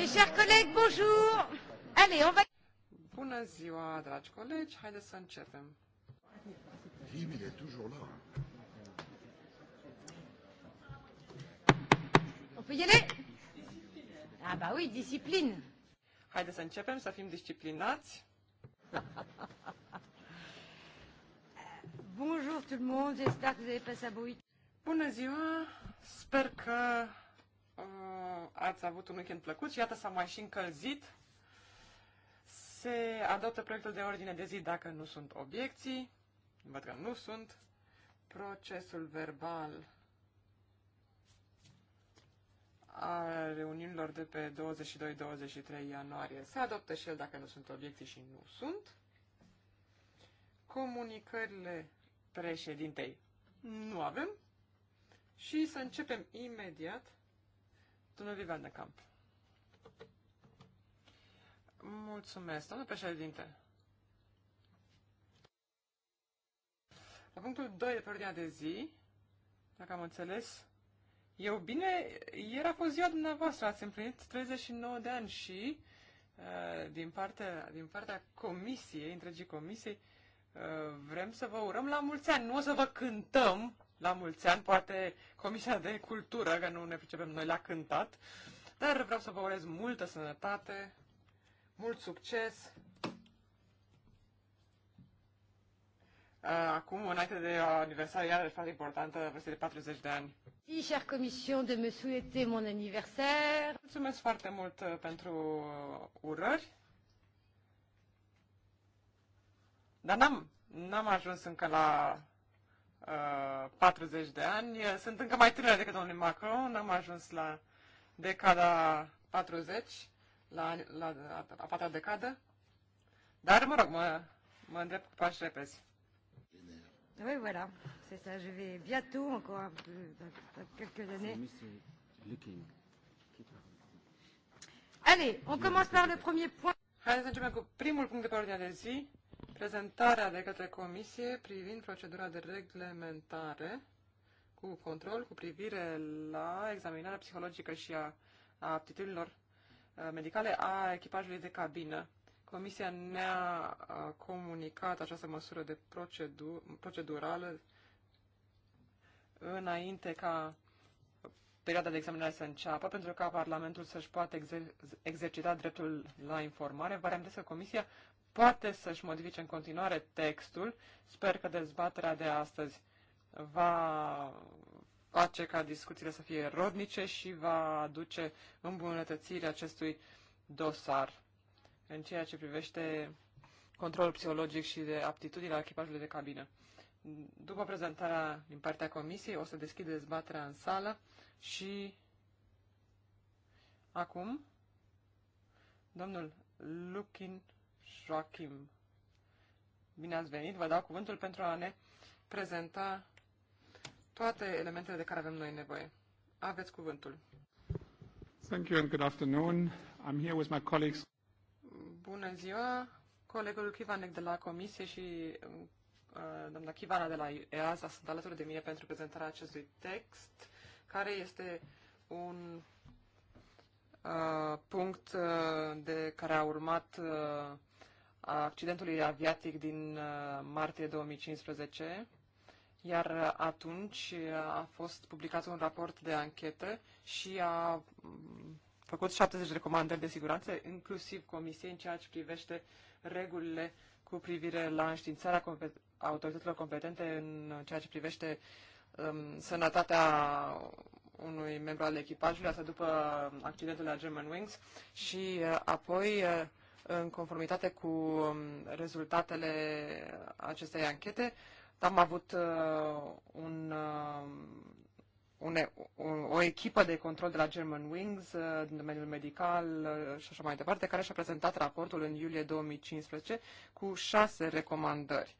Mes chers collègues, bonjour. Allez, on va... Bună ziua, dragi colegi, haideți să începem. Jim, il est toujours là. On peut y aller Ah bah oui, discipline. Haideți să începem, să fim disciplinați. Bonjour tout le monde, j'espère que vous avez passé un bon week-end. Bună ziua, sper că Uh, ați avut un weekend plăcut și iată s-a mai și încălzit. Se adoptă proiectul de ordine de zi dacă nu sunt obiecții. Văd că nu sunt. Procesul verbal a reuniunilor de pe 22-23 ianuarie se adoptă și el dacă nu sunt obiecții și nu sunt. Comunicările președintei nu avem. Și să începem imediat Domnul Vivian de Camp. Mulțumesc, domnul președinte. La punctul 2 de pe ordinea de zi, dacă am înțeles, eu bine, ieri a fost ziua dumneavoastră, ați împlinit 39 de ani și uh, din partea, din partea comisiei, întregii comisiei, uh, vrem să vă urăm la mulți ani. Nu o să vă cântăm la mulți ani, poate Comisia de Cultură, că nu ne pricepem noi la cântat, dar vreau să vă urez multă sănătate, mult succes. Uh, acum, înainte de aniversare, iarăși foarte importantă, vârstă de 40 de ani. Si, chère commission, de me souhaiter mon anniversaire. Mulțumesc foarte mult uh, pentru uh, urări. Dar n-am, n-am ajuns încă la 40 uh, de ani. Sunt încă mai tânără decât domnul Macron, am ajuns la decada 40, la, la, la a patra decadă. Dar, mă rog, mă, mă îndrept cu pași repezi. Oui, voilà, c'est ça. Je vais bientôt, encore un peu, dans, dans quelques années. Allez, on commence par le premier point. Hai să începem cu primul punct de pe ordinea de zi prezentarea de către Comisie privind procedura de reglementare cu control cu privire la examinarea psihologică și a, a aptitudinilor uh, medicale a echipajului de cabină. Comisia ne-a uh, comunicat această măsură de procedu- procedurală înainte ca perioada de examinare să înceapă, pentru ca Parlamentul să-și poată exer- exercita dreptul la informare. Vă reamintesc că Comisia poate să-și modifice în continuare textul. Sper că dezbaterea de astăzi va face ca discuțiile să fie rodnice și va aduce îmbunătățirea acestui dosar în ceea ce privește controlul psihologic și de aptitudine al echipajului de cabină. După prezentarea din partea comisiei, o să deschid dezbaterea în sală și acum domnul Lukin Joachim. Bine ați venit, vă dau cuvântul pentru a ne prezenta toate elementele de care avem noi nevoie. Aveți cuvântul. Thank you and good afternoon. I'm here with my colleagues. Bună ziua, colegul Kivanek de la Comisie și uh, doamna Kivana de la EASA sunt alături de mine pentru prezentarea acestui text, care este un uh, punct uh, de care a urmat uh, a accidentului aviatic din uh, martie 2015, iar atunci a fost publicat un raport de anchetă și a mm, făcut 70 de recomandări de siguranță, inclusiv Comisiei în ceea ce privește regulile cu privire la înștiințarea autorităților competente în ceea ce privește um, sănătatea unui membru al echipajului, asta după accidentul la German Wings, și uh, apoi uh, în conformitate cu um, rezultatele acestei anchete, am avut uh, un, uh, une, o, o echipă de control de la German Wings, uh, din domeniul medical uh, și așa mai departe, care și-a prezentat raportul în iulie 2015 cu șase recomandări.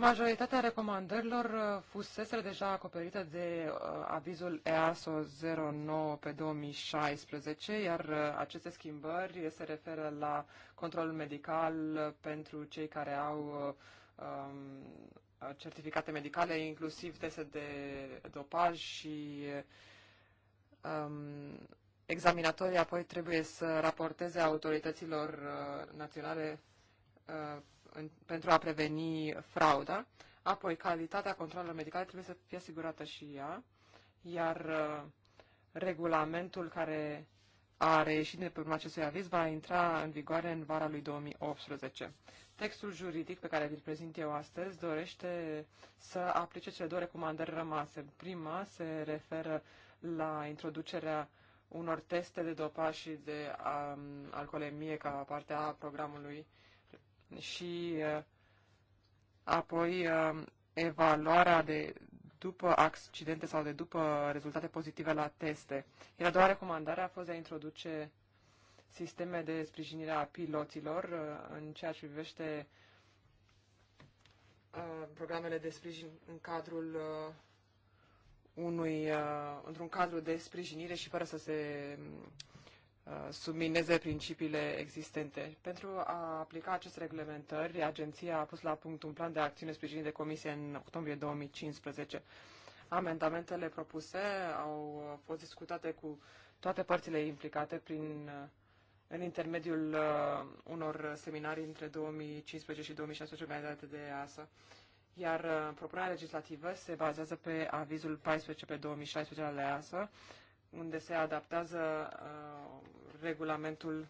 Majoritatea recomandărilor uh, fusese deja acoperită de uh, avizul EASO 09 pe 2016, iar uh, aceste schimbări se referă la controlul medical pentru cei care au um, certificate medicale, inclusiv teste de dopaj și um, examinatorii apoi trebuie să raporteze autorităților uh, naționale uh, în, pentru a preveni frauda. Apoi, calitatea controlelor medicale trebuie să fie asigurată și ea, iar uh, regulamentul care a reieșit de pe urma acestui aviz va intra în vigoare în vara lui 2018. Textul juridic pe care vi-l prezint eu astăzi dorește să aplice cele două recomandări rămase. Prima se referă la introducerea unor teste de dopaj și de um, alcoolemie ca parte a programului și uh, apoi uh, evaluarea de după accidente sau de după rezultate pozitive la teste. Iar a doua recomandare a fost de a introduce sisteme de sprijinire a piloților uh, în ceea ce privește programele de sprijin în cadrul unui, într-un cadru de sprijinire și fără să se Uh, submineze principiile existente. Pentru a aplica aceste reglementări, agenția a pus la punct un plan de acțiune sprijinit de comisie în octombrie 2015. Amendamentele propuse au fost discutate cu toate părțile implicate prin, uh, în intermediul uh, unor seminarii între 2015 și 2016 organizate de EASA. Iar uh, propunerea legislativă se bazează pe avizul 14 pe 2016 al EASA, unde se adaptează uh, regulamentul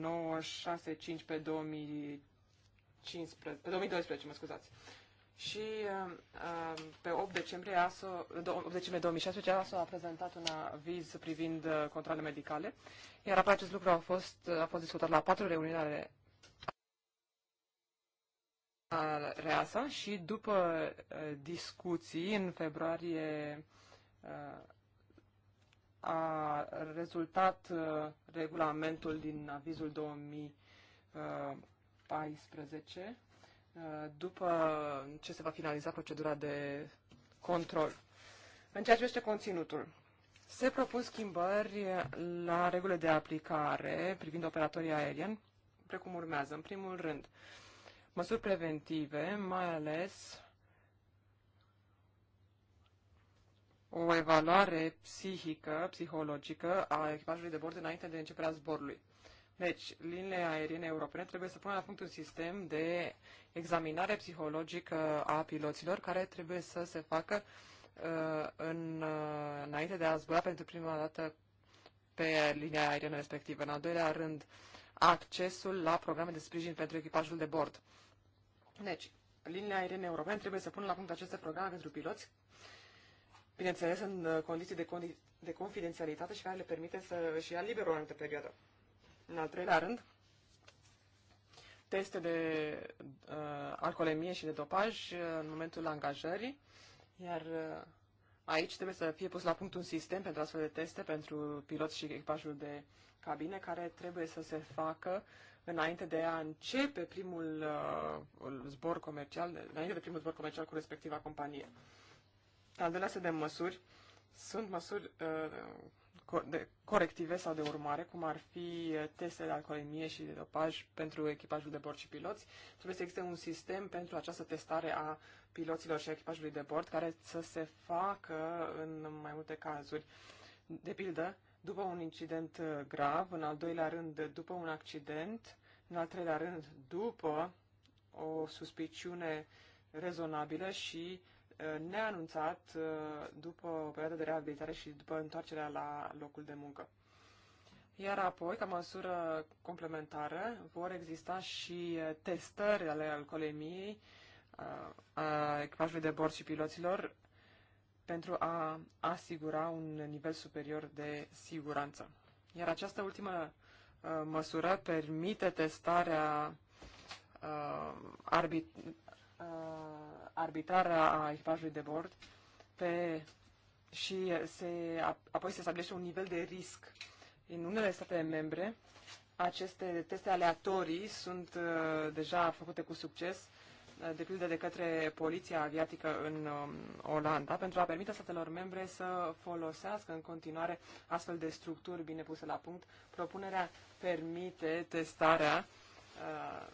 965 uh, pe 2015, pe 2012, mă scuzați. Și uh, uh, pe 8 decembrie, ASO, 8 decembrie 2016 ASO a prezentat un aviz privind controlele medicale, iar apoi acest lucru a fost, a fost discutat la patru reuniuni ale Reasa și după discuții în februarie a rezultat uh, regulamentul din avizul 2014, uh, uh, după ce se va finaliza procedura de control. În ceea ce este conținutul, se propun schimbări la regulile de aplicare privind operatorii aerieni, precum urmează. În primul rând, măsuri preventive, mai ales o evaluare psihică, psihologică a echipajului de bord înainte de începerea zborului. Deci, liniile aeriene europene trebuie să pună la punct un sistem de examinare psihologică a piloților care trebuie să se facă uh, în, uh, înainte de a zbura pentru prima dată pe linia aeriană respectivă. În al doilea rând, accesul la programe de sprijin pentru echipajul de bord. Deci, liniile aeriene europene trebuie să pună la punct aceste programe pentru piloți bineînțeles în uh, condiții de, condi- de confidențialitate și care le permite să își ia liber o anumită perioadă. În al treilea rând, teste de uh, alcoolemie și de dopaj uh, în momentul angajării, iar uh, aici trebuie să fie pus la punct un sistem pentru astfel de teste pentru pilot și echipajul de cabine care trebuie să se facă înainte de a începe primul uh, zbor comercial, înainte de primul zbor comercial cu respectiva companie. Uh, al doilea set de măsuri sunt măsuri uh, de corective sau de urmare, cum ar fi uh, teste de alcoolemie și de dopaj pentru echipajul de bord și piloți. Trebuie să existe un sistem pentru această testare a piloților și a echipajului de bord care să se facă în mai multe cazuri. De pildă, după un incident uh, grav, în al doilea rând după un accident, în al treilea rând după o suspiciune rezonabilă și Uh, neanunțat uh, după o perioadă de reabilitare și după întoarcerea la locul de muncă. Iar apoi, ca măsură complementară, vor exista și uh, testări ale alcoolemiei a echipajului de bord și piloților pentru a asigura un nivel superior de siguranță. Iar această ultimă măsură permite testarea uh, arbitrară a echipajului de bord pe, și se, apoi se stabilește un nivel de risc. În unele state membre, aceste teste aleatorii sunt uh, deja făcute cu succes, uh, de pildă de către poliția aviatică în um, Olanda, pentru a permite statelor membre să folosească în continuare astfel de structuri bine puse la punct. Propunerea permite testarea uh,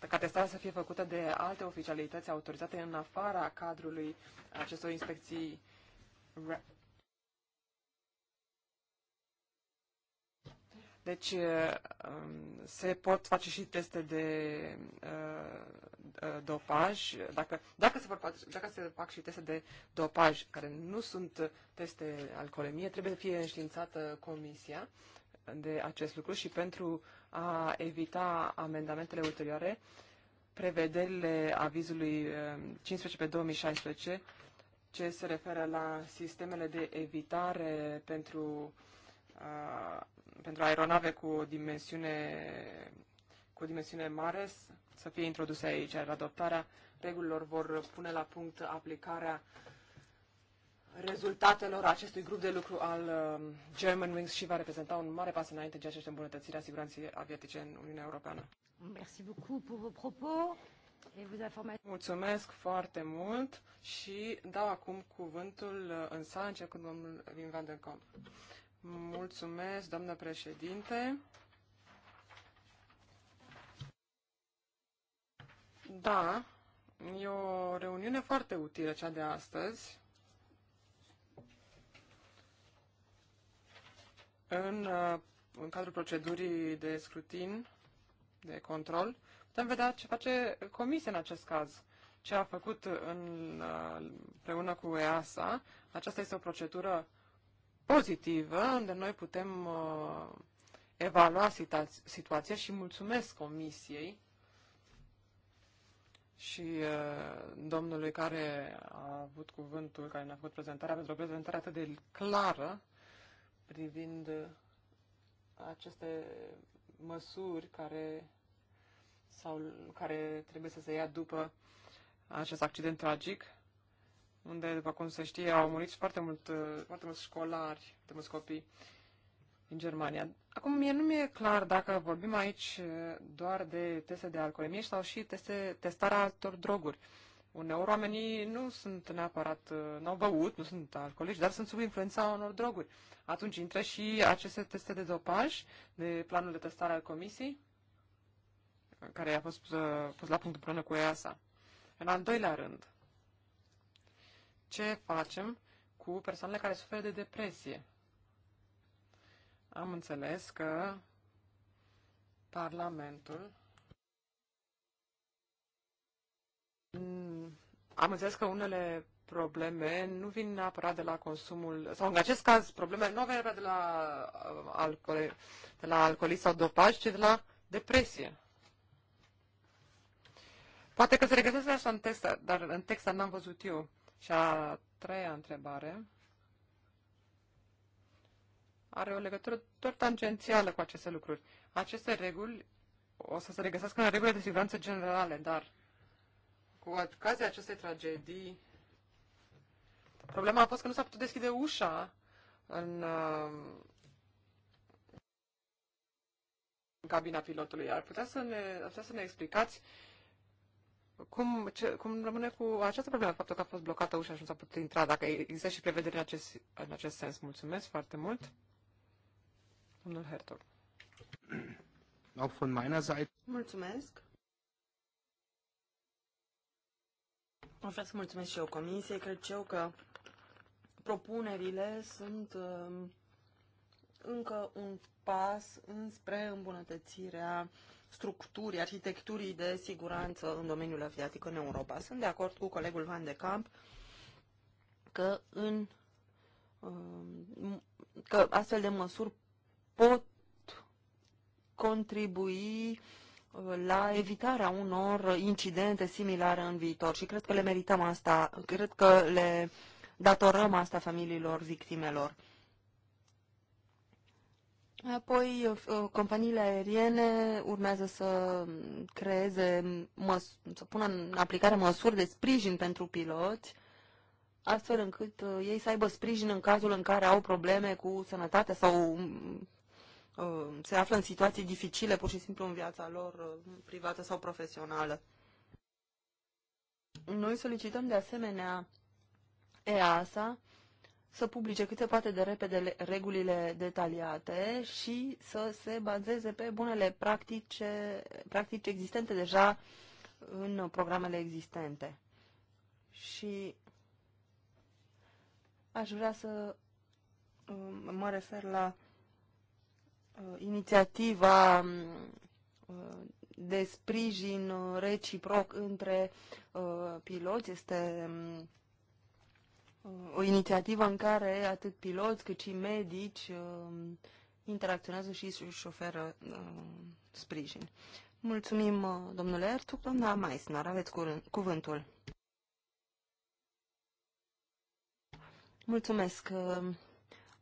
dacă testarea să fie făcută de alte oficialități autorizate în afara cadrului acestor inspecții Deci uh, um, se pot face și teste de uh, uh, dopaj. Dacă, dacă, se vor, dacă se fac și teste de dopaj care nu sunt teste alcoolemie, trebuie să fie înștiințată comisia de acest lucru și pentru a evita amendamentele ulterioare, prevederile avizului 15 um, pe 2016 ce se referă la sistemele de evitare pentru, pentru aeronave cu dimensiune, cu dimensiune mare să fie introduse aici. Adoptarea regulilor vor pune la punct aplicarea rezultatelor acestui grup de lucru al uh, German Wings și va reprezenta un mare pas înainte în ceea ce este îmbunătățirea siguranței aviatice în Uniunea Europeană. Merci beaucoup pour vos propos. Mulțumesc foarte mult și dau acum cuvântul uh, în sală, începând domnul Wim Van den Kamp. Mulțumesc, doamnă președinte. Da, e o reuniune foarte utilă cea de astăzi în, uh, în cadrul procedurii de scrutin, de control, putem vedea ce face comisia în acest caz, ce a făcut în, uh, împreună cu EASA. Aceasta este o procedură pozitivă, unde noi putem uh, evalua situa- situația și mulțumesc comisiei și uh, domnului care a avut cuvântul, care ne-a făcut prezentarea, pentru o prezentare atât de clară privind uh, aceste măsuri care, sau, care trebuie să se ia după acest accident tragic, unde, după cum se știe, au murit foarte, mult, uh, foarte mulți școlari, foarte mulți copii din Germania. Acum, mie nu mi-e clar dacă vorbim aici uh, doar de teste de alcoolemie sau și teste, testarea altor droguri. Uh, Uneori oamenii nu sunt neapărat, uh, n-au băut, nu sunt alcoolici, dar sunt sub influența unor droguri. Atunci intră și aceste teste de dopaj, de planul de testare al comisiei, care a fost uh, pus la punct împreună cu EASA. În al doilea rând, ce facem cu persoanele care suferă de depresie? Am înțeles că Parlamentul Mm, am înțeles că unele probleme nu vin neapărat de la consumul, sau în acest caz problemele nu vin neapărat de la, uh, alcool, de la alcoolism sau dopaj, ci de la depresie. Poate că se regăsesc așa în text, dar în text n-am văzut eu. Și a treia întrebare are o legătură tot tangențială cu aceste lucruri. Aceste reguli o să se regăsească în regulile de siguranță generale, dar cu ocazia acestei tragedii, problema a fost că nu s-a putut deschide ușa în, uh, în cabina pilotului. Ar putea să ne, ar putea să ne explicați cum, ce, cum rămâne cu această problemă, faptul că a fost blocată ușa și nu s-a putut intra, dacă există și prevedere în acest, în acest sens. Mulțumesc foarte mult. Domnul Hertog. von meiner Seite. Mulțumesc. Vreau să mulțumesc și eu comisiei. Cred și eu că propunerile sunt um, încă un pas înspre îmbunătățirea structurii, arhitecturii de siguranță în domeniul aviatic în Europa. Sunt de acord cu colegul Van de Camp că, în, um, că astfel de măsuri pot contribui uh, la evitarea unor incidente similare în viitor și cred că le merităm asta, cred că le datorăm asta familiilor victimelor. Apoi, uh, companiile aeriene urmează să creeze, să pună în aplicare măsuri de sprijin pentru piloți, astfel încât uh, ei să aibă sprijin în cazul în care au probleme cu sănătatea sau Uh, se află în situații dificile pur și simplu în viața lor uh, privată sau profesională. Noi solicităm de asemenea EASA să publice cât se poate de repede regulile detaliate și să se bazeze pe bunele practici, practici existente deja în programele existente. Și aș vrea să uh, mă refer la Uh, inițiativa um, uh, de sprijin uh, reciproc între piloți este um, o inițiativă în care atât piloți cât și medici um, interacționează și își oferă sprijin. Mulțumim, domnule Ertug. Doamna Meissner, aveți cuvântul. Mulțumesc.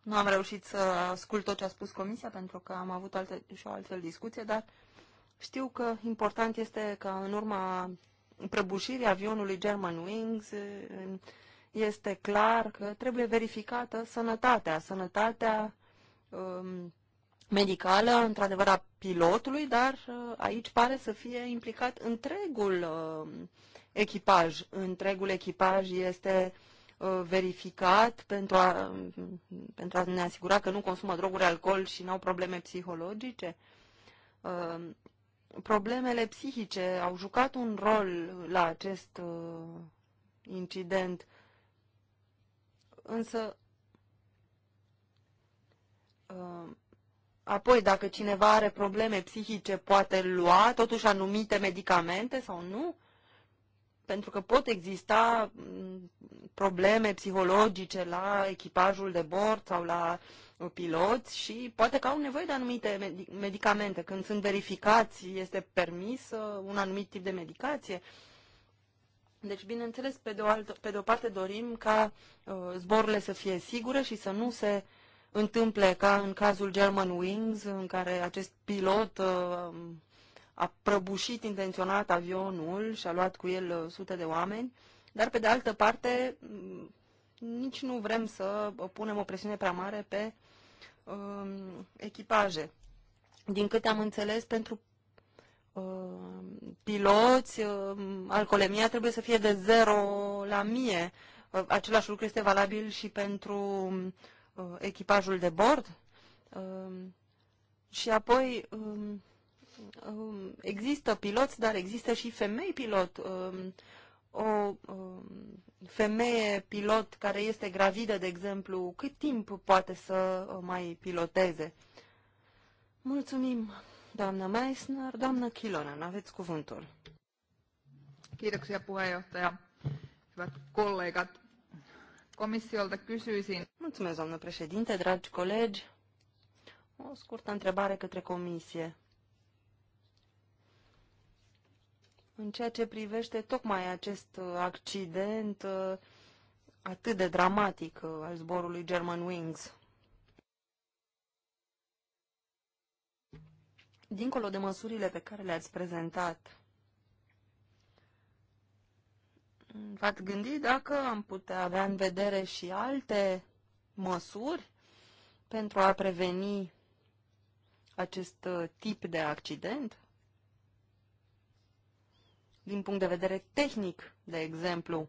Nu am reușit să ascult tot ce a spus comisia pentru că am avut alte, și o altfel discuție, dar știu că important este că în urma prăbușirii avionului German Wings este clar că trebuie verificată sănătatea, sănătatea um, medicală, într-adevăr, a pilotului, dar uh, aici pare să fie implicat întregul uh, echipaj. Întregul echipaj este uh, Uh, verificat pentru a, pentru a ne asigura că nu consumă droguri, alcool și nu au probleme psihologice? Uh, problemele psihice au jucat un rol la acest uh, incident, însă apoi dacă cineva are probleme psihice poate lua totuși anumite medicamente sau nu? pentru că pot exista mm, probleme psihologice la echipajul de bord sau la uh, piloți și poate că au nevoie de anumite medicamente. Când sunt verificați, este permis un anumit tip de medicație. Deci, bineînțeles, pe de o, altă, pe de o parte dorim ca uh, zborurile să fie sigure și să nu se întâmple ca în cazul German Wings, în care acest pilot uh, a prăbușit intenționat avionul și a luat cu el uh, sute de oameni, dar pe de altă parte mm, nici nu vrem să uh, punem o presiune prea mare pe um, echipaje. Din câte am înțeles, pentru uh, piloți, uh, alcoolemia trebuie să fie de 0 la 1000. Uh, același lucru este valabil și pentru um, uh, echipajul de bord. Uh, și apoi, uh, Um, există piloți, dar există și femei pilot. Um, o um, femeie pilot care este gravidă, de exemplu, cât timp poate să uh, mai piloteze? Mulțumim, doamna Meissner. Doamna Kilonen, aveți cuvântul. Kiitoksia puheenjohtaja. Hyvät kollegat, komissiolta kysyisin. Mulțumesc, doamnă președinte, dragi colegi. O scurtă întrebare către comisie. în ceea ce privește tocmai acest uh, accident uh, atât de dramatic uh, al zborului German Wings. Dincolo de măsurile pe care le-ați prezentat, v-ați gândit dacă am putea avea în vedere și alte măsuri pentru a preveni acest tip de accident? din punct de vedere tehnic, de exemplu.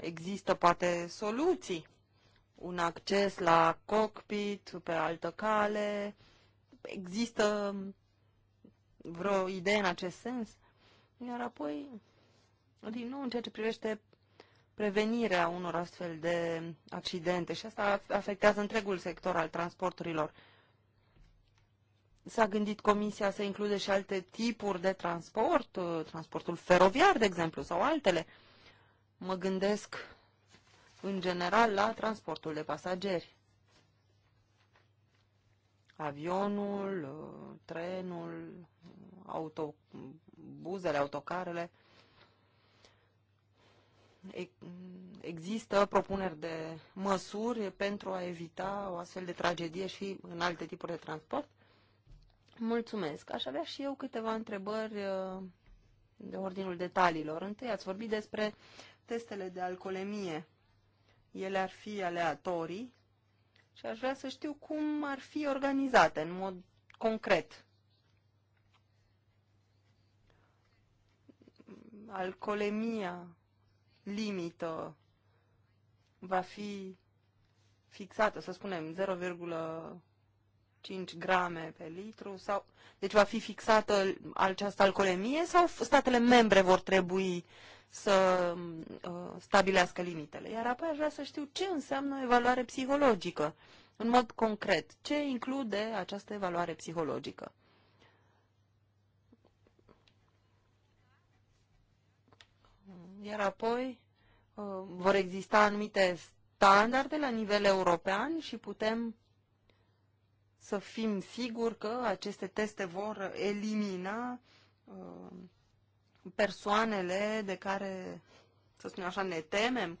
Există poate soluții, un acces la cockpit pe altă cale, există vreo idee în acest sens? Iar apoi, din nou, în ceea ce privește prevenirea unor astfel de accidente, și asta afectează întregul sector al transporturilor, S-a gândit Comisia să include și alte tipuri de transport, uh, transportul feroviar, de exemplu, sau altele. Mă gândesc în general la transportul de pasageri. Avionul, uh, trenul, autobuzele, autocarele. Există propuneri de măsuri pentru a evita o astfel de tragedie și în alte tipuri de transport? Mulțumesc. Aș avea și eu câteva întrebări uh, de ordinul detaliilor. Întâi ați vorbit despre testele de alcoolemie. Ele ar fi aleatorii și aș vrea să știu cum ar fi organizate în mod concret. Alcolemia limită va fi fixată, să spunem, 0, 5 grame pe litru? sau Deci va fi fixată această alcoolemie sau statele membre vor trebui să uh, stabilească limitele? Iar apoi aș vrea să știu ce înseamnă evaluare psihologică. În mod concret, ce include această evaluare psihologică? Iar apoi uh, vor exista anumite standarde la nivel european și putem să fim siguri că aceste teste vor elimina uh, persoanele de care, să spunem așa, ne temem?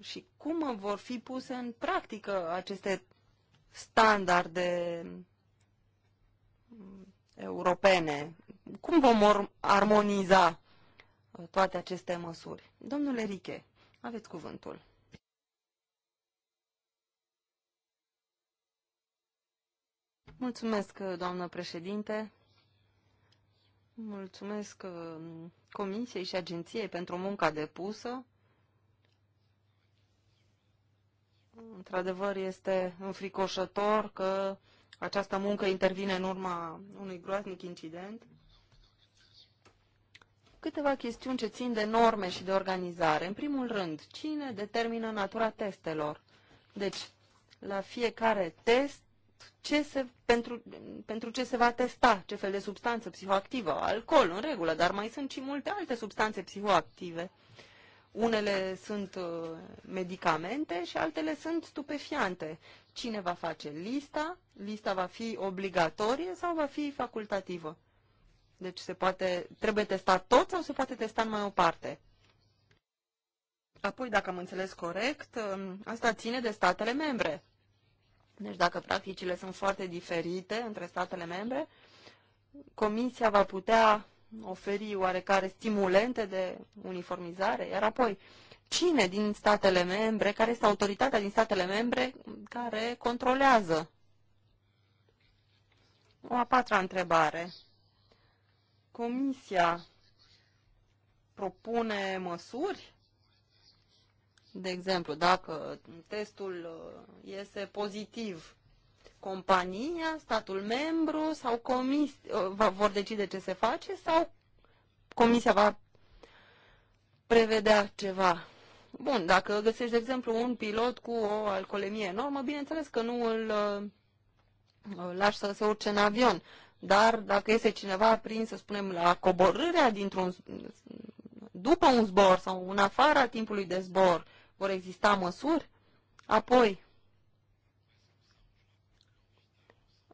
Și cum vor fi puse în practică aceste standarde uh, europene? Cum vom armoniza uh, toate aceste măsuri? Domnule Riche, aveți cuvântul. Mulțumesc, doamnă președinte. Mulțumesc uh, Comisiei și Agenției pentru munca depusă. Într-adevăr, este înfricoșător că această muncă intervine în urma unui groaznic incident. Câteva chestiuni ce țin de norme și de organizare. În primul rând, cine determină natura testelor? Deci, la fiecare test ce se, pentru, pentru ce se va testa, ce fel de substanță psihoactivă, alcool în regulă, dar mai sunt și multe alte substanțe psihoactive. Unele sunt uh, medicamente și altele sunt stupefiante. Cine va face lista? Lista va fi obligatorie sau va fi facultativă? Deci se poate, trebuie testat tot sau se poate testa numai o parte? Apoi, dacă am înțeles corect, um, asta ține de statele membre. Deci dacă practicile sunt foarte diferite între statele membre, Comisia va putea oferi oarecare stimulente de uniformizare, iar apoi cine din statele membre, care este autoritatea din statele membre care controlează? O a patra întrebare. Comisia propune măsuri de exemplu, dacă testul uh, iese pozitiv, compania, statul membru sau comis, uh, vor decide ce se face sau comisia va prevedea ceva. Bun, dacă găsești, de exemplu, un pilot cu o alcoolemie enormă, bineînțeles că nu îl uh, lași să se urce în avion. Dar dacă este cineva prins, să spunem, la coborârea dintr-un, după un zbor sau în afara timpului de zbor, vor exista măsuri? Apoi,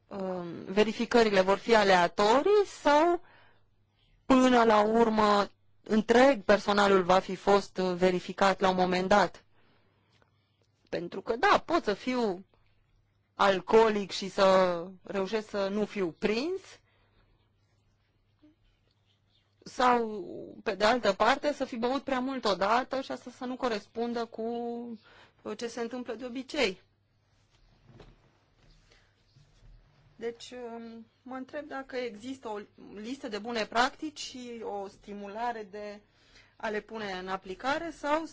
um, verificările vor fi aleatorii sau până la urmă întreg personalul va fi fost verificat la un moment dat? Pentru că, da, pot să fiu alcoolic și să reușesc să nu fiu prins, sau, pe de altă parte, să fi băut prea mult odată și asta să nu corespundă cu uh, ce se întâmplă de obicei. Deci, um, mă întreb dacă există o listă de bune practici și o stimulare de a le pune în aplicare sau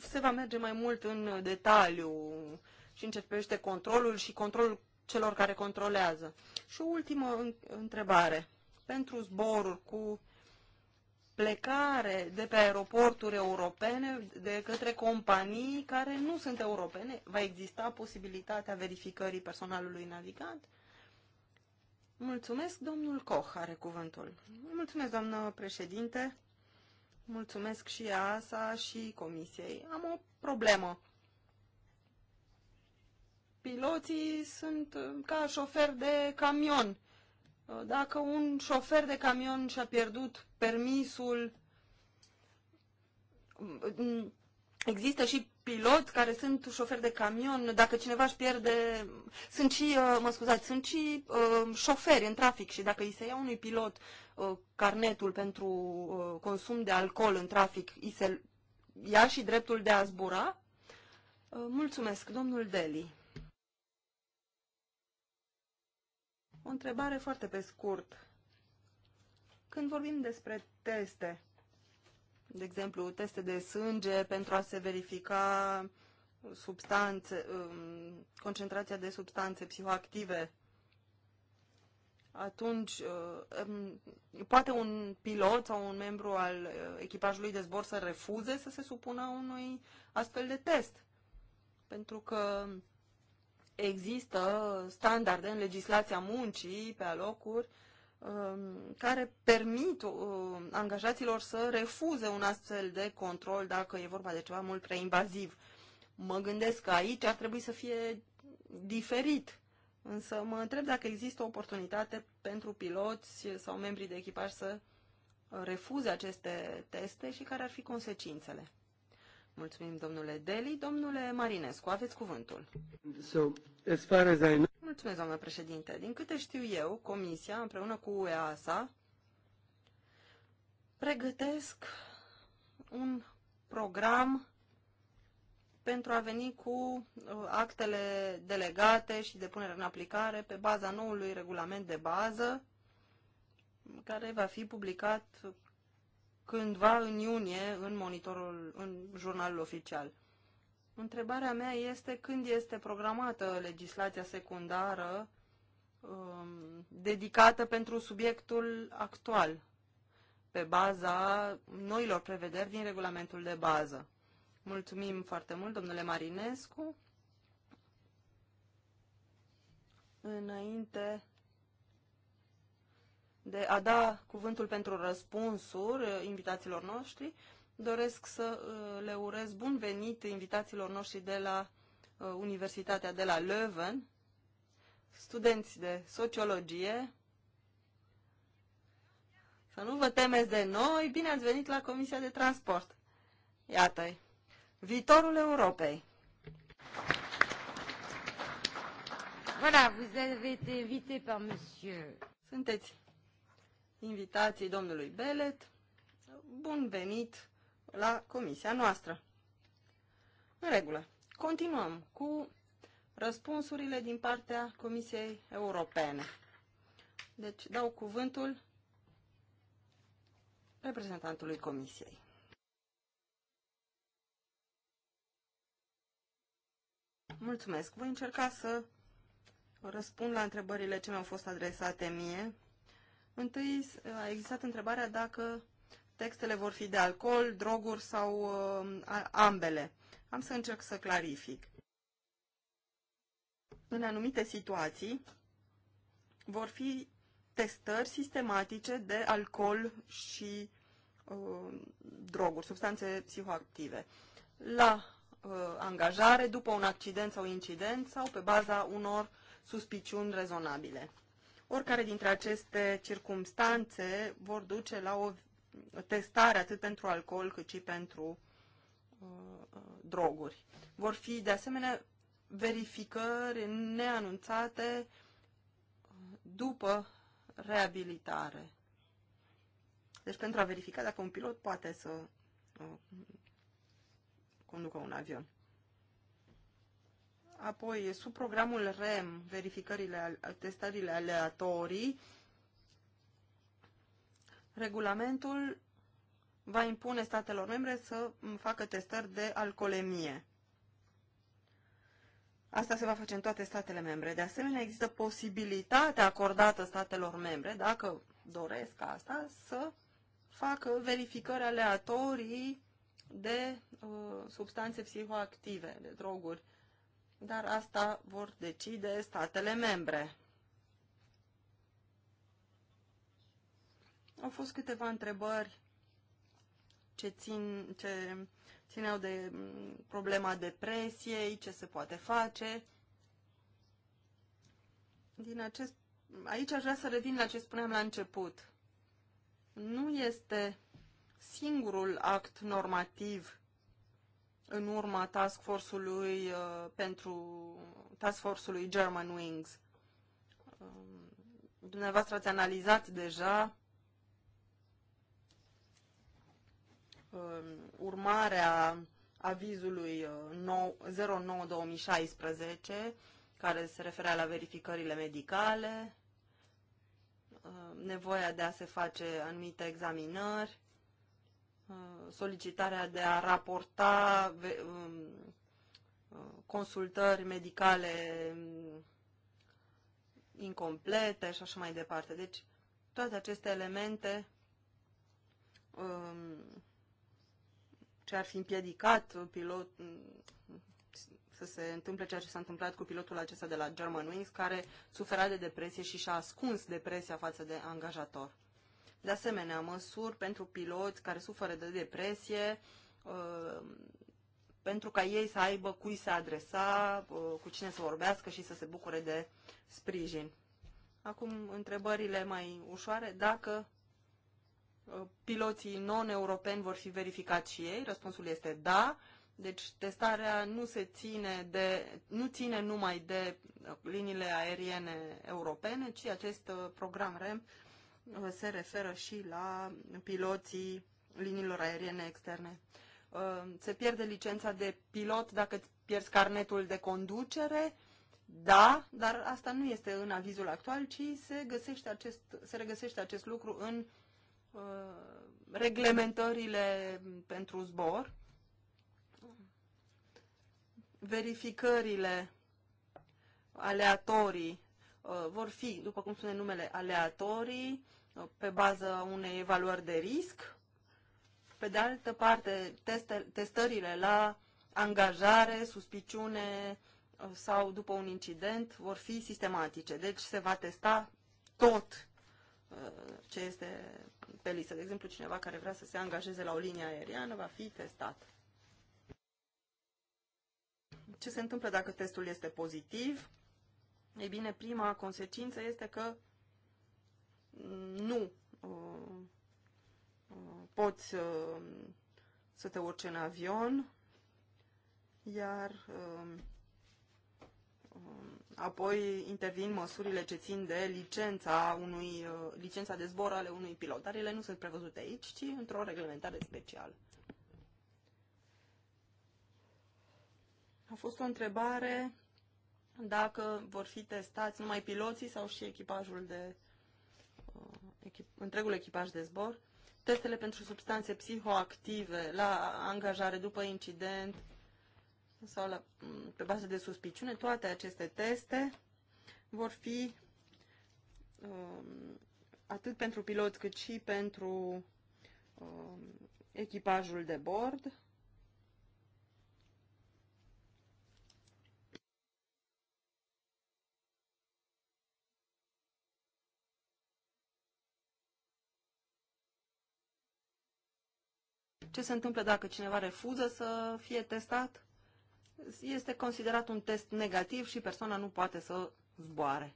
se va merge mai mult în detaliu și începește controlul și controlul celor care controlează. Și o ultimă întrebare. Pentru zboruri cu plecare de pe aeroporturi europene de către companii care nu sunt europene? Va exista posibilitatea verificării personalului navigant? Mulțumesc, domnul Koch are cuvântul. Mulțumesc, doamnă președinte. Mulțumesc și ASA și comisiei. Am o problemă. Piloții sunt ca șofer de camion. Dacă un șofer de camion și-a pierdut permisul. Există și pilot care sunt șoferi de camion, dacă cineva își pierde, sunt și, uh, mă scuzați, sunt și uh, șoferi în trafic și dacă îi se ia unui pilot uh, carnetul pentru uh, consum de alcool în trafic, îi se ia și dreptul de a zbura? Uh, mulțumesc, domnul Deli. O întrebare foarte pe scurt. Când vorbim despre teste, de exemplu, teste de sânge pentru a se verifica substanțe, um, concentrația de substanțe psihoactive, atunci uh, um, poate un pilot sau un membru al uh, echipajului de zbor să refuze să se supună unui astfel de test. Pentru că există standarde în legislația muncii pe alocuri Um, care permit uh, angajaților să refuze un astfel de control dacă e vorba de ceva mult prea invaziv. Mă gândesc că aici ar trebui să fie diferit, însă mă întreb dacă există oportunitate pentru piloți sau membrii de echipaj să refuze aceste teste și care ar fi consecințele. Mulțumim, domnule Deli. Domnule Marinescu, aveți cuvântul. So, as far as I know... Mulțumesc, doamnă președinte. Din câte știu eu, Comisia, împreună cu EASA, pregătesc un program pentru a veni cu uh, actele delegate și de punere în aplicare pe baza noului regulament de bază, care va fi publicat cândva în iunie în monitorul, în jurnalul oficial. Întrebarea mea este când este programată legislația secundară um, dedicată pentru subiectul actual, pe baza noilor prevederi din regulamentul de bază. Mulțumim foarte mult, domnule Marinescu. Înainte de a da cuvântul pentru răspunsuri invitaților noștri, doresc să uh, le urez bun venit invitațiilor noștri de la uh, Universitatea de la Leuven, studenți de sociologie. Să nu vă temeți de noi, bine ați venit la Comisia de Transport. Iată-i, viitorul Europei. Voilà, vous avez été invité par monsieur. Sunteți invitații domnului Belet. Bun venit la comisia noastră. În regulă. Continuăm cu răspunsurile din partea Comisiei Europene. Deci dau cuvântul reprezentantului Comisiei. Mulțumesc. Voi încerca să răspund la întrebările ce mi-au fost adresate mie. Întâi a existat întrebarea dacă textele vor fi de alcool, droguri sau uh, ambele. Am să încerc să clarific. În anumite situații vor fi testări sistematice de alcool și uh, droguri, substanțe psihoactive. La uh, angajare, după un accident sau incident sau pe baza unor suspiciuni rezonabile. Oricare dintre aceste circumstanțe vor duce la o testare atât pentru alcool cât și pentru uh, droguri. Vor fi de asemenea verificări neanunțate uh, după reabilitare. Deci pentru a verifica dacă un pilot poate să uh, conducă un avion. Apoi, sub programul REM, verificările, testările aleatorii, regulamentul va impune statelor membre să facă testări de alcoolemie. Asta se va face în toate statele membre. De asemenea, există posibilitatea acordată statelor membre, dacă doresc asta, să facă verificări aleatorii de uh, substanțe psihoactive, de droguri. Dar asta vor decide statele membre. Au fost câteva întrebări ce, țin, ce țineau de mm, problema depresiei, ce se poate face. Din acest, aici aș vrea să revin la ce spuneam la început. Nu este singurul act normativ în urma task force-ului uh, pentru task force-ului German Wings. Uh, dumneavoastră ați analizat deja Uh, urmarea avizului 09-2016, uh, care se referea la verificările medicale, uh, nevoia de a se face anumite examinări, solicitarea de a raporta consultări medicale mm, incomplete și așa mai departe. Deci, toate aceste elemente um, ce ar fi împiedicat pilot să se întâmple ceea ce s-a întâmplat cu pilotul acesta de la Germanwings, care sufera de depresie și și-a ascuns depresia față de angajator. De asemenea, măsuri pentru piloți care suferă de depresie, uh, pentru ca ei să aibă cui să adresa, uh, cu cine să vorbească și să se bucure de sprijin. Acum, întrebările mai ușoare, dacă piloții non-europeni vor fi verificați și ei? Răspunsul este da. Deci testarea nu se ține de, nu ține numai de liniile aeriene europene, ci acest uh, program REM uh, se referă și la piloții liniilor aeriene externe. Uh, se pierde licența de pilot dacă pierzi carnetul de conducere? Da, dar asta nu este în avizul actual, ci se, găsește acest, se regăsește acest lucru în Uh, reglementările pentru zbor, verificările aleatorii uh, vor fi, după cum spune numele, aleatorii uh, pe baza unei evaluări de risc. Pe de altă parte, teste, testările la angajare, suspiciune sau după un incident vor fi sistematice. Deci se va testa tot ce este pe listă. De exemplu, cineva care vrea să se angajeze la o linie aeriană va fi testat. Ce se întâmplă dacă testul este pozitiv? Ei bine, prima consecință este că nu uh, uh poți uh, să te urci în avion, iar uh, Apoi intervin măsurile ce țin de licența, unui, uh, licența de zbor ale unui pilot, dar ele nu sunt prevăzute aici, ci într-o reglementare specială. A fost o întrebare dacă vor fi testați numai piloții sau și echipajul de uh, echip, întregul echipaj de zbor, testele pentru substanțe psihoactive la angajare după incident, sau la, pe bază de suspiciune, toate aceste teste vor fi uh, atât pentru pilot cât și pentru uh, echipajul de bord. Ce se întâmplă dacă cineva refuză să fie testat? este considerat un test negativ și persoana nu poate să zboare.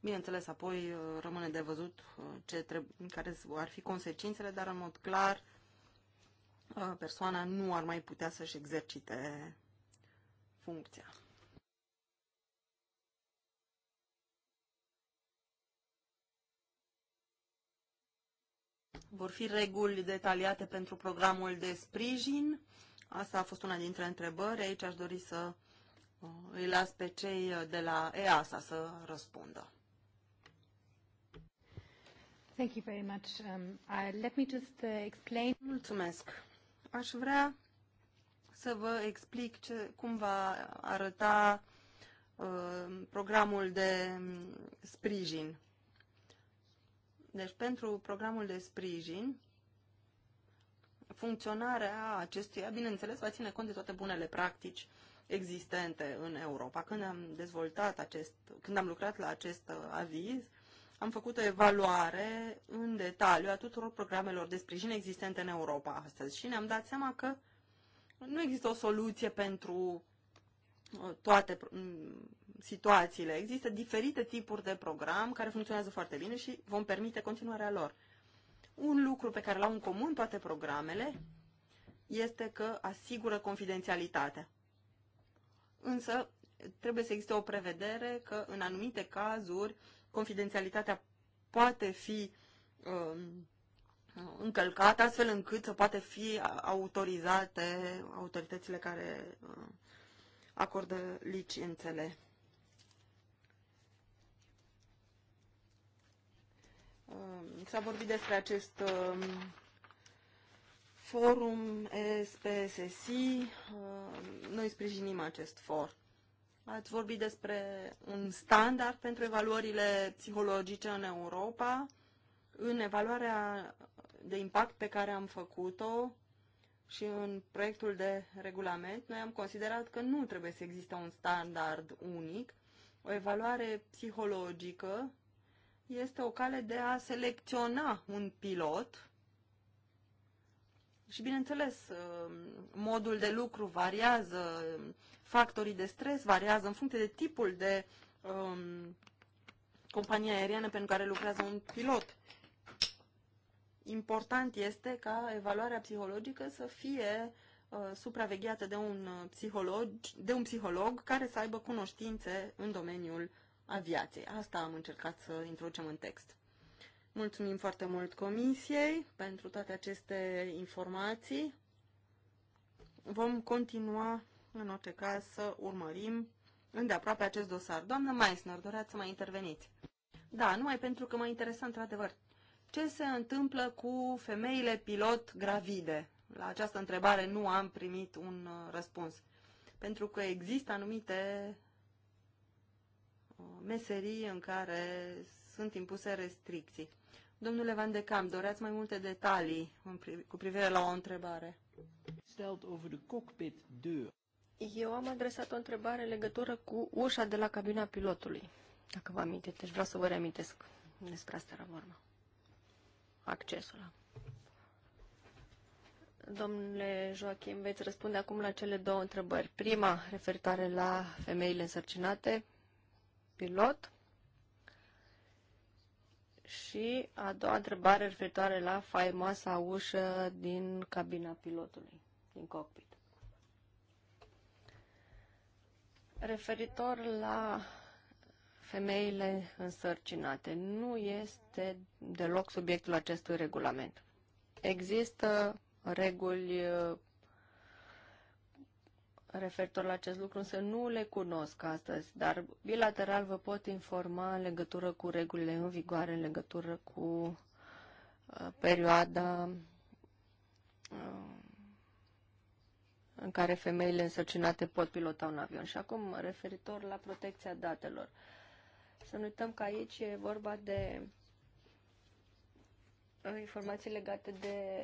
Bineînțeles, apoi uh, rămâne de văzut uh, ce treb- care ar fi consecințele, dar în mod clar uh, persoana nu ar mai putea să-și exercite funcția. Vor fi reguli detaliate pentru programul de sprijin Asta a fost una dintre întrebări. Aici aș dori să uh, îi las pe cei uh, de la EASA să răspundă. Thank you very much. Um, I, let me just uh, explain. Mulțumesc. Aș vrea să vă explic ce, cum va arăta uh, programul de sprijin. Deci, pentru programul de sprijin, funcționarea acestuia, bineînțeles, va ține cont de toate bunele practici existente în Europa. Când am dezvoltat acest, când am lucrat la acest uh, aviz, am făcut o evaluare în detaliu a tuturor programelor de sprijin existente în Europa astăzi și ne-am dat seama că nu există o soluție pentru uh, toate uh, situațiile. Există diferite tipuri de program care funcționează foarte bine și vom permite continuarea lor. Un lucru pe care l-au în comun toate programele este că asigură confidențialitatea. Însă, trebuie să existe o prevedere că, în anumite cazuri, confidențialitatea poate fi uh, încălcată, astfel încât să poate fi autorizate autoritățile care uh, acordă licențele. Um, s-a vorbit despre acest um, forum SPSSI. Um, noi sprijinim acest for. Ați vorbit despre un standard pentru evaluările psihologice în Europa. În evaluarea de impact pe care am făcut-o și în proiectul de regulament, noi am considerat că nu trebuie să existe un standard unic. O evaluare psihologică este o cale de a selecționa un pilot și, bineînțeles, um, modul de lucru variază, factorii de stres variază în funcție de tipul de um, companie aeriană pentru care lucrează un pilot. Important este ca evaluarea psihologică să fie uh, supravegheată de un, psiholog, de un psiholog care să aibă cunoștințe în domeniul aviației. Asta am încercat să introducem în text. Mulțumim foarte mult Comisiei pentru toate aceste informații. Vom continua, în orice caz, să urmărim îndeaproape acest dosar. Doamnă Meissner, doreați să mai interveniți? Da, numai pentru că mă interesa într-adevăr ce se întâmplă cu femeile pilot gravide. La această întrebare nu am primit un uh, răspuns. Pentru că există anumite meserii în care sunt impuse restricții. Domnule Van de Cam, doreați mai multe detalii cu privire la o întrebare. Eu am adresat o întrebare în legătură cu ușa de la cabina pilotului, dacă vă aminte, deci vreau să vă reamintesc despre asta era vorba. Accesul la... Domnule Joachim, veți răspunde acum la cele două întrebări. Prima, referitoare la femeile însărcinate, pilot. Și a doua întrebare referitoare la faimoasa ușă din cabina pilotului, din cockpit. Referitor la femeile însărcinate, nu este deloc subiectul acestui regulament. Există reguli referitor la acest lucru, însă nu le cunosc astăzi, dar bilateral vă pot informa în legătură cu regulile în vigoare, în legătură cu uh, perioada uh, în care femeile însărcinate pot pilota un avion. Și acum, referitor la protecția datelor, să nu uităm că aici e vorba de uh, informații legate de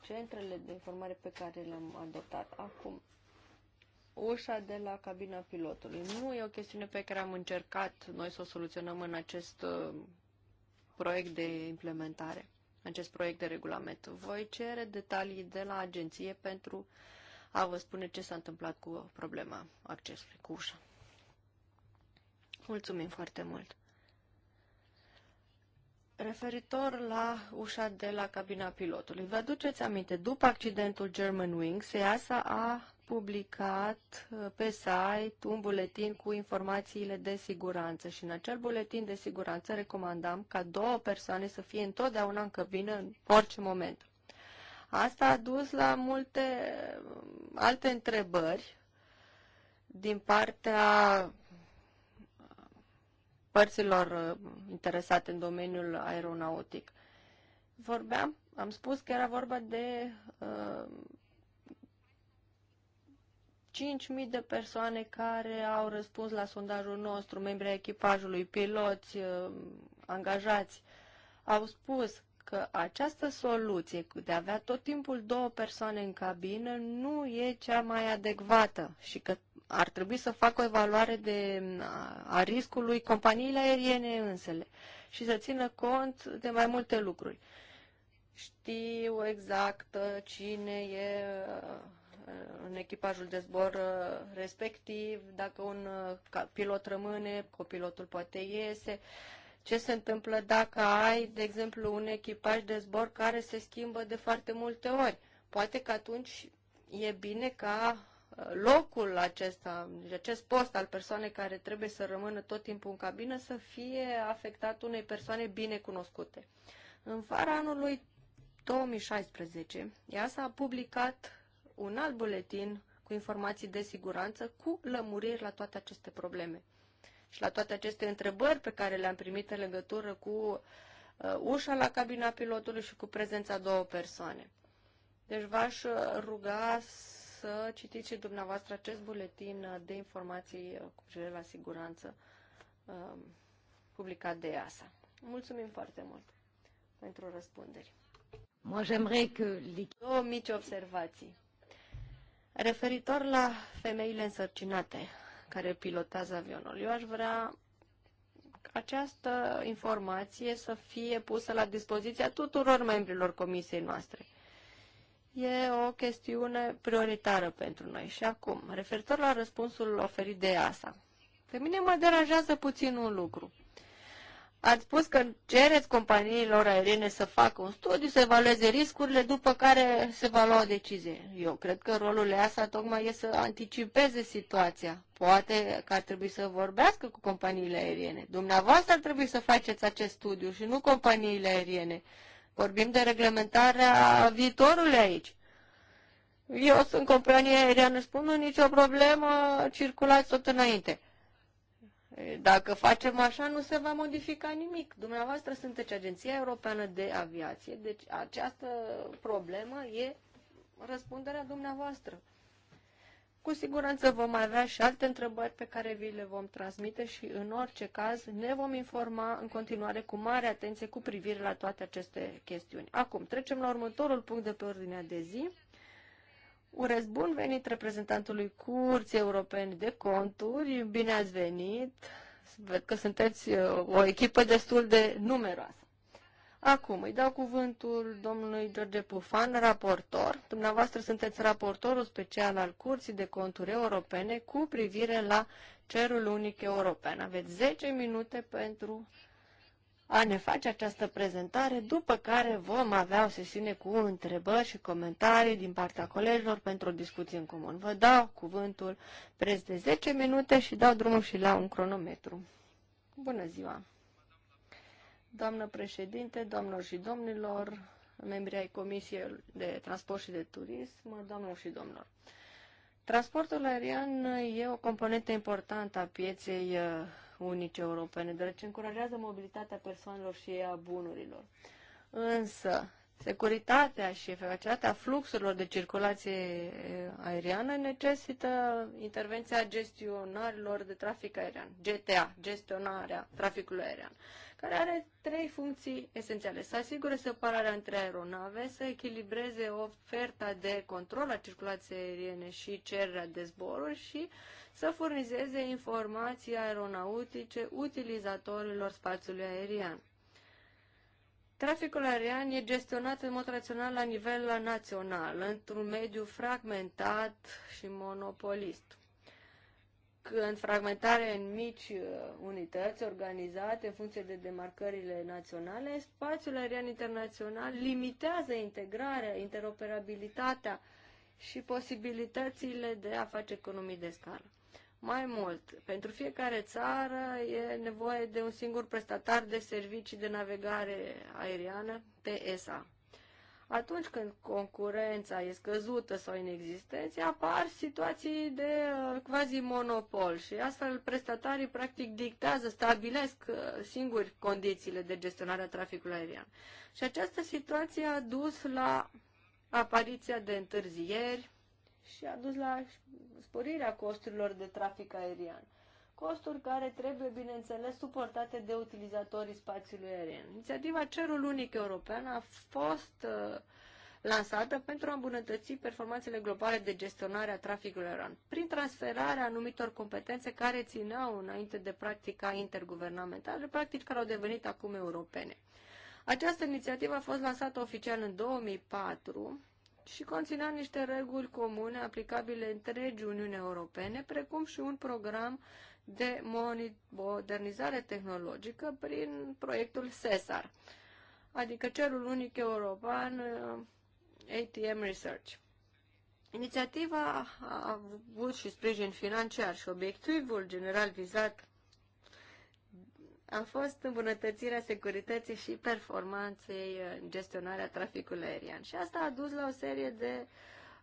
centrele de informare pe care le-am adoptat acum ușa de la cabina pilotului. Nu e o chestiune pe care am încercat noi să o soluționăm în acest uh, proiect de implementare, acest proiect de regulament. Voi cere detalii de la agenție pentru a vă spune ce s-a întâmplat cu problema accesului, cu ușa. Mulțumim foarte mult! Referitor la ușa de la cabina pilotului, vă aduceți aminte, după accidentul German Wings, EASA a publicat uh, pe site un buletin cu informațiile de siguranță și în acel buletin de siguranță recomandam ca două persoane să fie întotdeauna în cabină în orice moment. Asta a dus la multe uh, alte întrebări din partea părților uh, interesate în domeniul aeronautic. Vorbeam, am spus că era vorba de uh, 5.000 de persoane care au răspuns la sondajul nostru, membri ai echipajului, piloți, uh, angajați, au spus că această soluție de a avea tot timpul două persoane în cabină nu e cea mai adecvată și că ar trebui să facă o evaluare de, a riscului companiile aeriene însele și să țină cont de mai multe lucruri. Știu exact uh, cine e uh, Uh, în echipajul de zbor uh, respectiv, dacă un uh, pilot rămâne, copilotul poate iese. Ce se întâmplă dacă ai, de exemplu, un echipaj de zbor care se schimbă de foarte multe ori? Poate că atunci e bine ca locul acesta, deci acest post al persoanei care trebuie să rămână tot timpul în cabină să fie afectat unei persoane bine cunoscute. În vara anului 2016, ea s-a publicat un alt buletin cu informații de siguranță, cu lămuriri la toate aceste probleme și la toate aceste întrebări pe care le-am primit în legătură cu uh, ușa la cabina pilotului și cu prezența două persoane. Deci v-aș uh, ruga să citiți și dumneavoastră acest buletin uh, de informații uh, cu privire la siguranță uh, publicat de EASA. Mulțumim foarte mult pentru răspunderi. Moi, j'aimerais que... Două mici observații. Referitor la femeile însărcinate care pilotează avionul, eu aș vrea această informație să fie pusă la dispoziția tuturor membrilor comisiei noastre. E o chestiune prioritară pentru noi. Și acum, referitor la răspunsul oferit de EASA, pe mine mă deranjează puțin un lucru. Ați spus că cereți companiilor aeriene să facă un studiu, să evalueze riscurile, după care se va lua o decizie. Eu cred că rolul ASA tocmai e să anticipeze situația. Poate că ar trebui să vorbească cu companiile aeriene. Dumneavoastră ar trebui să faceți acest studiu și nu companiile aeriene. Vorbim de reglementarea viitorului aici. Eu sunt companie aeriană, spun, nu nicio problemă, circulați tot înainte. Dacă facem așa, nu se va modifica nimic. Dumneavoastră sunteți Agenția Europeană de Aviație, deci această problemă e răspunderea dumneavoastră. Cu siguranță vom avea și alte întrebări pe care vi le vom transmite și în orice caz ne vom informa în continuare cu mare atenție cu privire la toate aceste chestiuni. Acum trecem la următorul punct de pe ordinea de zi. Urez bun venit reprezentantului Curții Europene de Conturi. Bine ați venit. Văd că sunteți uh, o echipă destul de numeroasă. Acum îi dau cuvântul domnului George Pufan, raportor. Dumneavoastră sunteți raportorul special al Curții de Conturi Europene cu privire la cerul unic european. Aveți 10 minute pentru a ne face această prezentare, după care vom avea o sesiune cu întrebări și comentarii din partea colegilor pentru o discuție în comun. Vă dau cuvântul preț de 10 minute și dau drumul și la un cronometru. Bună ziua! Doamnă președinte, doamnelor și domnilor, membri ai Comisiei de Transport și de Turism, doamnelor și domnilor. Transportul aerian e o componentă importantă a pieței uh, unice europene, deoarece încurajează mobilitatea persoanelor și a bunurilor. Însă, securitatea și eficacitatea fluxurilor de circulație aeriană necesită intervenția gestionarilor de trafic aerian, GTA, gestionarea traficului aerian, care are trei funcții esențiale. Să asigure separarea între aeronave, să echilibreze oferta de control a circulației aeriene și cererea de zboruri și uh, să furnizeze informații aeronautice utilizatorilor spațiului aerian. Traficul aerian e gestionat în mod rațional la nivel național, într-un mediu fragmentat și monopolist. Când fragmentarea în mici uh, unități organizate în funcție de demarcările naționale, spațiul aerian internațional limitează integrarea, interoperabilitatea și posibilitățile de a face economii de scară. Mai mult, pentru fiecare țară e nevoie de un singur prestatar de servicii de navigare aeriană, PSA. Atunci când concurența e scăzută sau inexistență, apar situații de uh, quasi monopol și astfel prestatarii practic dictează, stabilesc uh, singuri condițiile de gestionare a traficului aerian. Și această situație a dus la apariția de întârzieri, și a dus la sporirea costurilor de trafic aerian. Costuri care trebuie, bineînțeles, suportate de utilizatorii spațiului aerian. Inițiativa Cerul Unic European a fost uh, lansată pentru a îmbunătăți performanțele globale de gestionare a traficului aerian, prin transferarea anumitor competențe care țineau înainte de practica interguvernamentală, practici care au devenit acum europene. Această inițiativă a fost lansată oficial în 2004 și conținea niște reguli comune aplicabile întregii Uniuni Europene, precum și un program de modernizare tehnologică prin proiectul CESAR, adică Cerul Unic European uh, ATM Research. Inițiativa a avut și sprijin financiar și obiectivul general vizat a fost îmbunătățirea securității și performanței în gestionarea traficului aerian. Și asta a dus la o serie de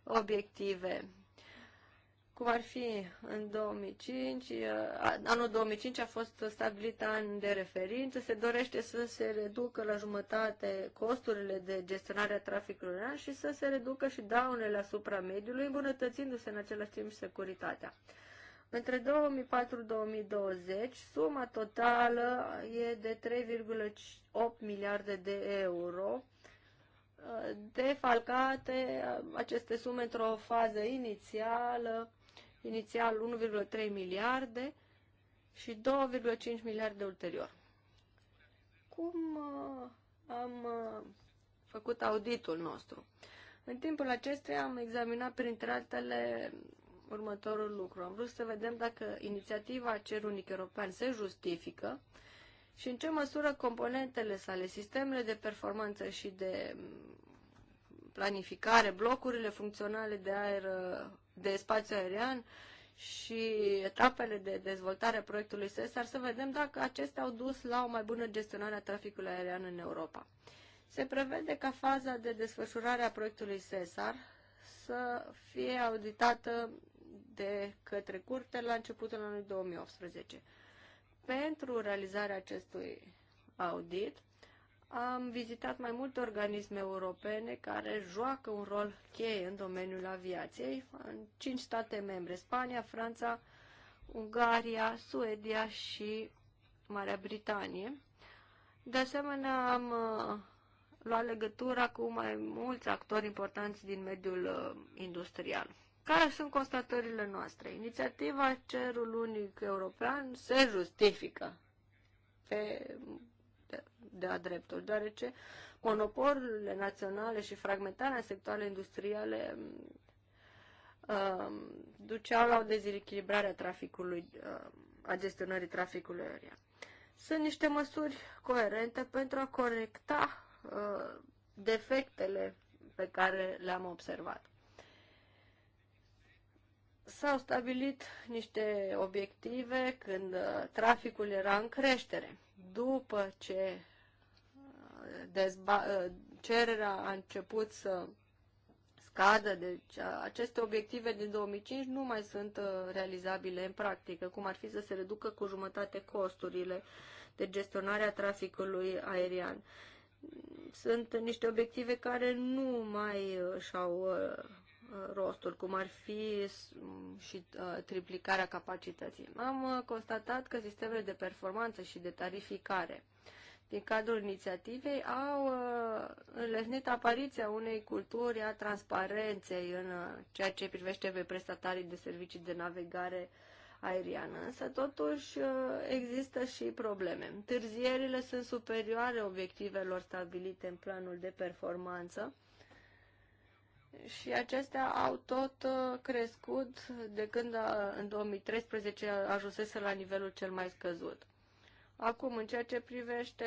obiective cum ar fi în 2005, anul 2005 a fost stabilit an de referință, se dorește să se reducă la jumătate costurile de gestionare a traficului aerian și să se reducă și daunele asupra mediului, îmbunătățindu-se în același timp securitatea. Între 2004-2020, suma totală e de 3,8 miliarde de euro, uh, defalcate uh, aceste sume într-o fază inițială, inițial 1,3 miliarde și 2,5 miliarde ulterior. Cum uh, am făcut auditul nostru? În timpul acestuia am examinat printre altele următorul lucru. Am vrut să vedem dacă inițiativa Cer Unic European se justifică și în ce măsură componentele sale, sistemele de performanță și de mm, planificare, blocurile funcționale de aer, de spațiu aerian și etapele de dezvoltare a proiectului SESAR, să vedem dacă acestea au dus la o mai bună gestionare a traficului aerian în Europa. Se prevede ca faza de desfășurare a proiectului SESAR să fie auditată de către curte la începutul anului 2018. Pentru realizarea acestui audit, am vizitat mai multe organisme europene care joacă un rol cheie în domeniul aviației, în cinci state membre, Spania, Franța, Ungaria, Suedia și Marea Britanie. De asemenea, am uh, luat legătura cu mai mulți actori importanți din mediul uh, industrial. Care sunt constatările noastre? Inițiativa Cerul Unic European se justifică pe de-a dreptul, deoarece monopolurile naționale și fragmentarea sectoarele industriale uh, duceau la o dezechilibrare a traficului, uh, a gestionării traficului aerian. Sunt niște măsuri coerente pentru a corecta uh, defectele pe care le-am observat. S-au stabilit niște obiective când uh, traficul era în creștere. După ce uh, uh, cererea a început să scadă, deci aceste obiective din 2005 nu mai sunt realizabile în practică, cum ar fi să se reducă cu jumătate costurile de gestionare a traficului aerian. Sunt niște obiective care nu mai și-au Uh, rostul, cum ar fi și uh, triplicarea capacității. Am uh, constatat că sistemele de performanță și de tarificare din cadrul inițiativei au înlesnit apariția unei culturi a transparenței în ceea ce privește pe prestatarii de servicii de navigare aeriană, însă totuși există și probleme. Târzierile sunt superioare obiectivelor stabilite în planul de performanță, și acestea au tot uh, crescut de când uh, în 2013 ajunsese la nivelul cel mai scăzut. Acum, în ceea ce privește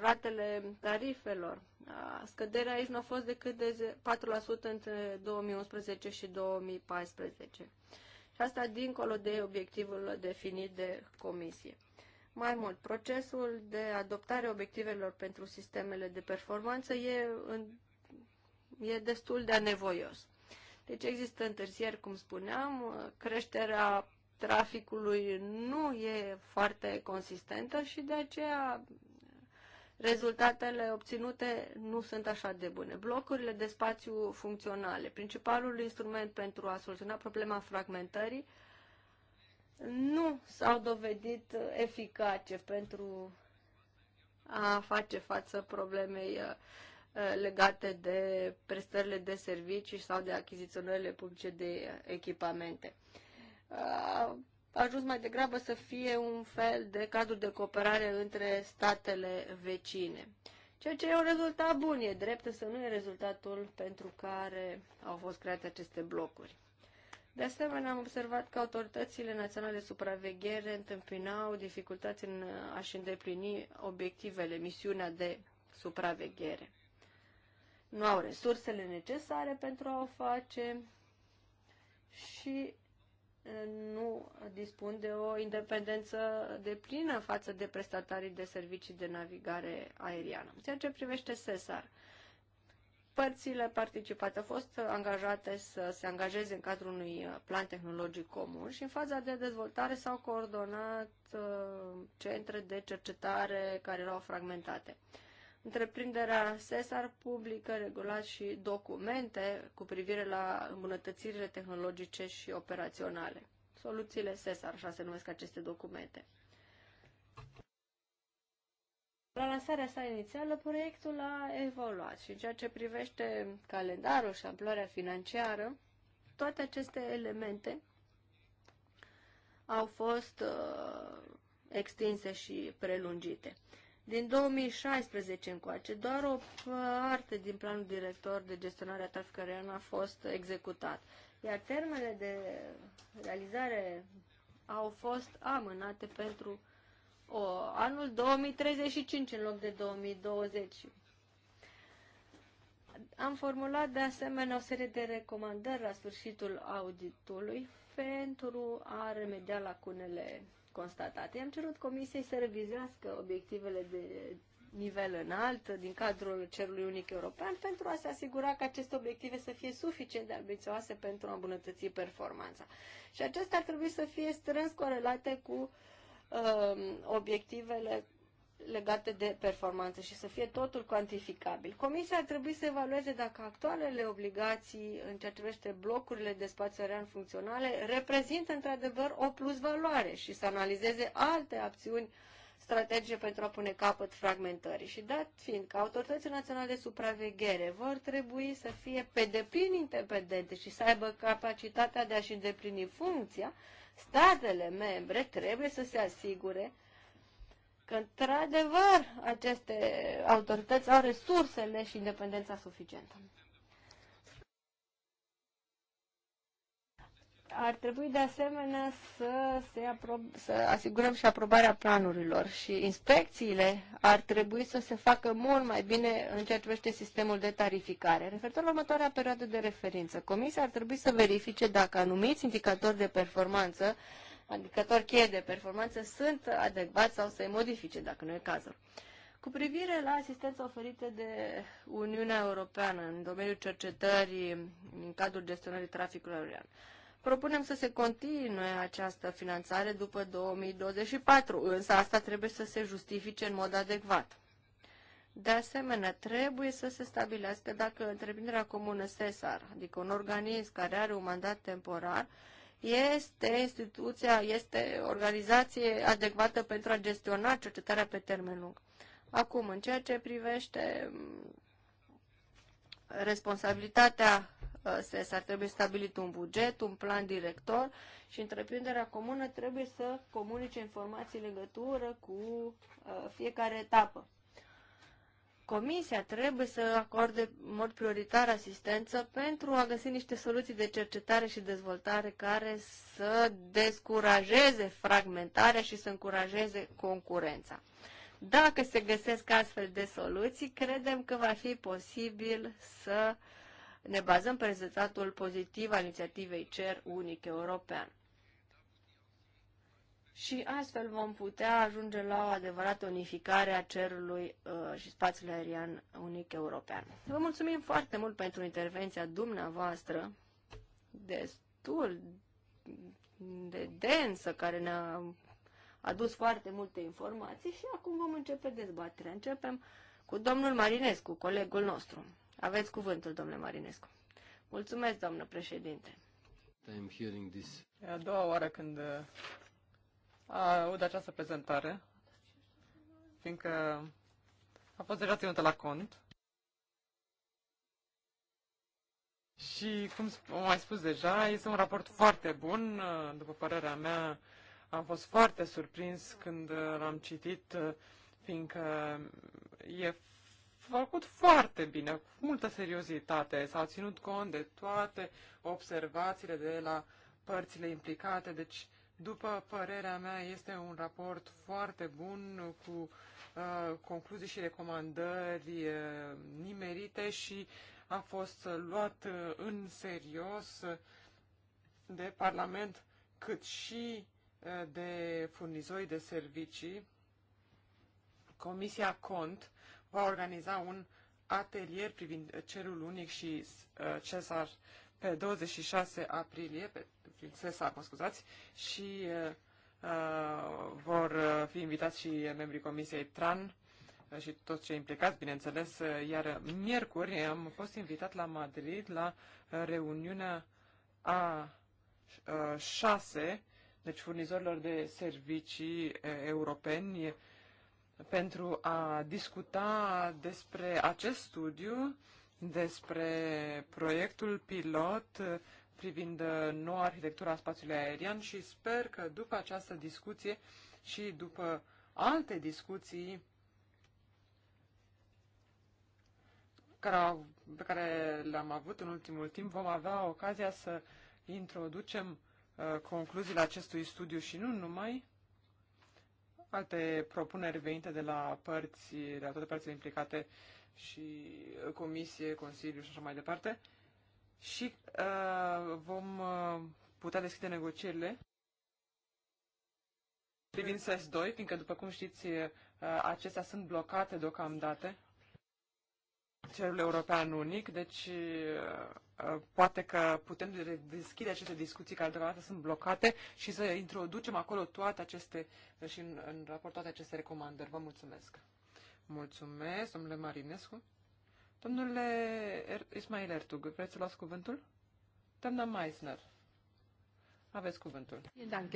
ratele tarifelor, uh, scăderea aici nu a fost decât de 4% între 2011 și 2014. Și asta dincolo de obiectivul definit de comisie. Mai mult, procesul de adoptare a obiectivelor pentru sistemele de performanță e, în, e destul de anevoios. Deci există întârzieri, cum spuneam, creșterea traficului nu e foarte consistentă și de aceea rezultatele obținute nu sunt așa de bune. Blocurile de spațiu funcționale, principalul instrument pentru a soluționa problema fragmentării, nu s-au dovedit uh, eficace pentru a face față problemei uh, uh, legate de prestările de servicii sau de achiziționările publice de echipamente. A ajuns mai degrabă să fie un fel de cadru de cooperare între statele vecine. Ceea ce e un rezultat bun, e drept, să nu e rezultatul pentru care au fost create aceste blocuri. De asemenea, am observat că autoritățile naționale de supraveghere întâmpinau dificultăți în a-și îndeplini obiectivele, misiunea de supraveghere. Nu au resursele necesare pentru a o face și nu dispun de o independență deplină față de prestatarii de servicii de navigare aeriană. Ceea ce privește SESAR, părțile participate au fost angajate să se angajeze în cadrul unui plan tehnologic comun și în faza de dezvoltare s-au coordonat uh, centre de cercetare care erau fragmentate. Întreprinderea SESAR publică regulat și documente cu privire la îmbunătățirile tehnologice și operaționale. Soluțiile SESAR, așa se numesc aceste documente. La lansarea sa inițială, proiectul a evoluat și în ceea ce privește calendarul și amploarea financiară, toate aceste elemente au fost uh, extinse și prelungite. Din 2016 încoace, doar o parte din planul director de gestionare a traficului aerian a fost executat, iar termenele de realizare au fost amânate pentru o, anul 2035 în loc de 2020. Am formulat de asemenea o serie de recomandări la sfârșitul auditului pentru a remedia lacunele constatate. Am cerut Comisiei să revizească obiectivele de nivel înalt din cadrul cerului unic european pentru a se asigura că aceste obiective să fie suficient de ambițioase pentru a îmbunătăți performanța. Și acestea ar trebui să fie strâns corelate cu uh, Um, obiectivele legate de performanță și să fie totul cuantificabil. Comisia ar trebui să evalueze dacă actualele obligații în ceea ce privește blocurile de spațiu aerian funcționale reprezintă într-adevăr o plusvaloare și să analizeze alte acțiuni strategice pentru a pune capăt fragmentării. Și dat fiind că autoritățile naționale de supraveghere vor trebui să fie pe deplin independente și să aibă capacitatea de a-și îndeplini funcția, statele membre trebuie să se asigure că, într-adevăr, aceste autorități au resursele și independența suficientă. ar trebui de asemenea să, se aprob- să asigurăm și aprobarea planurilor și inspecțiile ar trebui să se facă mult mai bine în ceea ce privește sistemul de tarificare. Referitor la următoarea perioadă de referință, Comisia ar trebui să verifice dacă anumiți indicatori de performanță, indicatori cheie de performanță, sunt adecvați sau să-i modifice, dacă nu e cazul. Cu privire la asistența oferită de Uniunea Europeană în domeniul cercetării în cadrul gestionării traficului aerian, Propunem să se continue această finanțare după 2024, însă asta trebuie să se justifice în mod adecvat. De asemenea, trebuie să se stabilească dacă întreprinderea comună SESAR, adică un organism care are un mandat temporar, este instituția, este organizație adecvată pentru a gestiona cercetarea pe termen lung. Acum, în ceea ce privește mm, responsabilitatea SES. Ar trebui stabilit un buget, un plan director și întreprinderea comună trebuie să comunice informații în legătură cu uh, fiecare etapă. Comisia trebuie să acorde în mod prioritar asistență pentru a găsi niște soluții de cercetare și dezvoltare care să descurajeze fragmentarea și să încurajeze concurența. Dacă se găsesc astfel de soluții, credem că va fi posibil să uh, ne bazăm pe rezultatul pozitiv al inițiativei Cer Unic European. Și astfel vom putea ajunge la o adevărată unificare a cerului uh, și spațiului aerian unic european. Vă mulțumim foarte mult pentru intervenția dumneavoastră, destul de densă, care ne-a adus foarte multe informații și acum vom începe dezbaterea. Începem cu domnul Marinescu, colegul nostru. Aveți cuvântul, domnule Marinescu. Mulțumesc, doamnă președinte. I'm hearing this. E a doua oară când uh, aud această prezentare, fiindcă a fost deja ținută la cont. Și, cum am mai spus deja, este un raport foarte bun, uh, după părerea mea. Am fost foarte surprins când uh, l-am citit, fiindcă e făcut foarte bine, cu multă seriozitate. S-au ținut cont de toate observațiile de la părțile implicate. Deci, după părerea mea, este un raport foarte bun cu uh, concluzii și recomandări uh, nimerite și a fost luat uh, în serios de Parlament cât și uh, de furnizori de servicii. Comisia Cont va organiza un atelier privind cerul unic și uh, Cesar pe 26 aprilie, pe, prin Cesar, mă scuzați, și uh, uh vor uh, fi invitați și membrii Comisiei TRAN uh, și toți cei implicați, bineînțeles, iar miercuri am fost invitat la Madrid la reuniunea a șase, deci furnizorilor de servicii europeni pentru a discuta despre acest studiu, despre proiectul pilot privind noua arhitectura spațiului aerian și sper că după această discuție și după alte discuții care, pe care le-am avut în ultimul timp, vom avea ocazia să introducem uh, concluziile acestui studiu și nu numai, alte propuneri venite de la părți, de la toate părțile implicate și comisie, consiliu și așa mai departe. Și uh, vom uh, putea deschide negocierile privind SES2, fiindcă, după cum știți, uh, acestea sunt blocate deocamdată. Cerul european unic, deci uh, Uh, poate că putem deschide aceste discuții care deocamdată sunt blocate și să introducem acolo toate aceste uh, și în, în raport toate aceste recomandări. Vă mulțumesc. Mulțumesc, domnule Marinescu. Domnule er- Ismail Ertug, vreți să luați cuvântul? Doamna Meisner, aveți cuvântul. Ähm,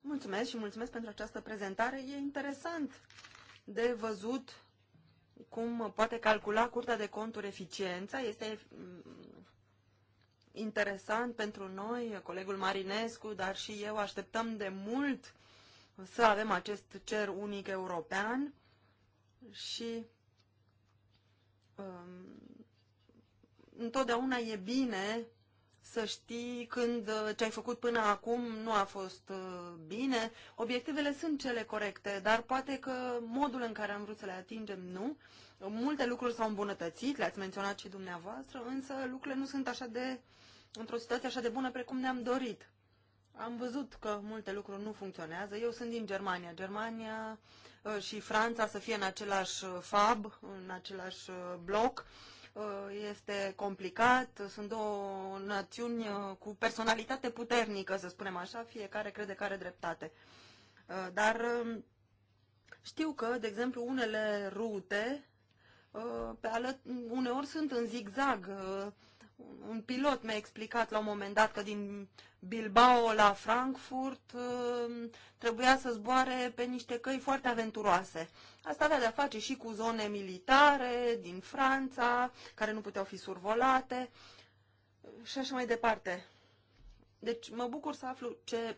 mulțumesc și mulțumesc pentru această prezentare. E interesant de văzut cum poate calcula Curtea de Conturi eficiența. Este mm, interesant pentru noi, colegul Marinescu, dar și eu așteptăm de mult să avem acest cer unic european și um, întotdeauna e bine să știi când uh, ce ai făcut până acum nu a fost uh, bine. Obiectivele sunt cele corecte, dar poate că modul în care am vrut să le atingem nu. Multe lucruri s-au îmbunătățit, le-ați menționat și dumneavoastră, însă lucrurile nu sunt așa de, într-o situație așa de bună precum ne-am dorit. Am văzut că multe lucruri nu funcționează. Eu sunt din Germania. Germania uh, și Franța să fie în același fab, în același bloc Uh, este complicat, sunt două națiuni uh, cu personalitate puternică, să spunem așa, fiecare crede că are dreptate. Uh, dar um, știu că, de exemplu, unele rute pe alăt, uneori sunt în zigzag. Un pilot mi-a explicat la un moment dat că din Bilbao la Frankfurt trebuia să zboare pe niște căi foarte aventuroase. Asta avea de-a face și cu zone militare din Franța, care nu puteau fi survolate și așa mai departe. Deci mă bucur să aflu ce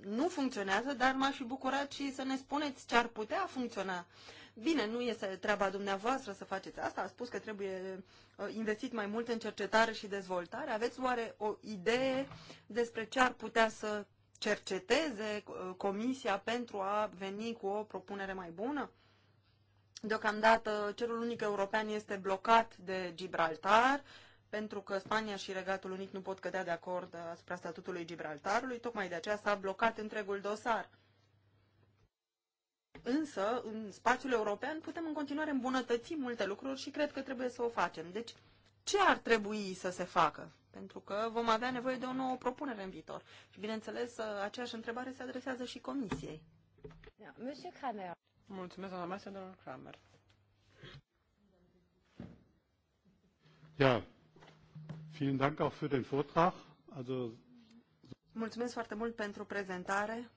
nu funcționează, dar m-aș fi bucurat și să ne spuneți ce ar putea funcționa. Bine, nu este treaba dumneavoastră să faceți asta, a spus că trebuie uh, investit mai mult în cercetare și dezvoltare. Aveți oare o idee despre ce ar putea să cerceteze uh, comisia pentru a veni cu o propunere mai bună? Deocamdată cerul unic european este blocat de Gibraltar, pentru că Spania și Regatul Unit nu pot cădea de acord asupra statutului Gibraltarului, tocmai de aceea s-a blocat întregul dosar. Însă, în spațiul european putem în continuare îmbunătăți multe lucruri și cred că trebuie să o facem. Deci, ce ar trebui să se facă? Pentru că vom avea nevoie de o nouă propunere în viitor. Și, bineînțeles, aceeași întrebare se adresează și Comisiei. Da, Monsieur Kramer. Mulțumesc, foarte mult pentru prezentare.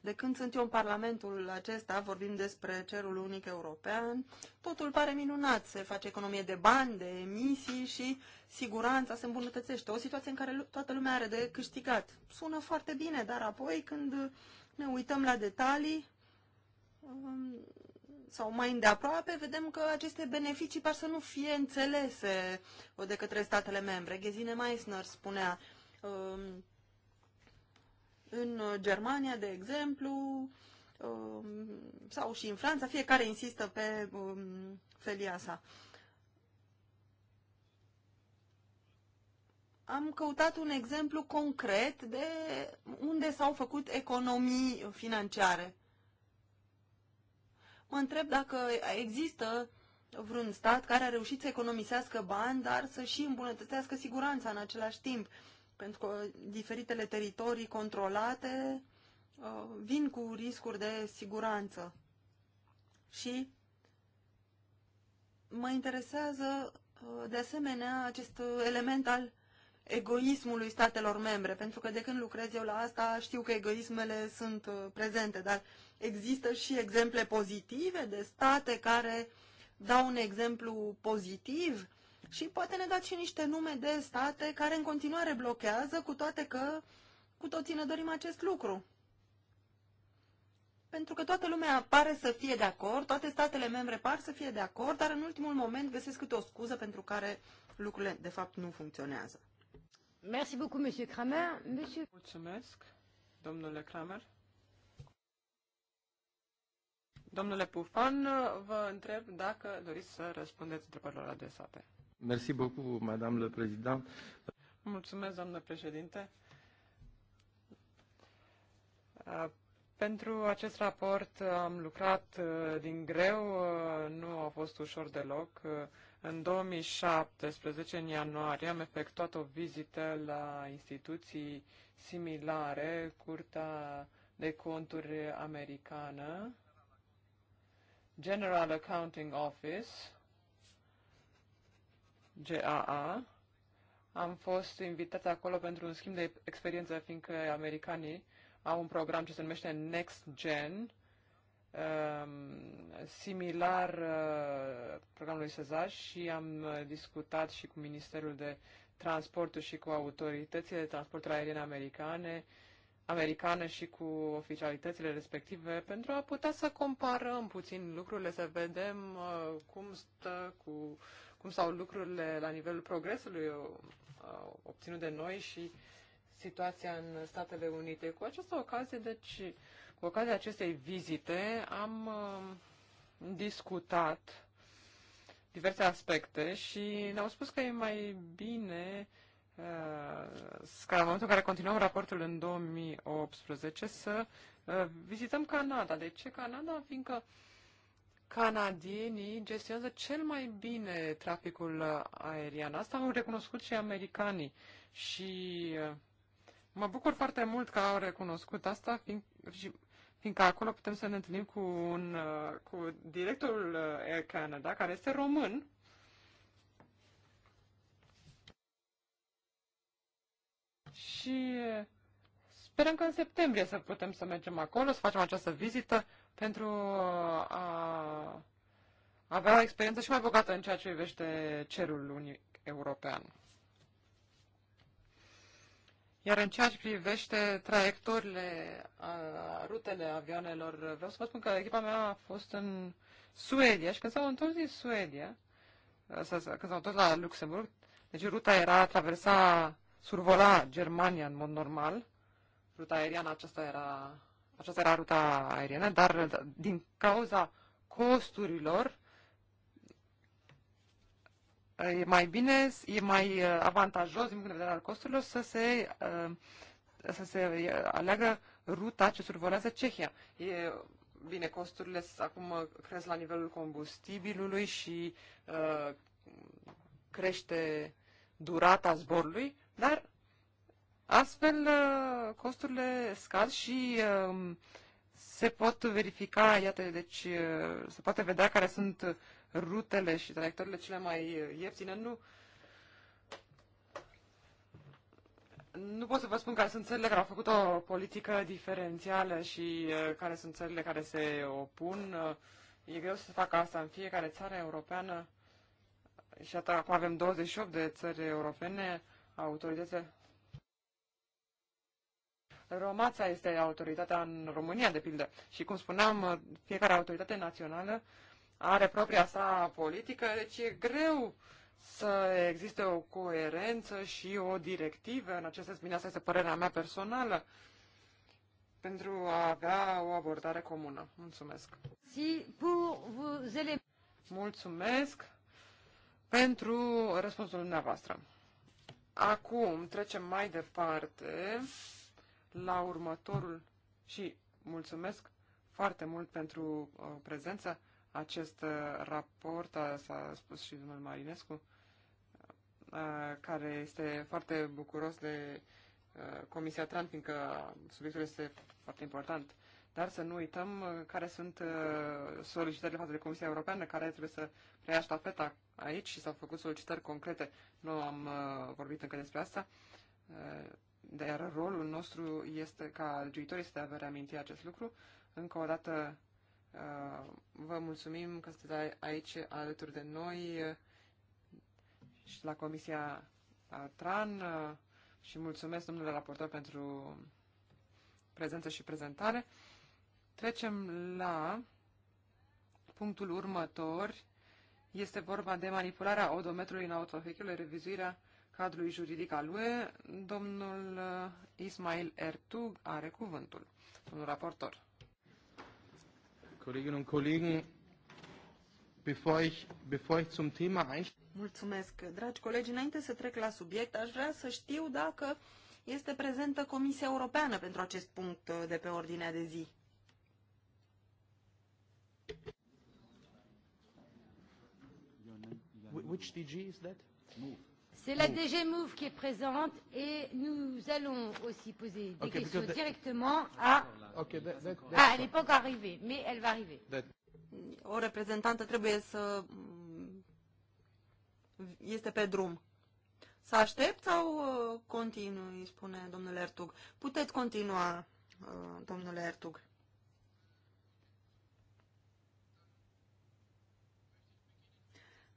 De când sunt eu în Parlamentul acesta, vorbim despre cerul unic european, totul pare minunat. Se face economie de bani, de emisii și siguranța se îmbunătățește. O situație în care toată lumea are de câștigat. Sună foarte bine, dar apoi când ne uităm la detalii, Um, sau mai îndeaproape, vedem că aceste beneficii par să nu fie înțelese de către statele membre. Ghezine Meissner spunea, um, în Germania, de exemplu, um, sau și în Franța, fiecare insistă pe felia sa. Am căutat un exemplu concret de unde s-au făcut economii financiare mă întreb dacă există vreun stat care a reușit să economisească bani, dar să și îmbunătățească siguranța în același timp, pentru că diferitele teritorii controlate uh, vin cu riscuri de siguranță. Și mă interesează uh, de asemenea acest element al egoismului statelor membre, pentru că de când lucrez eu la asta știu că egoismele sunt uh, prezente, dar Există și exemple pozitive de state care dau un exemplu pozitiv și poate ne dați și niște nume de state care în continuare blochează, cu toate că cu toții ne dorim acest lucru. Pentru că toată lumea pare să fie de acord, toate statele membre par să fie de acord, dar în ultimul moment găsesc câte o scuză pentru care lucrurile de fapt nu funcționează. Merci beaucoup, monsieur Kramer. Monsieur... Mulțumesc, domnule Kramer. Domnule Pufan, vă întreb dacă doriți să răspundeți întrebărilor adresate. Mersi beaucoup, madame le président. Mulțumesc, doamnă președinte. Pentru acest raport am lucrat din greu, nu a fost ușor deloc. În 2017, în ianuarie, am efectuat o vizită la instituții similare, Curtea de Conturi Americană, General Accounting Office, GAA. Am fost invitat acolo pentru un schimb de experiență, fiindcă americanii au un program ce se numește Next Gen, um, similar uh, programului Sezar și am discutat și cu Ministerul de Transportul și cu autoritățile de transport aeriene americane americane și cu oficialitățile respective pentru a putea să comparăm puțin lucrurile, să vedem uh, cum stă cu cum stau lucrurile la nivelul progresului uh, uh, obținut de noi și situația în Statele Unite. Cu această ocazie, deci, cu ocazia acestei vizite, am discutat diverse aspecte și ne-au spus că e mai bine uh, Uh, ca în momentul în care continuăm raportul în 2018, să uh, vizităm Canada. De ce Canada? Fiindcă canadienii gestionează cel mai bine traficul aerian. Asta au recunoscut și americanii. Și uh, mă bucur foarte mult că au recunoscut asta, fiindcă acolo putem să ne întâlnim cu, un, cu directorul Air Canada, care este român, și sperăm că în septembrie să putem să mergem acolo, să facem această vizită pentru a avea o experiență și mai bogată în ceea ce privește cerul unic european. Iar în ceea ce privește traiectorile, a, rutele avioanelor, vreau să vă spun că echipa mea a fost în Suedia și când s-au întors din Suedia, când s-au întors la Luxemburg, deci ruta era traversa survola Germania în mod normal. Ruta aeriană, aceasta era, aceasta era ruta aeriană, dar din cauza costurilor e mai bine, e mai uh, avantajos din punct de vedere al costurilor să se, uh, să se uh, aleagă ruta ce survolează Cehia. E, bine, costurile acum cresc la nivelul combustibilului și uh, crește durata zborului, dar astfel uh, costurile scad și uh, se pot verifica, iată, deci uh, se poate vedea care sunt rutele și traiectorile cele mai ieftine. Nu, Nu pot să vă spun care sunt țările care au făcut o politică diferențială și care sunt țările care se opun. E greu să facă asta în fiecare țară europeană. Și atât acum avem 28 de țări europene autoritățile. Romața este autoritatea în România, de pildă. Și cum spuneam, fiecare autoritate națională are propria sa politică, deci e greu să existe o coerență și o directivă. În acest sens, bine, asta este părerea mea personală pentru a avea o abordare comună. Mulțumesc! Si Mulțumesc pentru răspunsul dumneavoastră. Acum trecem mai departe la următorul și mulțumesc foarte mult pentru uh, prezență. Acest uh, raport, s-a spus și domnul Marinescu, uh, care este foarte bucuros de uh, Comisia Tran, fiindcă subiectul este foarte important dar să nu uităm uh, care sunt uh, solicitările față de Comisia Europeană, care trebuie să preia ștafeta aici și s-au făcut solicitări concrete. Nu am uh, vorbit încă despre asta, dar rolul nostru este ca legiuitorii să vă reaminti acest lucru. Încă o dată vă mulțumim că sunteți aici alături de noi și la Comisia TRAN și mulțumesc domnule raportor pentru prezență și prezentare. Trecem la punctul următor. Este vorba de manipularea odometrului în autovehicule, revizuirea cadrului juridic al UE. Domnul uh, Ismail Ertug are cuvântul, domnul raportor. Colegii und colegi, bevor ich, bevor ich zum Thema Mulțumesc. Dragi colegi, înainte să trec la subiect, aș vrea să știu dacă este prezentă Comisia Europeană pentru acest punct uh, de pe ordinea de zi. Which DG is that? Move. C'est la DG Move qui est présente et nous allons aussi poser des okay, questions that, directement à... Okay, that, that, ah, ah, elle n'est pas encore arrivée, mais elle va arriver. That. O reprezentantă trebuie să... Mm, este pe drum. Să aștept sau uh, continui, spune domnul Ertug. Puteți continua, uh, domnule Ertug.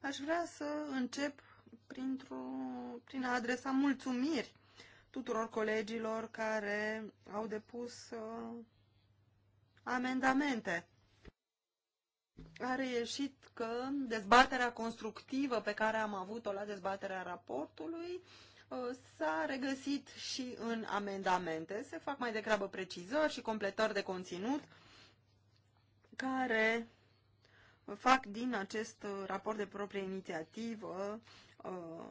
Aș vrea să încep prin a adresa mulțumiri tuturor colegilor care au depus uh, amendamente. A reieșit că dezbaterea constructivă pe care am avut-o la dezbaterea raportului uh, s-a regăsit și în amendamente. Se fac mai degrabă precizări și completări de conținut care fac din acest uh, raport de proprie inițiativă uh,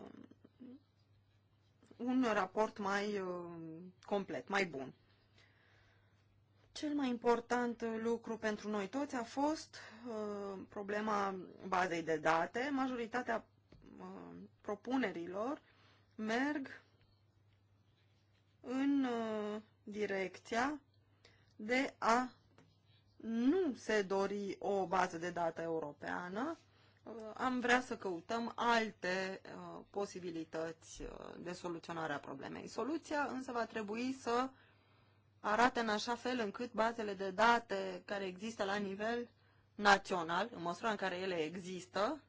un raport mai uh, complet, mai bun. Cel mai important lucru pentru noi toți a fost uh, problema bazei de date. Majoritatea uh, propunerilor merg în uh, direcția de a nu se dori o bază de dată europeană, uh, am vrea să căutăm alte uh, posibilități uh, de soluționare a problemei. Soluția însă va trebui să arate în așa fel încât bazele de date care există la nivel național, în măsura în care ele există,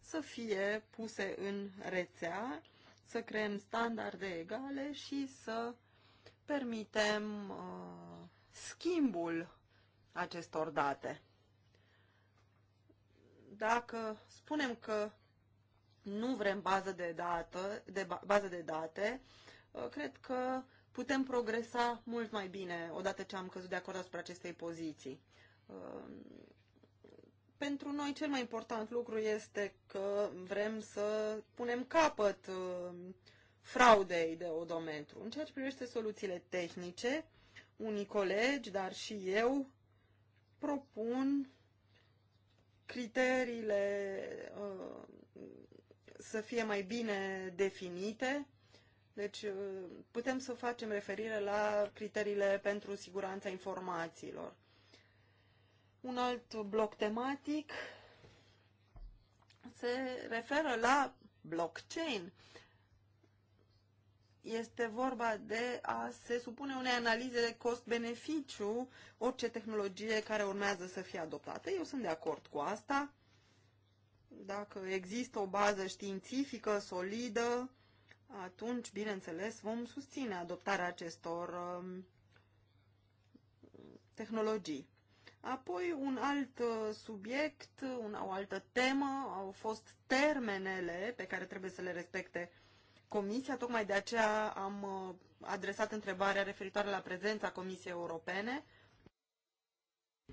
să fie puse în rețea, să creăm standarde egale și să permitem uh, schimbul acestor date. Dacă spunem că nu vrem bază de, dată, de bază de date, uh, cred că putem progresa mult mai bine odată ce am căzut de acord asupra acestei poziții. Uh, pentru noi cel mai important lucru este că vrem să punem capăt uh, fraudei de odometru. În ceea ce privește soluțiile tehnice, unii colegi, dar și eu, propun criteriile uh, să fie mai bine definite. Deci uh, putem să facem referire la criteriile pentru siguranța informațiilor. Un alt bloc tematic se referă la blockchain este vorba de a se supune unei analize de cost-beneficiu orice tehnologie care urmează să fie adoptată. Eu sunt de acord cu asta. Dacă există o bază științifică solidă, atunci, bineînțeles, vom susține adoptarea acestor um, tehnologii. Apoi, un alt uh, subiect, un, o altă temă, au fost termenele pe care trebuie să le respecte Comisia, tocmai de aceea am uh, adresat întrebarea referitoare la prezența Comisiei Europene.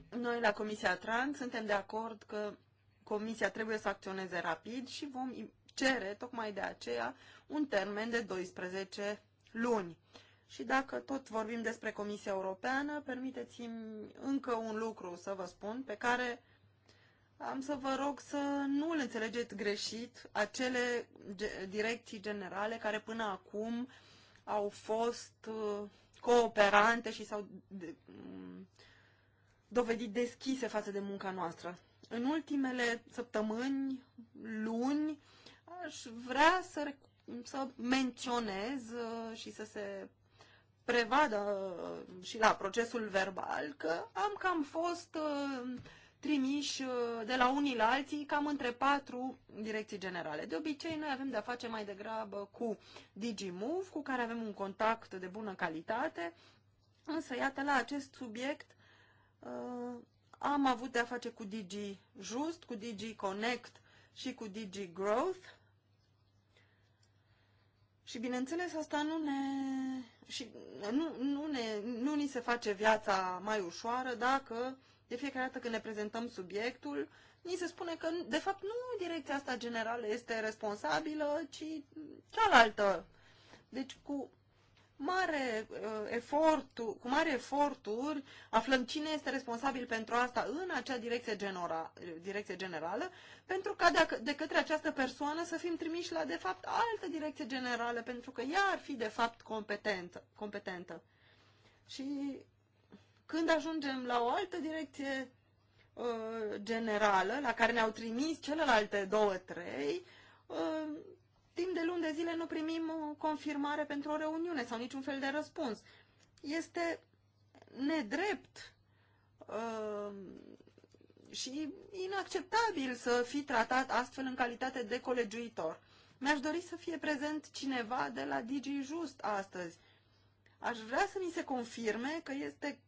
Noi la Comisia Trans suntem de acord că Comisia trebuie să acționeze rapid și vom cere tocmai de aceea un termen de 12 luni. Și dacă tot vorbim despre Comisia Europeană, permiteți-mi încă un lucru să vă spun pe care am să vă rog să nu le înțelegeți greșit acele direcții generale care până acum au fost uh, cooperante și s-au mm, dovedit deschise față de munca noastră. În ultimele săptămâni, luni, aș vrea să, să menționez uh, și să se prevadă uh, și la procesul verbal că am cam fost uh, trimiși uh, de la unii la alții cam între patru direcții generale. De obicei, noi avem de-a face mai degrabă cu DigiMove, cu care avem un contact de bună calitate, însă, iată, la acest subiect uh, am avut de-a face cu Digi Just, cu Digi Connect și cu Digi Growth. Și bineînțeles, asta nu ne, și nu, nu, ne, nu ni se face viața mai ușoară dacă de fiecare dată când ne prezentăm subiectul, ni se spune că, de fapt, nu direcția asta generală este responsabilă, ci cealaltă. Deci, cu mare uh, efortul, cu mare eforturi aflăm cine este responsabil pentru asta în acea direcție, genera, direcție generală, pentru ca de, de către această persoană să fim trimiși la, de fapt, altă direcție generală, pentru că ea ar fi, de fapt, competentă. competentă. Și când ajungem la o altă direcție uh, generală, la care ne-au trimis celelalte două, trei, uh, timp de luni de zile nu primim o confirmare pentru o reuniune sau niciun fel de răspuns. Este nedrept uh, și inacceptabil să fi tratat astfel în calitate de colegiuitor. Mi-aș dori să fie prezent cineva de la Digi Just astăzi. Aș vrea să mi se confirme că este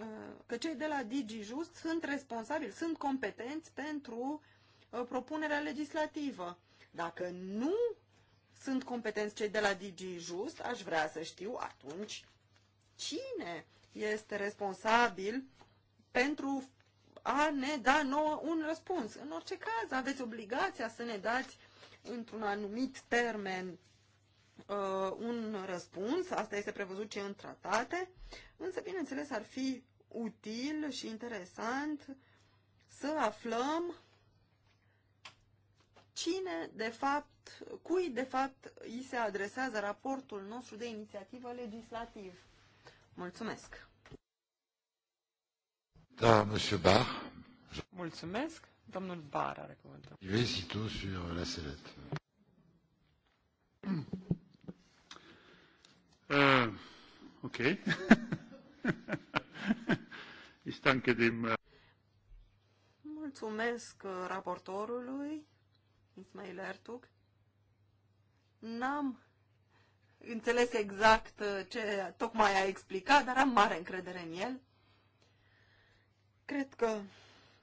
Uh, că cei de la DigiJust sunt responsabili, sunt competenți pentru uh, propunerea legislativă. Dacă nu sunt competenți cei de la DigiJust, aș vrea să știu atunci cine este responsabil pentru a ne da nouă un răspuns. În orice caz, aveți obligația să ne dați într-un anumit termen uh, un răspuns, asta este prevăzut ce în tratate, însă, bineînțeles, ar fi util și interesant să aflăm cine, de fapt, cui, de fapt, îi se adresează raportul nostru de inițiativă legislativ. Mulțumesc! Da, monsieur Bar. Mulțumesc. Domnul Bar are cuvântul. Ivesi tu sur la sellette. Äh, okay. ich danke dem. Mulțumesc eh, raportorului, Ismail Ertug. N-am înțeles exact eh, ce tocmai a explicat, dar am mare încredere în el. Cred că,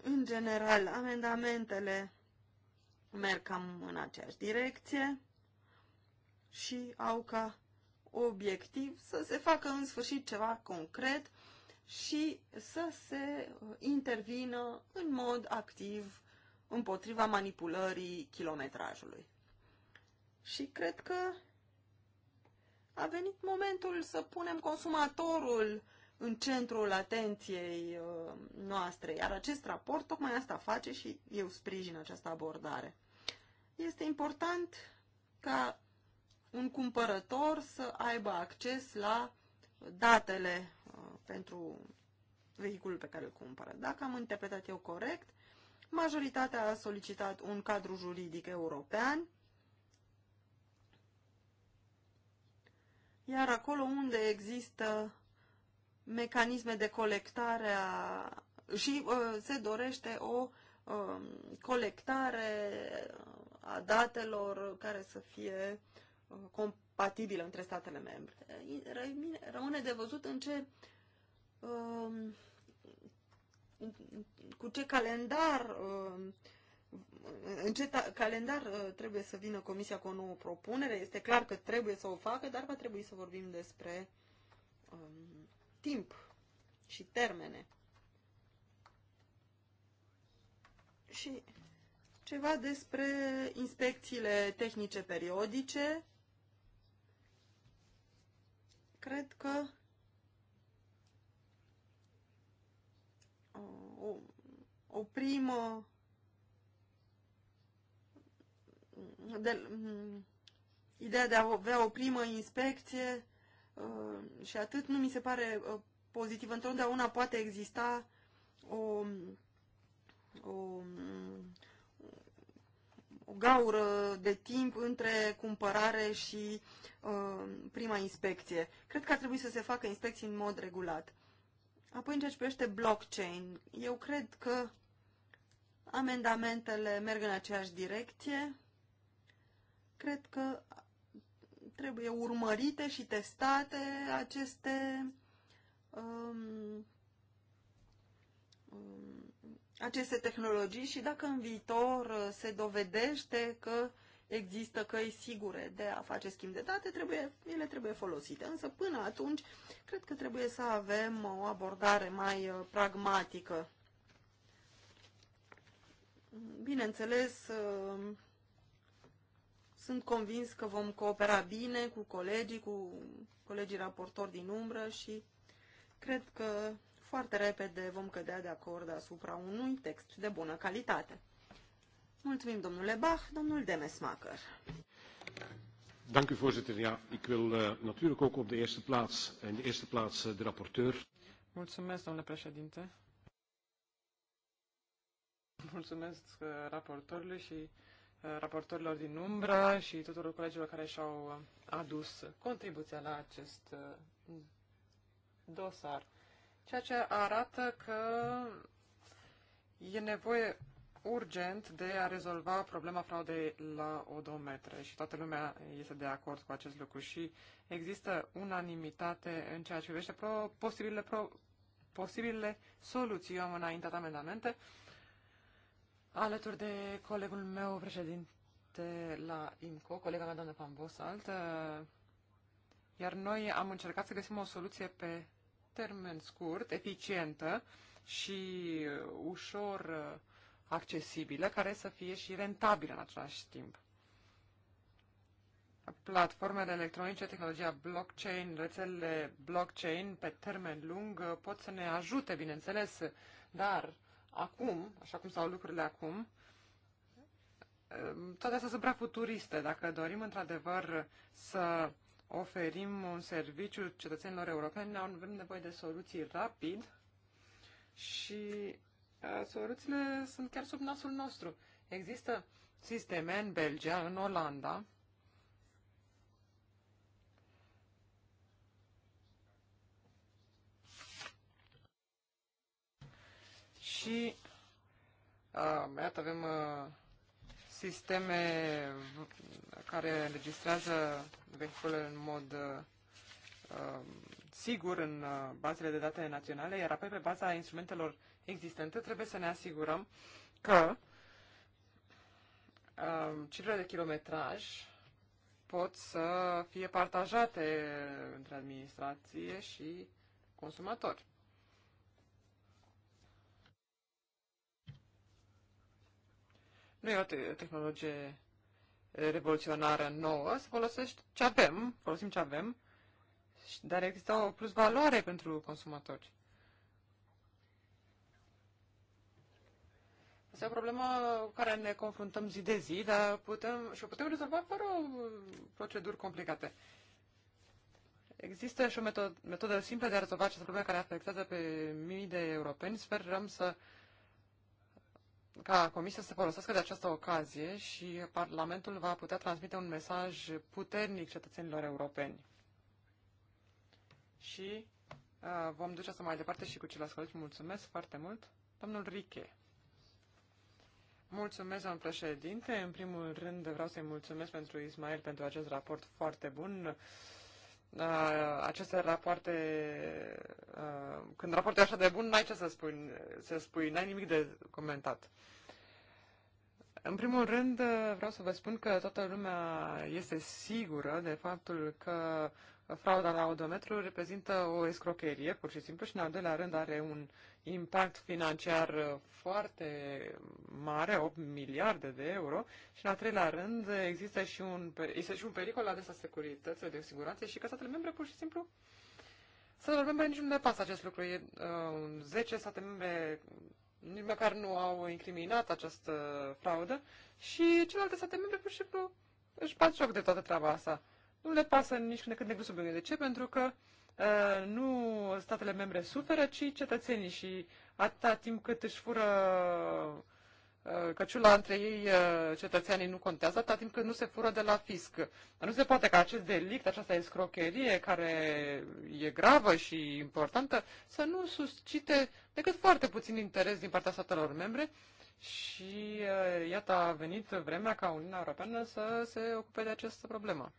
în general, amendamentele merg cam în aceeași direcție și au ca obiectiv să se facă în sfârșit ceva concret și să se uh, intervină în mod activ împotriva manipulării kilometrajului. Și cred că a venit momentul să punem consumatorul în centrul atenției uh, noastre, iar acest raport tocmai asta face și eu sprijin această abordare. Este important ca un cumpărător să aibă acces la datele uh, pentru vehiculul pe care îl cumpără. Dacă am interpretat eu corect, majoritatea a solicitat un cadru juridic european, iar acolo unde există mecanisme de colectare a, și uh, se dorește o uh, colectare a datelor care să fie compatibilă între statele membre. Rămâne de văzut în ce um, cu ce calendar um, în ce calendar uh, trebuie să vină Comisia cu o nouă propunere. Este clar că trebuie să o facă, dar va trebui să vorbim despre um, timp și termene. Și ceva despre inspecțiile tehnice periodice Cred că uh, o, o primă de, mm, ideea de a avea o primă inspecție uh, și atât nu mi se pare uh, pozitiv. Întotdeauna poate exista o, o gaură de timp între cumpărare și uh, prima inspecție. Cred că ar trebui să se facă inspecții în mod regulat. Apoi, în ceea ce privește blockchain, eu cred că amendamentele merg în aceeași direcție. Cred că trebuie urmărite și testate aceste um, um, aceste tehnologii și dacă în viitor uh, se dovedește că există căi sigure de a face schimb de date, trebuie, ele trebuie folosite. Însă până atunci, cred că trebuie să avem o abordare mai uh, pragmatică. Bineînțeles, uh, sunt convins că vom coopera bine cu colegii, cu colegii raportori din umbră și cred că foarte repede vom cădea de acord asupra unui text de bună calitate. Mulțumim, domnule Bach, domnul Demesmacher. Dank u, voorzitter. Ja, ik wil uh, natuurlijk ook op de eerste plaats, in de eerste plaats uh, de rapporteur. Mulțumesc, domnule președinte. Mulțumesc uh, raportorului și uh, raportorilor din umbră și tuturor colegilor care și-au adus contribuția la acest uh, dosar ceea ce arată că e nevoie urgent de a rezolva problema fraudei la odometre și toată lumea este de acord cu acest lucru și există unanimitate în ceea ce privește pro, posibile, pro, posibile soluții. Eu am înaintat amendamente alături de colegul meu președinte la IMCO, colega mea doamnă Pambos, altă, iar noi am încercat să găsim o soluție pe termen scurt, eficientă și uh, ușor uh, accesibilă, care să fie și rentabilă în același timp. Platformele electronice, tehnologia blockchain, rețelele blockchain pe termen lung uh, pot să ne ajute, bineînțeles, dar acum, așa cum stau lucrurile acum, toate astea sunt prea futuriste. Dacă dorim într-adevăr să oferim un serviciu cetățenilor europeni, avem nevoie de soluții rapid și uh, soluțiile sunt chiar sub nasul nostru. Există sisteme în Belgia, în Olanda, și uh, iată avem uh, sisteme care înregistrează vehiculele în mod uh, sigur în uh, bazele de date naționale, iar apoi pe baza instrumentelor existente trebuie să ne asigurăm că uh, cifrele de kilometraj pot să fie partajate între administrație și consumatori. nu e o tehnologie revoluționară nouă, să folosești ce avem, folosim ce avem, dar există o plus valoare pentru consumatori. Este o problemă cu care ne confruntăm zi de zi, dar putem, și o putem rezolva fără proceduri complicate. Există și o metodă, metodă simplă de a rezolva această problemă care afectează pe mii de europeni. Sperăm să uh, ca Comisia să folosească de această ocazie și Parlamentul va putea transmite un mesaj puternic cetățenilor europeni. Și uh, vom duce asta mai departe și cu ceilalți colegi. Mulțumesc foarte mult. Domnul Riche. Mulțumesc, domnul președinte. În primul rând vreau să-i mulțumesc pentru Ismail pentru acest raport foarte bun. Uh, Uh, aceste rapoarte, uh, când raportul e așa de bun, n-ai ce să spui, să spui, n-ai nimic de comentat. În primul rând, uh, vreau să vă spun că toată lumea este sigură de faptul că frauda la odometru reprezintă o escrocherie, pur și simplu, și în al doilea rând are un impact financiar uh, foarte mare, 8 miliarde de euro, și în al treilea rând există și un, există și un pericol la adresa securității de siguranță și că statele membre pur și simplu statele membre nici nu le pasă acest lucru. E, uh, 10 state membre nici măcar nu au incriminat această fraudă și celelalte state membre pur și simplu își bat joc de toată treaba asta nu le pasă nici când de când de sub De ce? Pentru că uh, nu statele membre suferă, ci cetățenii și atâta timp cât își fură uh, căciula între ei, uh, cetățenii nu contează, atâta timp cât nu se fură de la fisc. Dar nu se poate ca acest delict, această escrocherie care e gravă și importantă, să nu suscite decât foarte puțin interes din partea statelor membre și uh, iată a venit vremea ca Uniunea Europeană să se ocupe de această problemă.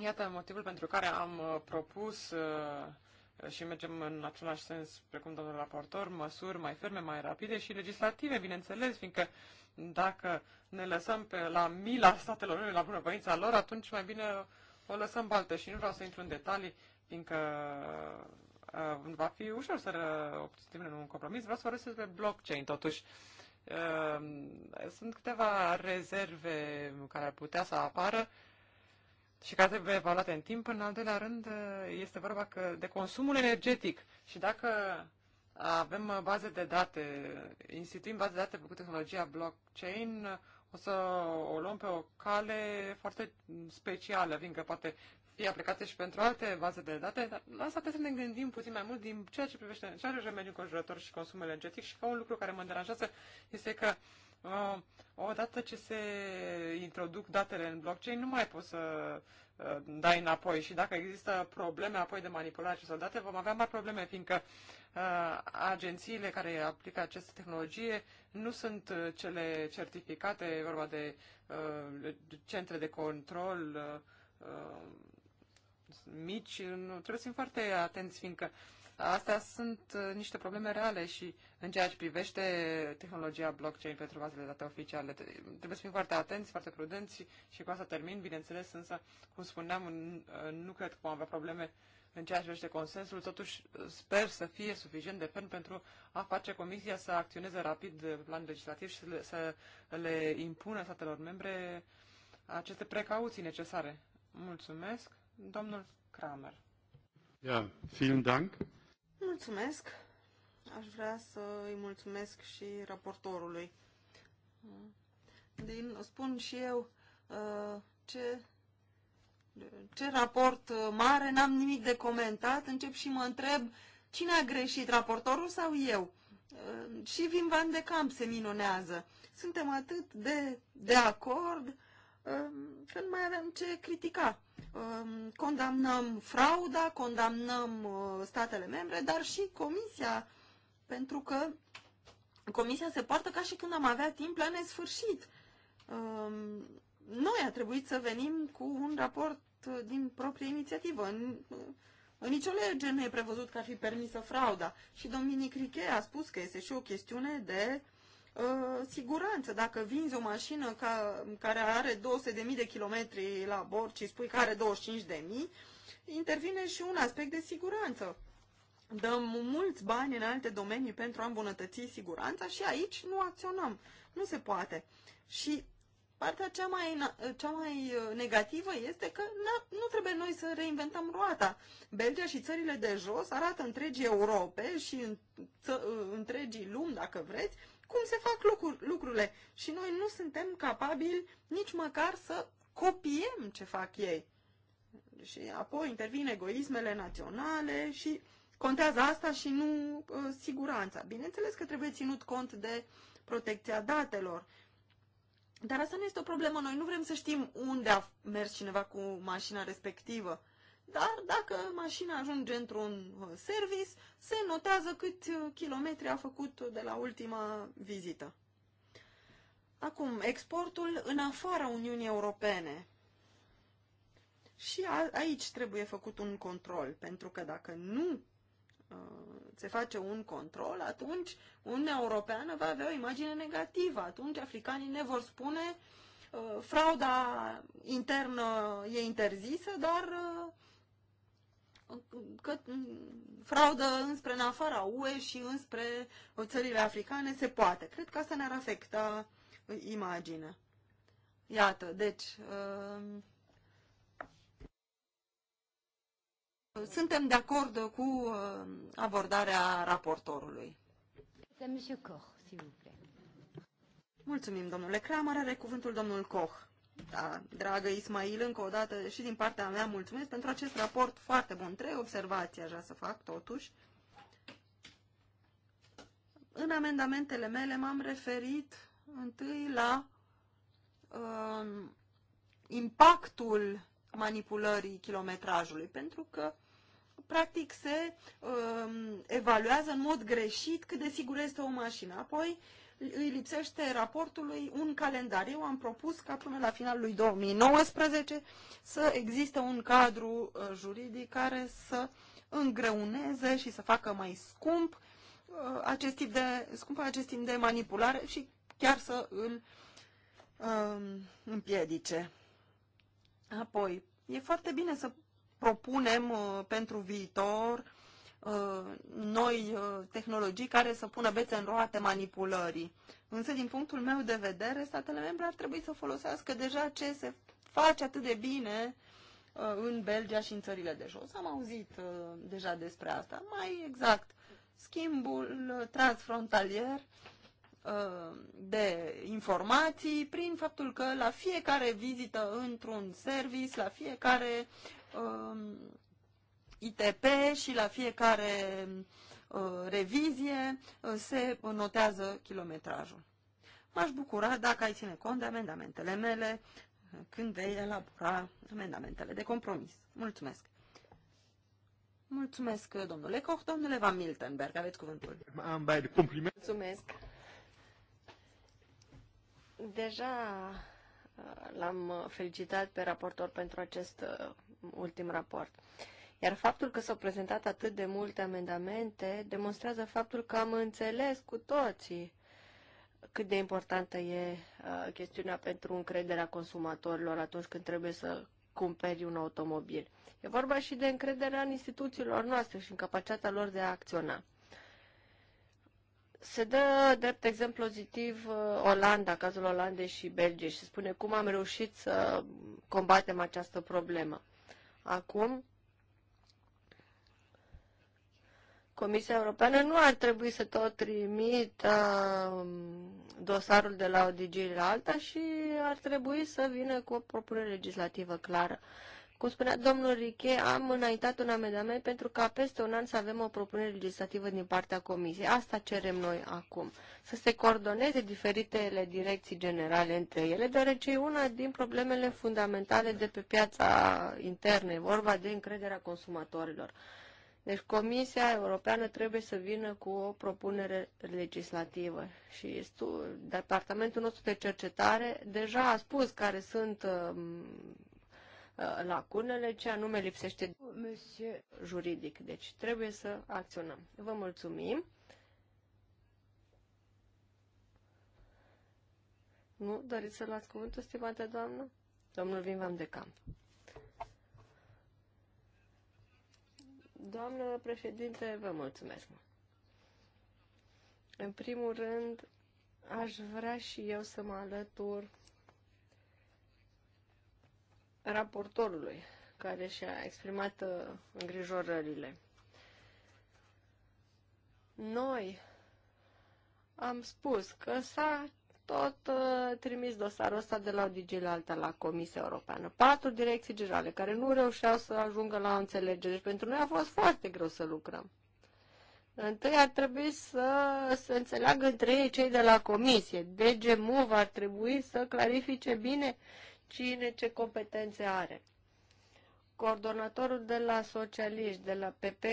Iată motivul pentru care am uh, propus uh, și mergem în același sens, precum domnul raportor, măsuri mai ferme, mai rapide și legislative, bineînțeles, fiindcă dacă ne lăsăm pe la mila statelor lor, la bunăvoința lor, atunci mai bine o lăsăm baltă și nu vreau să intru în detalii, fiindcă uh, va fi ușor să uh, obținem un compromis. Vreau să vorbesc despre blockchain, totuși. Uh, sunt câteva rezerve care ar putea să apară și care trebuie evaluate în timp. În al doilea rând, este vorba că de consumul energetic și dacă avem baze de date, instituim baze de date cu tehnologia blockchain, o să o luăm pe o cale foarte specială, fiindcă poate fi aplicate și pentru alte baze de date, dar la asta trebuie să ne gândim puțin mai mult din ceea ce privește ceea ce mediul conjurător și consumul energetic și ca un lucru care mă deranjează este că uh, Uh, odată ce se introduc datele în blockchain, nu mai poți să uh, dai înapoi și dacă există probleme apoi de manipulare acestor date, vom avea mari probleme, fiindcă uh, agențiile care aplică această tehnologie nu sunt cele certificate, e vorba de centre de control mici, trebuie să fim foarte atenți, fiindcă uh, Astea sunt uh, niște probleme reale și în ceea ce privește tehnologia blockchain pentru bazele de date oficiale, trebuie să fim foarte atenți, foarte prudenți și cu asta termin, bineînțeles, însă, cum spuneam, nu cred că vom avea probleme în ceea ce privește consensul, totuși sper să fie suficient de ferm pentru a face Comisia să acționeze rapid planul legislativ și să le, să le impună statelor membre aceste precauții necesare. Mulțumesc. Domnul Kramer. Ja, vielen Dank. Mulțumesc! Aș vrea să îi mulțumesc și raportorului. Din, spun și eu uh, ce, ce raport uh, mare, n-am nimic de comentat, încep și mă întreb cine a greșit, raportorul sau eu? Uh, și Vin Van de Camp se minunează. Suntem atât de, de acord când mai avem ce critica. Condamnăm frauda, condamnăm uh, statele membre, dar și Comisia, pentru că Comisia se poartă ca și când am avea timp la nesfârșit. Noi a trebuit să venim cu un raport uh, din proprie inițiativă. În, în nicio lege nu e prevăzut că ar fi permisă frauda. Și Dominic Riche a spus că este și o chestiune de siguranță. Dacă vinzi o mașină ca, care are 200.000 de kilometri la bord și spui că are 25.000, intervine și un aspect de siguranță. Dăm mulți bani în alte domenii pentru a îmbunătăți siguranța și aici nu acționăm. Nu se poate. Și partea cea mai, cea mai uh, negativă este că nu trebuie noi să reinventăm roata. Belgia și țările de jos arată întregii Europe și uh, întregii lumi, dacă vreți, cum se fac lucrurile și noi nu suntem capabili nici măcar să copiem ce fac ei. Și apoi intervin egoismele naționale și contează asta și nu uh, siguranța. Bineînțeles că trebuie ținut cont de protecția datelor, dar asta nu este o problemă. Noi nu vrem să știm unde a mers cineva cu mașina respectivă dar dacă mașina ajunge într-un uh, service, se notează cât uh, kilometri a făcut de la ultima vizită. Acum, exportul în afara Uniunii Europene. Și a, aici trebuie făcut un control, pentru că dacă nu uh, se face un control, atunci Uniunea Europeană va avea o imagine negativă. Atunci africanii ne vor spune frauda internă e interzisă, dar uh, că fraudă înspre în afara UE și înspre uh, țările africane se poate. Cred că asta ne-ar afecta uh, imaginea. Iată, deci uh, suntem de acord cu uh, abordarea raportorului. Mulțumim, domnule Kramer. Are cuvântul domnul Koch. Da, dragă Ismail, încă o dată și din partea mea mulțumesc pentru acest raport foarte bun. Trei observații aș să fac totuși. În amendamentele mele m-am referit întâi la uh, impactul manipulării kilometrajului, pentru că practic se uh, evaluează în mod greșit cât de sigură este o mașină. Apoi uh, îi lipsește raportului un calendar. Eu am propus ca până la finalul lui 2019 să existe un cadru uh, juridic care să îngreuneze și să facă mai scump uh, acest tip de, scump acest tip de manipulare și chiar să îl um, împiedice. Apoi, e foarte bine să propunem uh, pentru viitor Uh, noi uh, tehnologii care să pună bețe în roate manipulării. Însă, din punctul meu de vedere, statele membre ar trebui să folosească deja ce se face atât de bine uh, în Belgia și în țările de jos. Am auzit deja despre asta. Mai exact, schimbul transfrontalier de informații prin faptul că la fiecare vizită într-un service, la fiecare ITP și la fiecare uh, revizie uh, se notează kilometrajul. M-aș bucura dacă ai ține cont de amendamentele mele uh, când vei elabora amendamentele de compromis. Mulțumesc! Mulțumesc, domnule Koch. Domnule Van Miltenberg, aveți cuvântul. Am bai de compliment. Mulțumesc. Deja l-am felicitat pe raportor pentru acest ultim raport. Iar faptul că s-au prezentat atât de multe amendamente demonstrează faptul că am înțeles cu toții cât de importantă e uh, chestiunea pentru încrederea consumatorilor atunci când trebuie să cumperi un automobil. E vorba și de încrederea în instituțiilor noastre și în capacitatea lor de a acționa. Se dă drept exemplu pozitiv Olanda, cazul Olandei și Belgiei și spune cum am reușit să combatem această problemă. Acum Comisia Europeană nu ar trebui să tot trimită um, dosarul de la o DG la alta și ar trebui să vină cu o propunere legislativă clară. Cum spunea domnul Riche, am înaintat un amendament pentru ca peste un an să avem o propunere legislativă din partea Comisiei. Asta cerem noi acum. Să se coordoneze diferitele direcții generale între ele, deoarece e una din problemele fundamentale de pe piața internă. E vorba de încrederea consumatorilor. Deci Comisia Europeană trebuie să vină cu o propunere legislativă și departamentul nostru de cercetare deja a spus care sunt um, uh, lacunele, ce anume lipsește Monsieur. juridic. Deci trebuie să acționăm. Vă mulțumim. Nu? Doriți să luați cuvântul, stimată doamnă? Domnul Vin Van de Camp. Doamnă președinte, vă mulțumesc. În primul rând, aș vrea și eu să mă alătur raportorului care și-a exprimat uh, îngrijorările. Noi am spus că s-a tot uh, trimis dosarul ăsta de la o DG la alta la Comisia Europeană. Patru direcții generale care nu reușeau să ajungă la o înțelegere. Deci pentru noi a fost foarte greu să lucrăm. Întâi ar trebui să se înțeleagă între ei cei de la comisie. DG MOV ar trebui să clarifice bine cine ce competențe are. Coordonatorul de la socialiști, de la PP,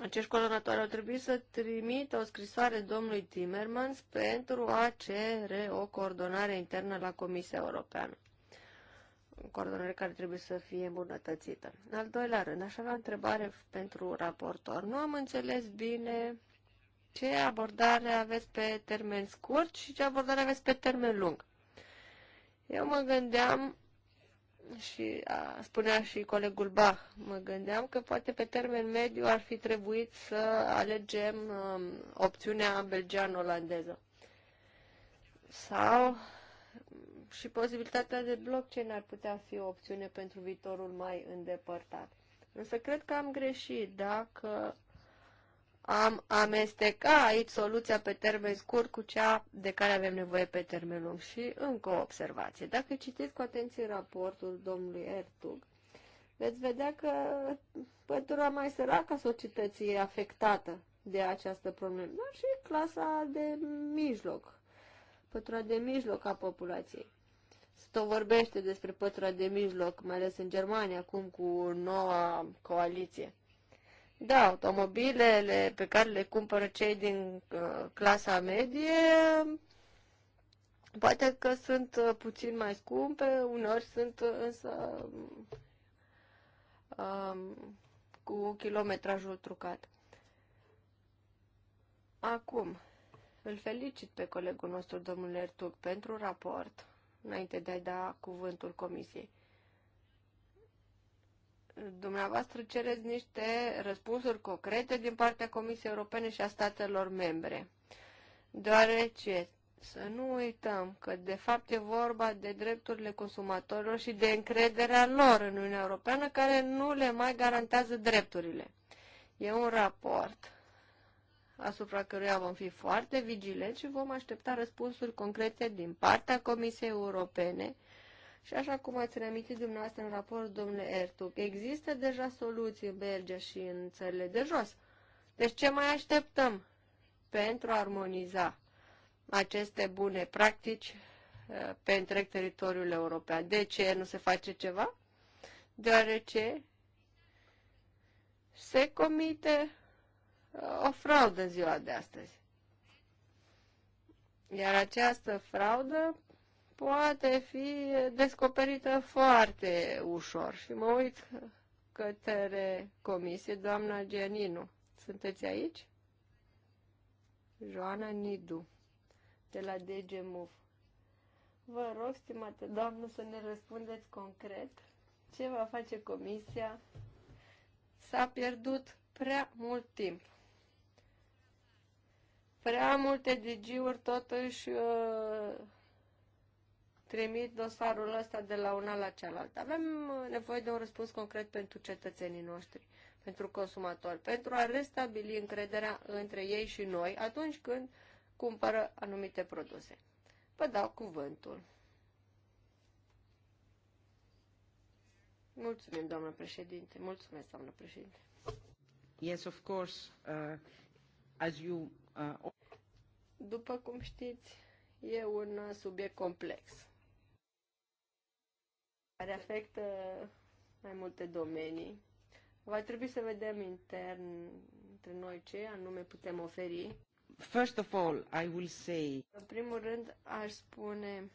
acești coordonatori au trebuit să trimită o scrisoare domnului Timmermans pentru a cere o coordonare internă la Comisia Europeană. O coordonare care trebuie să fie îmbunătățită. În al doilea rând, așa la întrebare pentru raportor. Nu am înțeles bine ce abordare aveți pe termen scurt și ce abordare aveți pe termen lung. Eu mă gândeam și a, spunea și colegul Bach, mă gândeam că poate pe termen mediu ar fi trebuit să alegem um, opțiunea belgean-olandeză. Sau și posibilitatea de blockchain ar putea fi o opțiune pentru viitorul mai îndepărtat. Însă cred că am greșit dacă am amesteca aici soluția pe termen scurt cu cea de care avem nevoie pe termen lung. Și încă o observație. Dacă citiți cu atenție raportul domnului Ertug, veți vedea că pătura mai săracă societății e afectată de această problemă, dar și clasa de mijloc, pătura de mijloc a populației. Se tot vorbește despre pătura de mijloc, mai ales în Germania, acum cu noua coaliție. Da, automobilele pe care le cumpără cei din uh, clasa medie poate că sunt uh, puțin mai scumpe, uneori sunt uh, însă um, cu kilometrajul trucat. Acum, îl felicit pe colegul nostru, domnul Ertug, pentru raport, înainte de a da cuvântul comisiei dumneavoastră cereți niște răspunsuri concrete din partea Comisiei Europene și a statelor membre. Deoarece să nu uităm că de fapt e vorba de drepturile consumatorilor și de încrederea lor în Uniunea Europeană care nu le mai garantează drepturile. E un raport asupra căruia vom fi foarte vigileți și vom aștepta răspunsuri concrete din partea Comisiei Europene și așa cum ați reamintit dumneavoastră în raport, domnule Ertug, există deja soluții în Belgia și în țările de jos. Deci ce mai așteptăm pentru a armoniza aceste bune practici uh, pe întreg teritoriul european? De ce nu se face ceva? Deoarece se comite uh, o fraudă în ziua de astăzi. Iar această fraudă poate fi descoperită foarte ușor. Și mă uit către comisie, doamna Geninu. Sunteți aici? Joana Nidu, de la DG Vă rog, stimate doamnă, să ne răspundeți concret ce va face comisia. S-a pierdut prea mult timp. Prea multe DG-uri totuși uh, trimit dosarul ăsta de la una la cealaltă. Avem nevoie de un răspuns concret pentru cetățenii noștri, pentru consumatori, pentru a restabili încrederea între ei și noi atunci când cumpără anumite produse. Vă dau cuvântul. Mulțumim, doamnă președinte. Mulțumesc, doamnă președinte. Yes, of course, uh, as you... Uh... După cum știți, e un subiect complex care afectă mai multe domenii. Va trebui să vedem intern între noi ce anume putem oferi. First of all, I will say... În primul rând, aș spune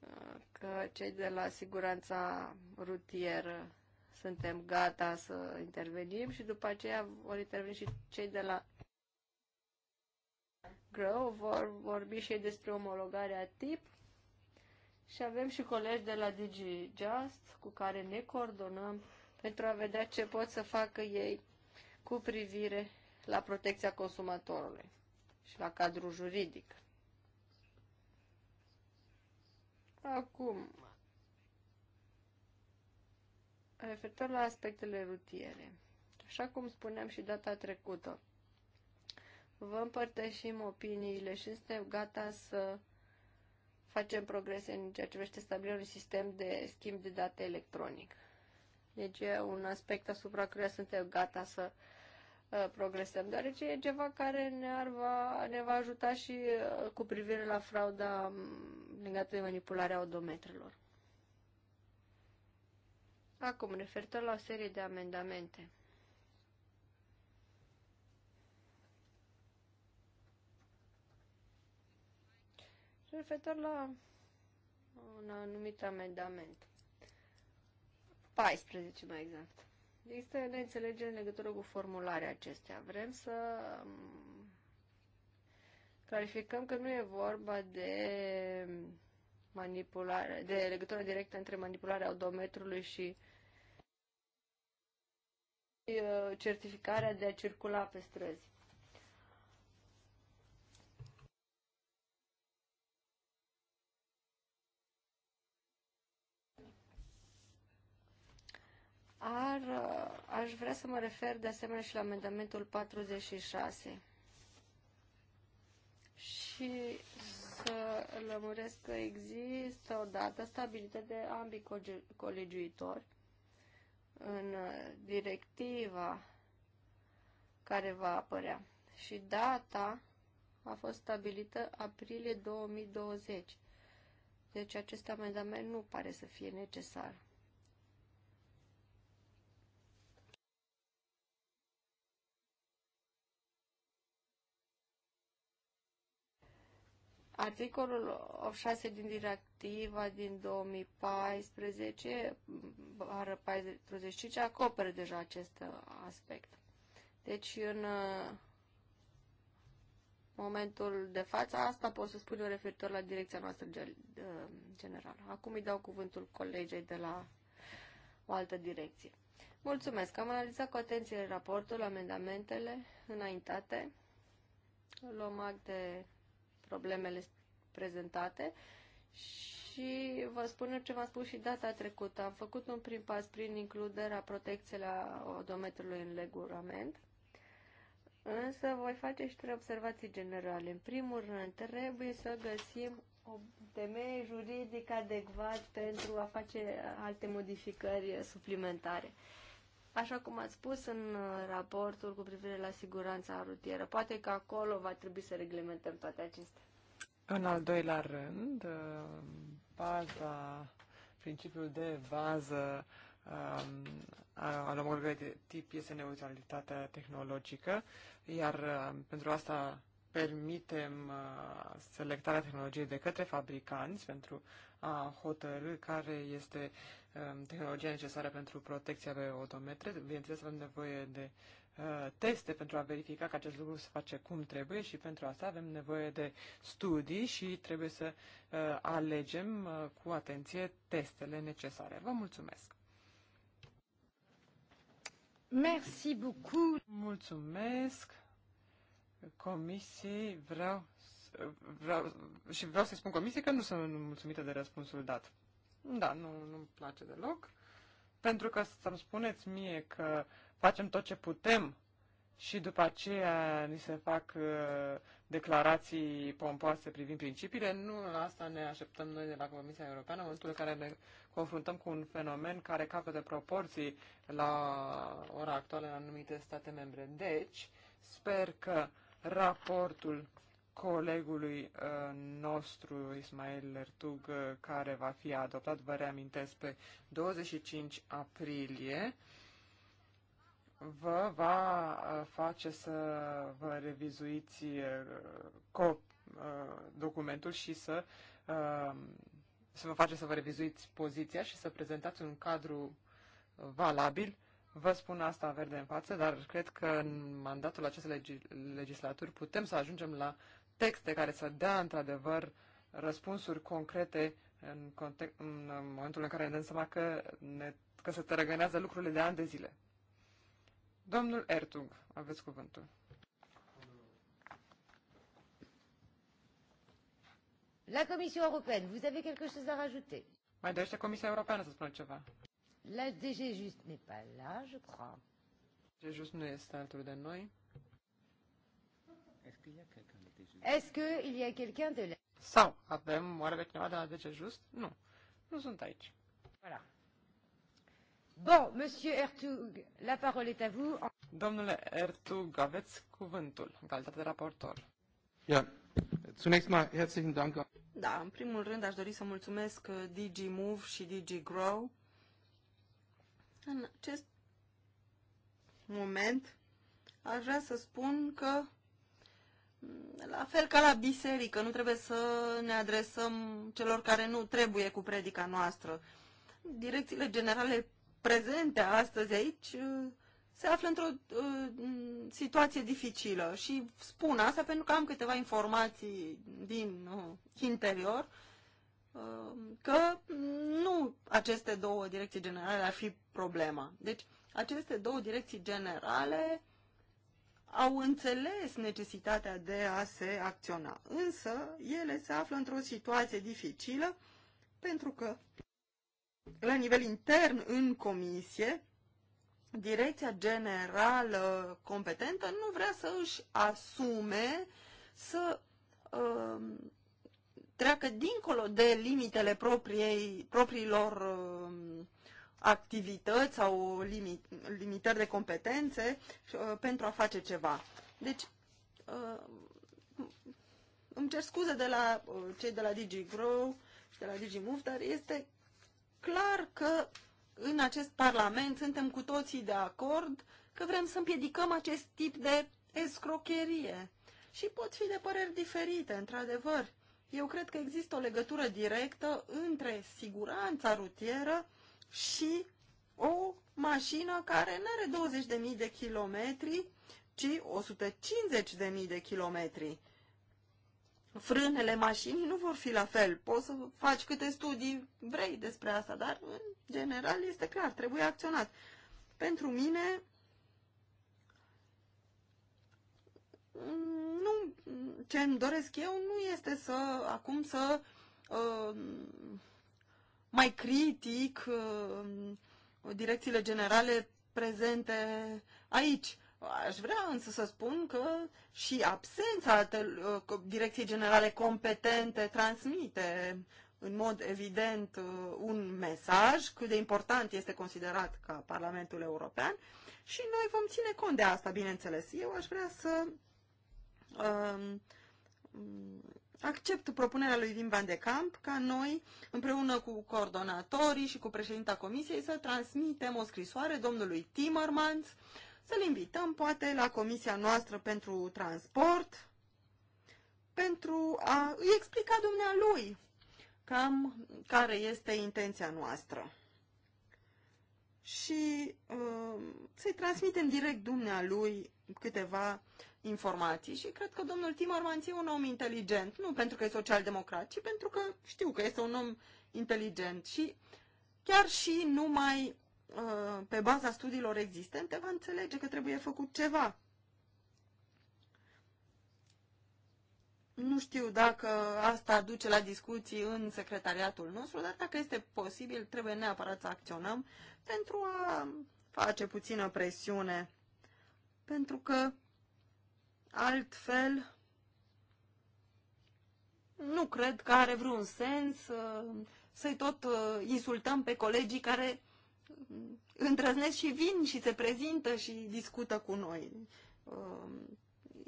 uh, că cei de la siguranța rutieră suntem gata să intervenim și după aceea vor interveni și cei de la Grow, vor vorbi și ei despre omologarea tip și avem și colegi de la DigiJust cu care ne coordonăm pentru a vedea ce pot să facă ei cu privire la protecția consumatorului și la cadrul juridic. Acum, referitor la aspectele rutiere, așa cum spuneam și data trecută, vă împărtășim opiniile și suntem gata să facem progrese în ceea ce privește stabilirea unui sistem de schimb de date electronic. Deci e un aspect asupra căruia suntem gata să uh, progresăm, deoarece e ceva care ne, ar va, ne va ajuta și uh, cu privire la frauda mm, legată de manipularea odometrelor. Acum, referitor la o serie de amendamente. referitor la un anumit amendament. 14, mai exact. Există neînțelegere în legătură cu formularea acestea. Vrem să um, clarificăm că nu e vorba de manipulare, de legătură directă între manipularea odometrului și uh, certificarea de a circula pe străzi. Ar uh, aș vrea să mă refer de asemenea și la amendamentul 46 și să lămuresc că există o dată stabilită de ambii colegiuitori în uh, directiva care va apărea. Și data a fost stabilită aprilie 2020. Deci acest amendament nu pare să fie necesar. Articolul 6 din directiva din 2014, 45, acoperă deja acest aspect. Deci, în uh, momentul de față, asta pot să spun eu referitor la direcția noastră uh, generală. Acum îi dau cuvântul colegei de la o altă direcție. Mulțumesc! Am analizat cu atenție raportul, amendamentele înaintate. Luăm act de problemele prezentate și vă spun ce v-am spus și data trecută. Am făcut un prim pas prin includerea protecției la odometrului în legurament, însă voi face și trei observații generale. În primul rând, trebuie să găsim o temeie juridică adecvat pentru a face alte modificări suplimentare. Uh, așa cum ați spus în raportul cu privire la siguranța rutieră. Poate că acolo va trebui să reglementăm toate acestea. În al doilea rând, uh, baza, principiul de bază um, al omologării de tip este neutralitatea tehnologică, iar uh, pentru asta permitem uh, selectarea tehnologiei de către fabricanți pentru a hotărâ care este Um, tehnologia necesară pentru protecția pe odometre. Bineînțeles, avem nevoie de uh, teste pentru a verifica că acest lucru se face cum trebuie și pentru asta avem nevoie de studii și trebuie să uh, alegem uh, cu atenție testele necesare. Vă mulțumesc! Merci beaucoup. Mulțumesc comisiei. Vreau, vreau și vreau să spun comisiei că nu sunt mulțumită de răspunsul dat. Da, nu, nu-mi place deloc. Pentru că să-mi spuneți mie că facem tot ce putem și după aceea ni se fac uh, declarații pompoase privind principiile, nu la asta ne așteptăm noi de la Comisia Europeană, în momentul în care ne confruntăm cu un fenomen care de proporții la ora actuală în anumite state membre. Deci, sper că raportul colegului uh, nostru, Ismail Lertug, uh, care va fi adoptat, vă reamintesc, pe 25 aprilie, vă va uh, face să vă revizuiți cop, documentul și să, să vă face să vă revizuiți poziția și să prezentați un cadru valabil Vă spun asta verde în față, dar cred că în mandatul acestei legislaturi putem să ajungem la texte care să dea într-adevăr răspunsuri concrete în, context, în momentul în care ne dăm seama că, ne, că se tărăgânează lucrurile de ani de zile. Domnul Ertug, aveți cuvântul. La Comisia Europeană, vous avez quelque chose à rajouter? Mai dorește Comisia Europeană să spună ceva. La DG Just n'est pas là, je crois. DG Just nu este alături de noi. Est-ce que il y a quelqu'un de là Sau avem oare pe cineva de la 10 Just? Nu. Nu sunt aici. Voilà. Bon, monsieur Ertug, la parole est à vous. Domnule Ertug, aveți cuvântul în calitate de raportor. Ja, zunächst mal herzlichen Dank. Da, în primul rând aș dori să mulțumesc uh, Move și Grow. În acest moment aș vrea să spun că la fel ca la biserică, nu trebuie să ne adresăm celor care nu trebuie cu predica noastră. Direcțiile generale prezente astăzi aici uh, se află într-o uh, situație dificilă și spun asta pentru că am câteva informații din uh, interior că nu aceste două direcții generale ar fi problema. Deci aceste două direcții generale uh, au înțeles necesitatea de a se acționa. Însă, ele se află într-o situație dificilă pentru că, la nivel intern, în comisie, direcția generală competentă nu vrea să își asume să uh, treacă dincolo de limitele propriei, propriilor uh, activități sau limit, limitări de competențe uh, pentru a face ceva. Deci, uh, îmi cer scuze de la uh, cei de la DigiGrow și de la DigiMove, dar este clar că în acest Parlament suntem cu toții de acord că vrem să împiedicăm acest tip de escrocherie. Și pot fi de păreri diferite, într-adevăr. Eu cred că există o legătură directă între siguranța rutieră și o mașină care nu are 20.000 de kilometri, ci 150.000 de kilometri. Frânele mașinii nu vor fi la fel. Poți să faci câte studii vrei despre asta, dar în general este clar, trebuie acționat. Pentru mine, nu, ce îmi doresc eu nu este să acum să uh, mai critic uh, direcțiile generale prezente aici. Aș vrea însă să spun că și absența uh, direcției generale competente transmite în mod evident uh, un mesaj cât de important este considerat ca Parlamentul European și noi vom ține cont de asta, bineînțeles. Eu aș vrea să um, accept propunerea lui Vin Van de Camp ca noi, împreună cu coordonatorii și cu președinta comisiei, să transmitem o scrisoare domnului Timmermans, să-l invităm poate la comisia noastră pentru transport, pentru a îi explica dumnealui cam care este intenția noastră. Și uh, să-i transmitem direct dumnealui câteva informații și cred că domnul Timmermans e un om inteligent, nu pentru că e social-democrat, ci pentru că știu că este un om inteligent și chiar și numai uh, pe baza studiilor existente va înțelege că trebuie făcut ceva. Nu știu dacă asta duce la discuții în secretariatul nostru, dar dacă este posibil, trebuie neapărat să acționăm pentru a face puțină presiune. Pentru că Altfel, nu cred că are vreun sens uh, să-i tot uh, insultăm pe colegii care îndrăznesc și vin și se prezintă și discută cu noi. Um,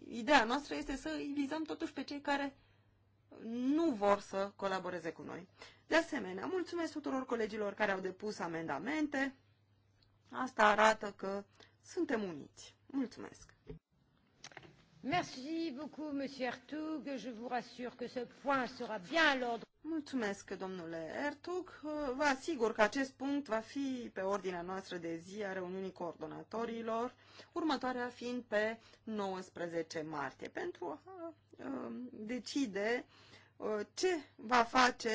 ideea noastră este să îi vizăm totuși pe cei care nu vor să colaboreze cu noi. De asemenea, mulțumesc tuturor colegilor care au depus amendamente. Asta arată că suntem uniți. Mulțumesc! Merci beaucoup, monsieur Ertug. Je vous rassure que ce point sera bien à l'ordre. Mulțumesc, domnule Ertug. Vă asigur că acest punct va fi pe ordinea noastră de zi a reuniunii coordonatorilor, următoarea fiind pe 19 martie, pentru a decide ce va face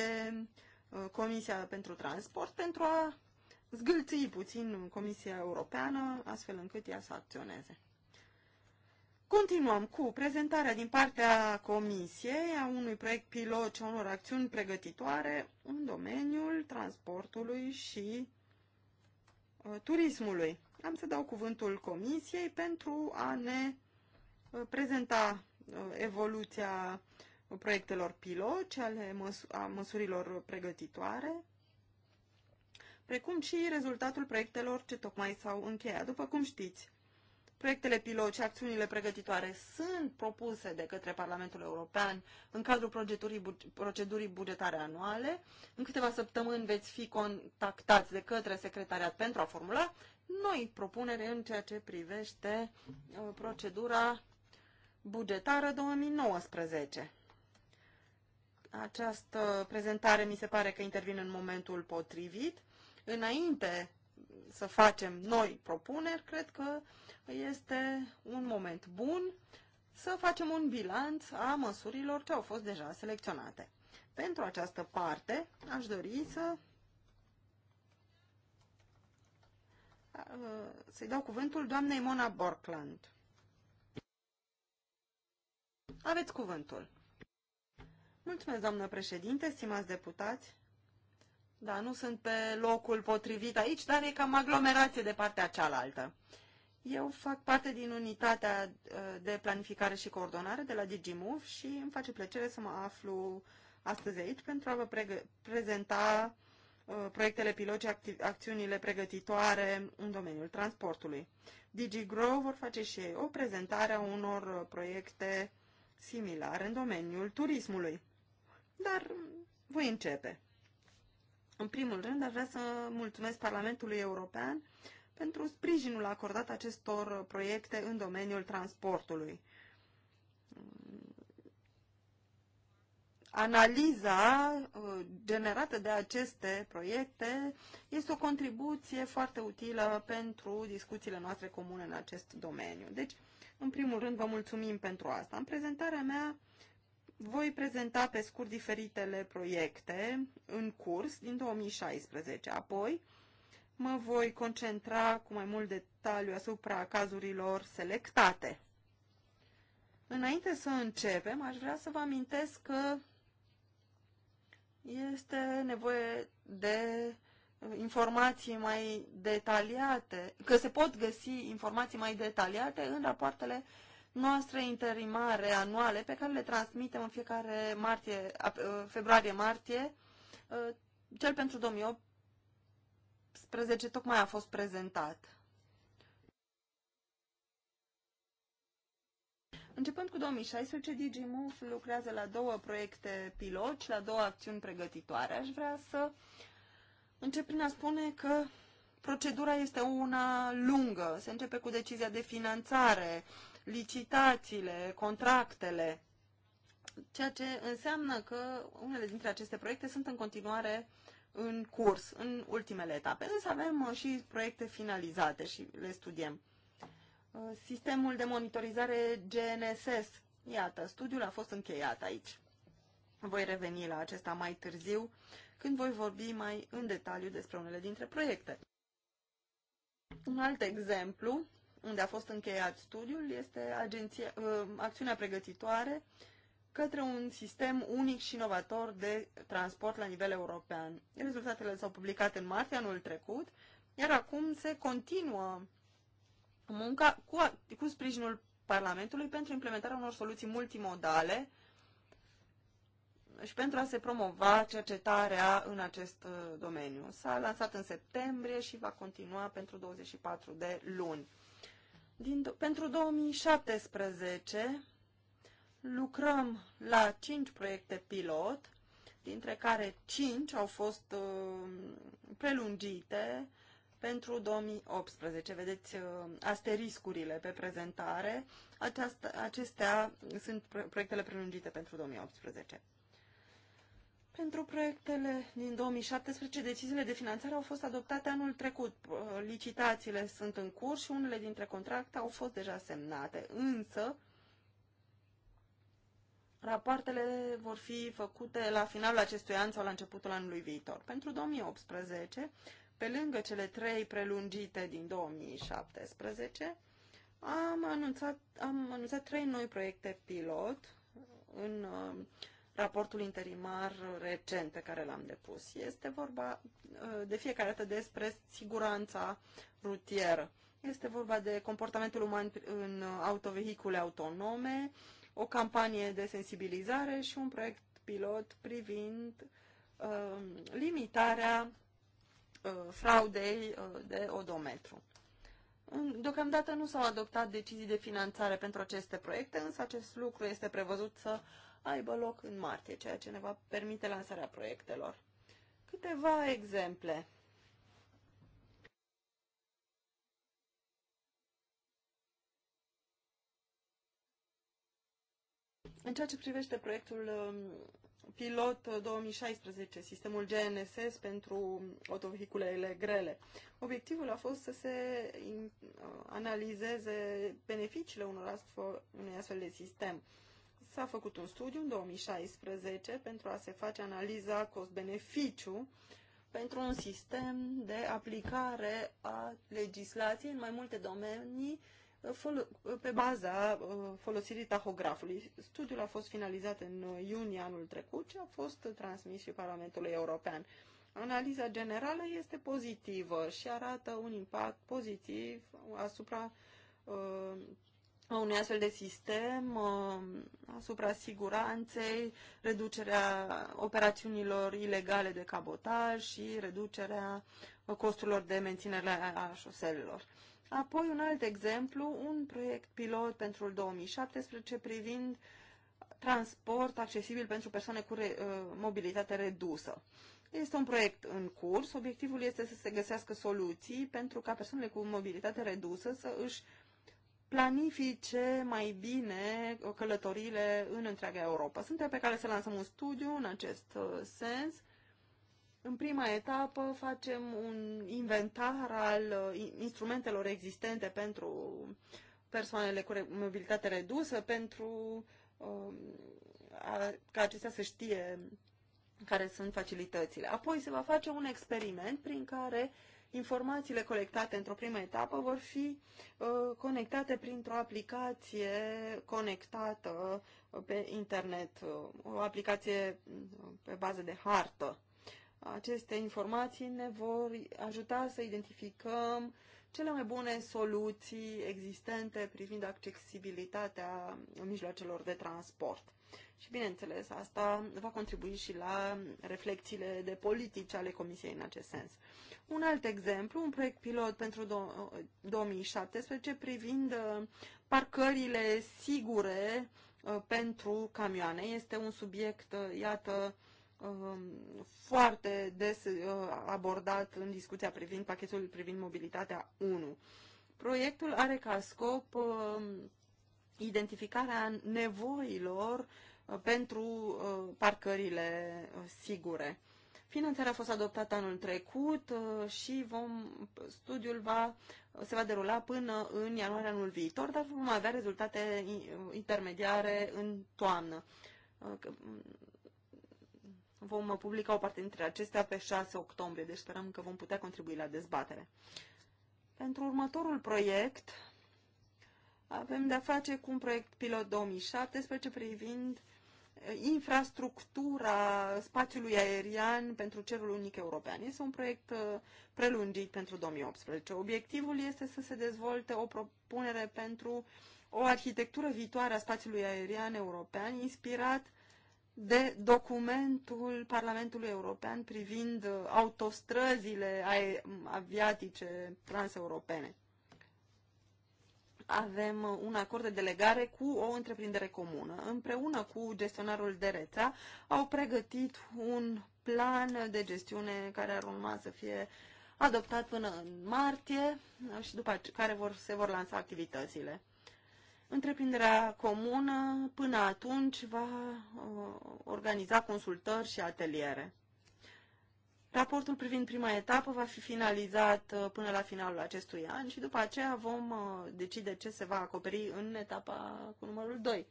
Comisia pentru Transport pentru a zgâlți puțin Comisia Europeană, astfel încât ea să acționeze. Continuăm cu prezentarea din partea Comisiei a unui proiect pilot și a unor acțiuni pregătitoare în domeniul transportului și uh, turismului. Am să dau cuvântul Comisiei pentru a ne uh, prezenta uh, evoluția proiectelor pilot și ale măs a măsurilor pregătitoare, precum și rezultatul proiectelor ce tocmai s-au încheiat. După cum știți, Proiectele pilot și acțiunile pregătitoare sunt propuse de către Parlamentul European în cadrul procedurii, bugetare anuale. În câteva săptămâni veți fi contactați de către secretariat pentru a formula noi propunere în ceea ce privește uh, procedura bugetară 2019. Această prezentare mi se pare că intervine în momentul potrivit, înainte să facem noi propuneri, cred că este un moment bun să facem un bilanț a măsurilor ce au fost deja selecționate. Pentru această parte aș dori să să-i dau cuvântul doamnei Mona Borkland. Aveți cuvântul. Mulțumesc, doamnă președinte, stimați deputați. Da, nu sunt pe locul potrivit aici, dar e cam aglomerație de partea cealaltă. Eu fac parte din unitatea ă, de planificare și coordonare de la DigiMove și îmi face plăcere să mă aflu astăzi aici pentru a vă prezenta ă, proiectele pilot și acti- acțiunile pregătitoare în domeniul transportului. DigiGrow vor face și ei o prezentare a unor proiecte similare în domeniul turismului. Dar voi începe. În primul rând, aș vrea să mulțumesc Parlamentului European pentru sprijinul acordat acestor proiecte în domeniul transportului. Analiza uh, generată de aceste proiecte este o contribuție foarte utilă pentru discuțiile noastre comune în acest domeniu. Deci, în primul rând, vă mulțumim pentru asta. În prezentarea mea voi prezenta pe scurt diferitele proiecte în curs din 2016. Apoi mă voi concentra cu mai mult detaliu asupra cazurilor selectate. Înainte să începem, aș vrea să vă amintesc că este nevoie de uh, informații mai detaliate, că se pot găsi informații mai detaliate în rapoartele noastre interimare anuale pe care le transmitem în fiecare martie, uh, februarie-martie. Uh, cel pentru 2018 tocmai a fost prezentat. Începând cu 2016, DigiMove lucrează la două proiecte pilot, la două acțiuni pregătitoare. Aș vrea să încep prin a spune că procedura este una lungă. Se începe cu decizia de finanțare, licitațiile, contractele, ceea ce înseamnă că unele dintre aceste proiecte sunt în continuare în curs, în ultimele etape. Însă avem uh, și proiecte finalizate și le studiem. Uh, sistemul de monitorizare GNSS, iată, studiul a fost încheiat aici. Voi reveni la acesta mai târziu, când voi vorbi mai în detaliu despre unele dintre proiecte. Un alt exemplu unde a fost încheiat studiul este agenția, uh, acțiunea pregătitoare către un sistem unic și inovator de transport la nivel european. Rezultatele s-au publicat în martie anul trecut, iar acum se continuă munca cu, cu sprijinul Parlamentului pentru implementarea unor soluții multimodale și pentru a se promova cercetarea în acest uh, domeniu. S-a lansat în septembrie și va continua pentru 24 de luni. Din, pentru 2017 lucrăm la 5 proiecte pilot, dintre care 5 au fost uh, prelungite pentru 2018. Vedeți uh, asteriscurile pe prezentare. Aceasta, acestea sunt proiectele prelungite pentru 2018. Pentru proiectele din 2017, deciziile de finanțare au fost adoptate anul trecut. Licitațiile sunt în curs și unele dintre contracte au fost deja semnate, însă rapoartele vor fi făcute la finalul acestui an sau la începutul anului viitor. Pentru 2018, pe lângă cele trei prelungite din 2017, am anunțat, am anunțat trei noi proiecte pilot în uh, raportul interimar recent pe care l-am depus. Este vorba uh, de fiecare dată despre siguranța rutieră. Este vorba de comportamentul uman în autovehicule autonome, o campanie de sensibilizare și un proiect pilot privind uh, limitarea uh, fraudei uh, de odometru. Deocamdată nu s-au adoptat decizii de finanțare pentru aceste proiecte, însă acest lucru este prevăzut să uh, aibă loc în martie, ceea ce ne va permite lansarea proiectelor. Câteva exemple. În ceea ce privește proiectul um, pilot 2016, uh, sistemul GNSS pentru autovehiculele grele. Obiectivul a fost să se uh, analizeze beneficiile unor astfel, unui astfel de sistem. S-a făcut un studiu în 2016 pentru a se face analiza cost-beneficiu pentru un sistem de aplicare a legislației în mai multe domenii uh, uh, pe baza uh, folosirii tahografului. Studiul a fost finalizat în iunie anul trecut și a fost transmis și Parlamentului European. Analiza generală este pozitivă și arată un impact pozitiv asupra uh, a unui astfel de sistem uh, asupra siguranței, reducerea operațiunilor ilegale de cabotaj și reducerea costurilor de menținere a șoselelor. Apoi, un alt exemplu, un proiect pilot pentru 2017 privind transport accesibil pentru persoane cu re, uh, mobilitate redusă. Este un proiect în curs. Obiectivul este să se găsească soluții pentru ca persoanele cu mobilitate redusă să își planifice mai bine călătorile în întreaga Europa. Suntem pe care să lansăm un studiu în acest uh, sens. În prima etapă facem un inventar al uh, instrumentelor existente pentru persoanele cu mobilitate redusă, pentru um, ca acestea să știe care sunt facilitățile. Apoi se va face un experiment prin care uh, informațiile colectate într-o primă etapă vor fi uh, conectate printr-o aplicație conectată uh, pe internet, uh, o aplicație uh, pe bază de hartă. Aceste informații ne vor ajuta să identificăm cele mai bune soluții existente privind accesibilitatea mijloacelor de transport. Și, bineînțeles, asta va contribui și la reflecțiile de politici ale Comisiei în acest sens. Un alt exemplu, un proiect pilot pentru 2017 privind uh, parcările sigure uh, pentru camioane. Este un subiect, uh, iată, um, foarte des abordat în discuția privind pachetul privind mobilitatea 1. Proiectul are ca scop um, identificarea nevoilor pentru uh, parcările uh, sigure. Finanțarea a fost adoptată anul trecut uh, și vom, studiul va, se va derula până în ianuarie anul viitor, dar vom avea rezultate intermediare în toamnă. Mm, vom publica o parte dintre acestea pe 6 octombrie, deci sperăm că vom putea contribui la dezbatere. Pentru următorul proiect avem de-a face cu un proiect pilot 2017 privind uh, infrastructura spațiului aerian pentru cerul unic european. Este un proiect uh, prelungit pentru 2018. Obiectivul este să se dezvolte o propunere pentru o arhitectură viitoare a spațiului aerian european inspirat de documentul Parlamentului European privind uh, autostrăzile aviatice transeuropene avem uh, un acord de delegare cu o întreprindere comună. Împreună cu gestionarul de rețea au pregătit un plan de gestiune care ar urma să fie adoptat până în martie uh, și după care vor, se vor lansa activitățile. Întreprinderea comună până atunci va uh, organiza consultări și ateliere. Raportul privind prima etapă va fi finalizat uh, până la finalul acestui an și după aceea vom uh, decide ce se va acoperi în etapa cu numărul 2.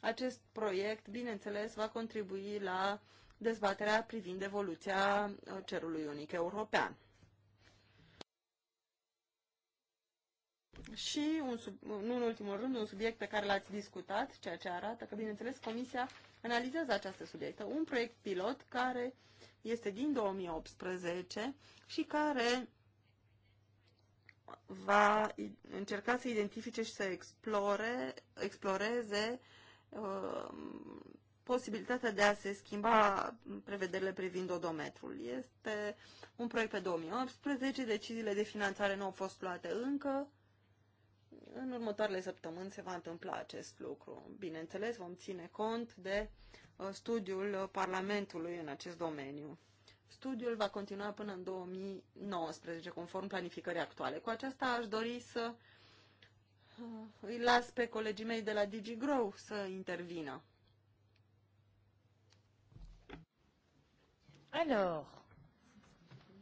Acest proiect, bineînțeles, va contribui la dezbaterea privind evoluția uh, cerului unic european. Și, un sub, nu în ultimul rând, un subiect pe care l-ați discutat, ceea ce arată că, bineînțeles, Comisia analizează această subiectă. Un proiect pilot care uh, este din 2018 și care va încerca să identifice și să explore, exploreze uh, posibilitatea de a se schimba prevederile privind odometrul. Este un proiect pe 2018, deciziile de finanțare nu au fost luate încă. În următoarele săptămâni se va întâmpla acest lucru. Bineînțeles, vom ține cont de uh, Uh, studiul Parlamentului în acest domeniu. Studiul va continua până în 2019, conform planificării actuale. Cu aceasta aș dori să uh, îi las pe colegii mei de la DigiGrow să intervină. Alors,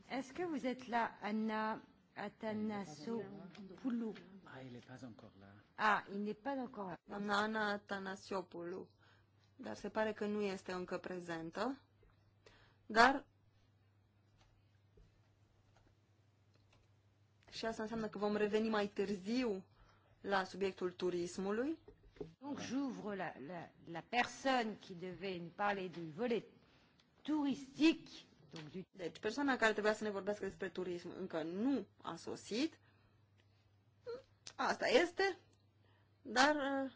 est-ce que vous êtes là, Anna Atanasopoulou Ah, il n'est pas encore là. Ah, il n'est pas encore là. Anna Atanasopoulou dar se pare că nu este încă prezentă. Dar și asta înseamnă că vom reveni mai târziu la subiectul turismului. Donc j'ouvre la, la, la personne qui devait nous parler du volet touristique. Donc du... Deci persoana care trebuia să ne vorbească despre turism încă nu a sosit. Asta este, dar uh,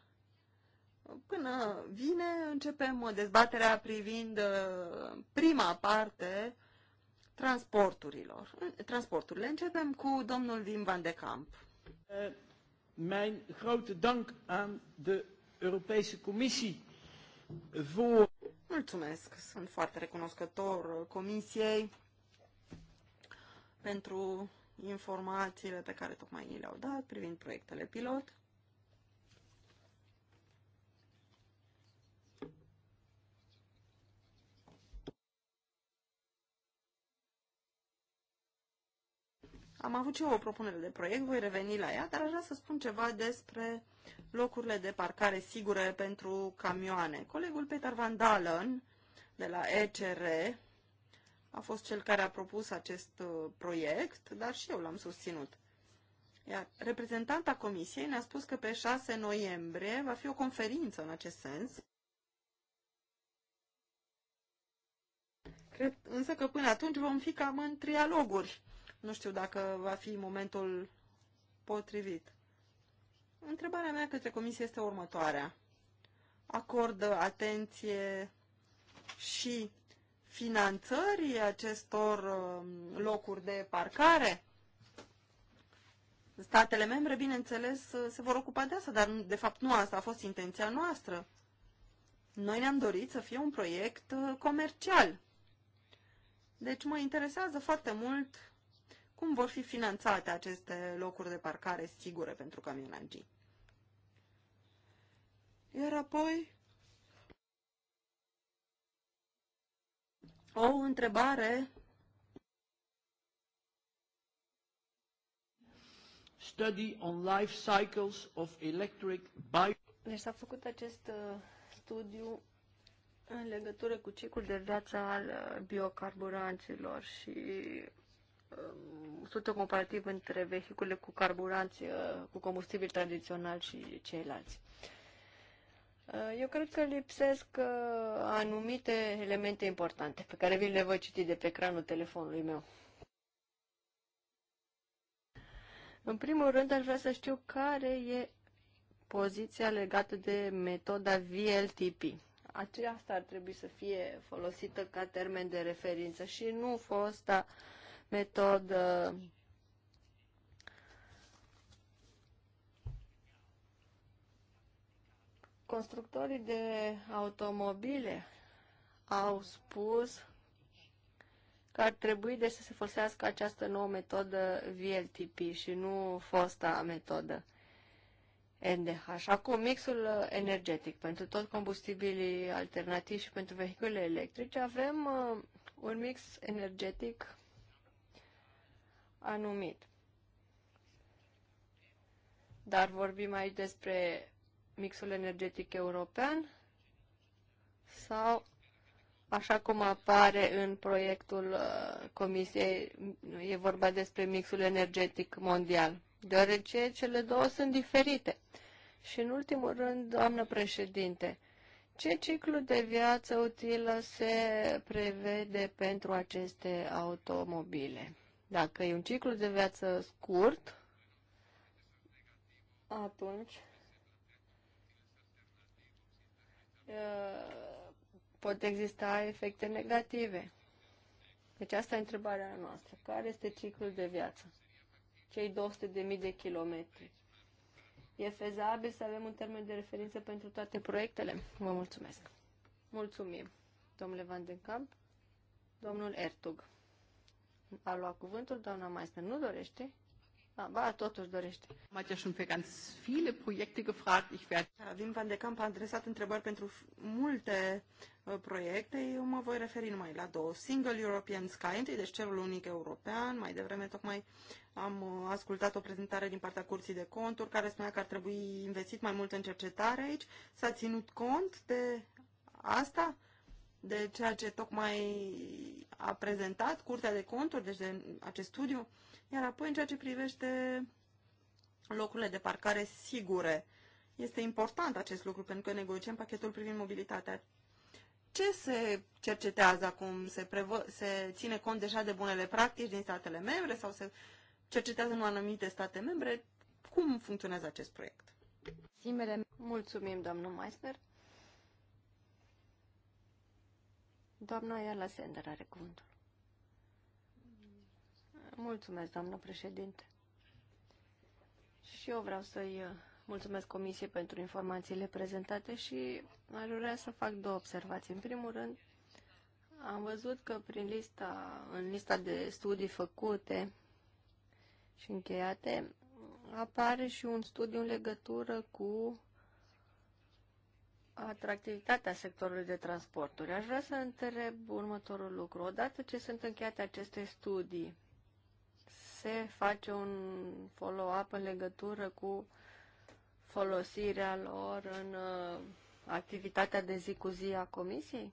Până vine începem dezbaterea privind uh, prima parte transporturilor. Transporturile. Începem cu domnul Wim van de Kamp. Eh, mijn grote dank aan de Europese Comisie voor... Mulțumesc. Sunt foarte recunoscător uh, Comisiei pentru informațiile pe care tocmai ni le-au dat privind proiectele pilot. Am avut și eu o propunere de proiect, voi reveni la ea, dar aș vrea să spun ceva despre locurile de parcare sigure pentru camioane. Colegul Peter Van Dalen de la ECR a fost cel care a propus acest uh, proiect, dar și eu l-am susținut. Iar reprezentanta comisiei ne-a spus că pe 6 noiembrie va fi o conferință în acest sens. Cred însă că până atunci vom fi cam în trialoguri nu știu dacă va fi momentul potrivit. Întrebarea mea către comisie este următoarea. Acordă atenție și finanțării acestor um, locuri de parcare? Statele membre, bineînțeles, uh, se vor ocupa de asta, dar de fapt nu asta a fost intenția noastră. Noi ne-am dorit să fie un proiect uh, comercial. Deci mă interesează foarte mult cum vor fi finanțate aceste locuri de parcare sigure pentru camionagii? Iar apoi, o întrebare study on life cycles of electric bike. Deci s-a făcut acest uh, studiu în legătură cu ciclul de viață al uh, biocarburanților și Um, studiu comparativ între vehicule cu carburanți, uh, cu combustibil tradițional și ceilalți. Uh, eu cred că lipsesc uh, anumite elemente importante pe care vi le voi citi de pe ecranul telefonului meu. În primul rând, aș vrea să știu care e poziția legată de metoda VLTP. Aceasta ar trebui să fie folosită ca termen de referință și nu fosta uh, metodă constructorii de automobile au spus că ar trebui de deci, să se folosească această nouă metodă VLTP și nu fosta metodă NDH. Acum, mixul energetic pentru tot combustibilii alternativi și pentru vehiculele electrice, avem uh, un mix energetic anumit. Dar vorbim aici despre mixul energetic european sau așa cum apare în proiectul uh, Comisiei, e vorba despre mixul energetic mondial, deoarece cele două sunt diferite. Și în ultimul rând, doamnă președinte, ce ciclu de viață utilă se prevede pentru aceste automobile? Dacă e un ciclu de viață scurt, atunci pot exista efecte negative. Deci asta e întrebarea noastră. Care este ciclul de viață? Cei 200.000 de kilometri. E fezabil să avem un termen de referință pentru toate proiectele? Vă mulțumesc. Mulțumim, domnule Van den Camp, domnul Ertug a luat cuvântul, doamna Meissner nu dorește. Da, ba, totuși dorește. Am ja schon für ganz viele Projekte gefragt. Ich werde... Vin da, Van de Camp a adresat întrebări pentru multe uh, proiecte. Eu mă voi referi numai la două. Single European Sky, întâi, deci cerul unic european. Mai devreme tocmai am uh, ascultat o prezentare din partea Curții de Conturi care spunea că ar trebui investit mai mult în cercetare aici. S-a ținut cont de asta? de ceea ce tocmai a prezentat Curtea de Conturi, deci de acest studiu, iar apoi în ceea ce privește locurile de parcare sigure. Este important acest lucru pentru că negociem pachetul privind mobilitatea. Ce se cercetează acum? Se, prevă, se ține cont deja de bunele practici din statele membre sau se cercetează în anumite state membre? Cum funcționează acest proiect? Simele, mulțumim, domnul Meissner. Doamna Iala Sender are cuvântul. Mulțumesc, doamnă președinte. Și eu vreau să-i uh, mulțumesc comisiei pentru informațiile prezentate și aș vrea să fac două observații. În primul rând, am văzut că prin lista, în lista de studii făcute și încheiate apare și un studiu în legătură cu atractivitatea sectorului de transporturi. Aș vrea să întreb următorul lucru. Odată ce sunt încheiate aceste studii, se face un follow-up în legătură cu folosirea lor în uh, activitatea de zi cu zi a comisiei?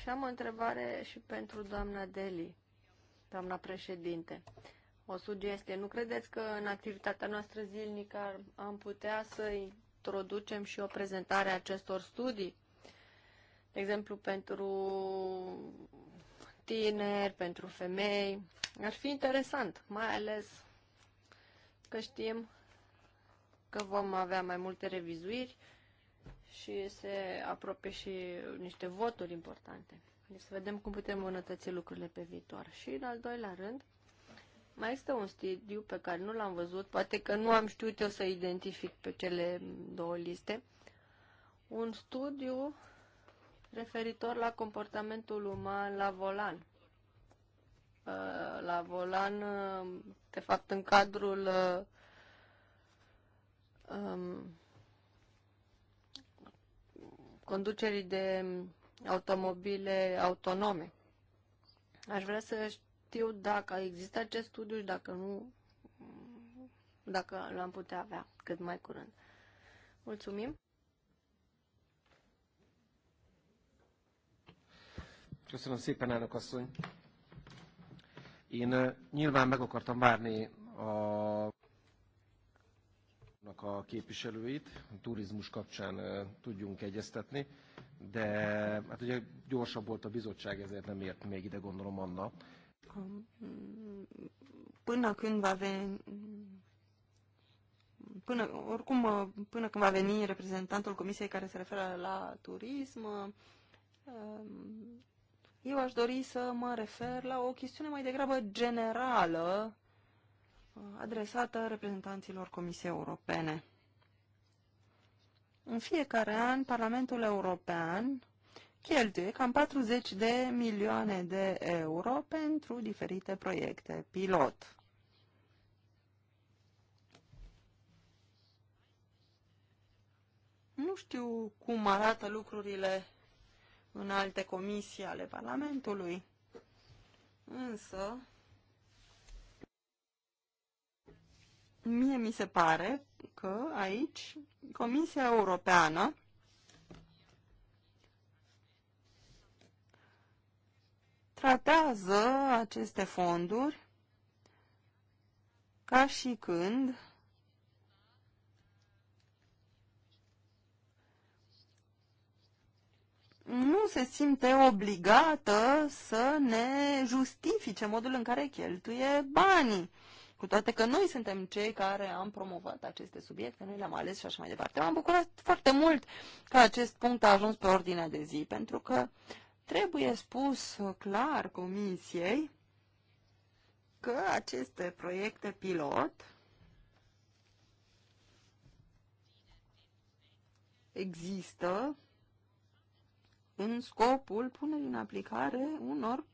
Și am o întrebare și pentru doamna Deli, doamna președinte. O sugestie. Nu credeți că în activitatea noastră zilnică am putea să introducem și o prezentare a acestor studii, de exemplu pentru tineri, pentru femei. Ar fi interesant, mai ales că știm că vom avea mai multe revizuiri și se apropie și niște voturi importante. Deci să vedem cum putem îmbunătăți lucrurile pe viitor. Și în al doilea rând, mai este un studiu pe care nu l-am văzut, poate că nu am știut eu să identific pe cele două liste. Un studiu referitor la comportamentul uman la volan. Uh, la volan, uh, de fapt, în cadrul uh, um, conducerii de automobile autonome. Aș vrea să știu dacă există acest studiu și dacă nu, dacă l-am putea avea cât mai curând. Mulțumim! Köszönöm szépen, elnök asszony! Én nyilván meg akartam várni a a képviselőit, a turizmus kapcsán tudjunk egyeztetni, de hát ugye gyorsabb volt a bizottság, ezért nem ért még ide, gondolom, Anna până când va veni până, oricum, până când va veni reprezentantul comisiei care se referă la turism, um, eu aș dori să mă refer la o chestiune mai degrabă generală adresată reprezentanților Comisiei Europene. În fiecare an, Parlamentul European cheltuie cam 40 de milioane de euro pentru diferite proiecte pilot. Nu știu cum arată lucrurile în alte comisii ale Parlamentului, însă mie mi se pare că aici Comisia Europeană tratează aceste fonduri ca și când nu se simte obligată să ne justifice modul în care cheltuie banii. Cu toate că noi suntem cei care am promovat aceste subiecte, noi le-am ales și așa mai departe. M-am bucurat foarte mult că acest punct a ajuns pe ordinea de zi, pentru că Trebuie spus clar Comisiei că aceste proiecte pilot există în scopul punerii în aplicare unor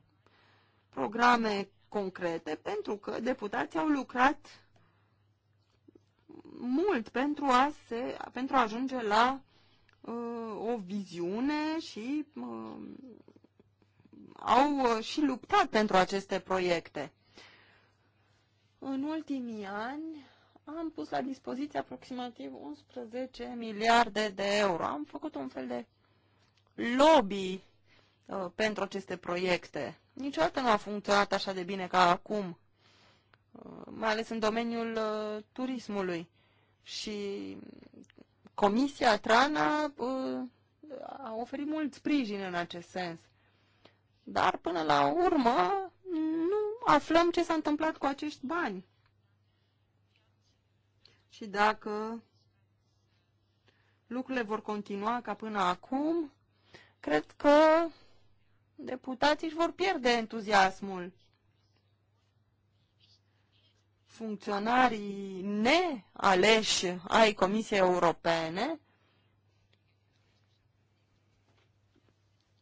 programe concrete, pentru că deputații au lucrat mult pentru a, se, pentru a ajunge la Uh, o viziune și uh, au uh, și luptat pentru aceste proiecte. În ultimii ani am pus la dispoziție aproximativ 11 miliarde de euro. Am făcut un fel de lobby uh, pentru aceste proiecte. Niciodată nu a funcționat așa de bine ca acum, uh, mai ales în domeniul uh, turismului. Și Comisia Trana uh, a oferit mult sprijin în acest sens. Dar până la urmă nu aflăm ce s-a întâmplat cu acești bani. Și dacă lucrurile vor continua ca până acum, cred că deputații își vor pierde entuziasmul funcționarii nealeși ai Comisiei Europene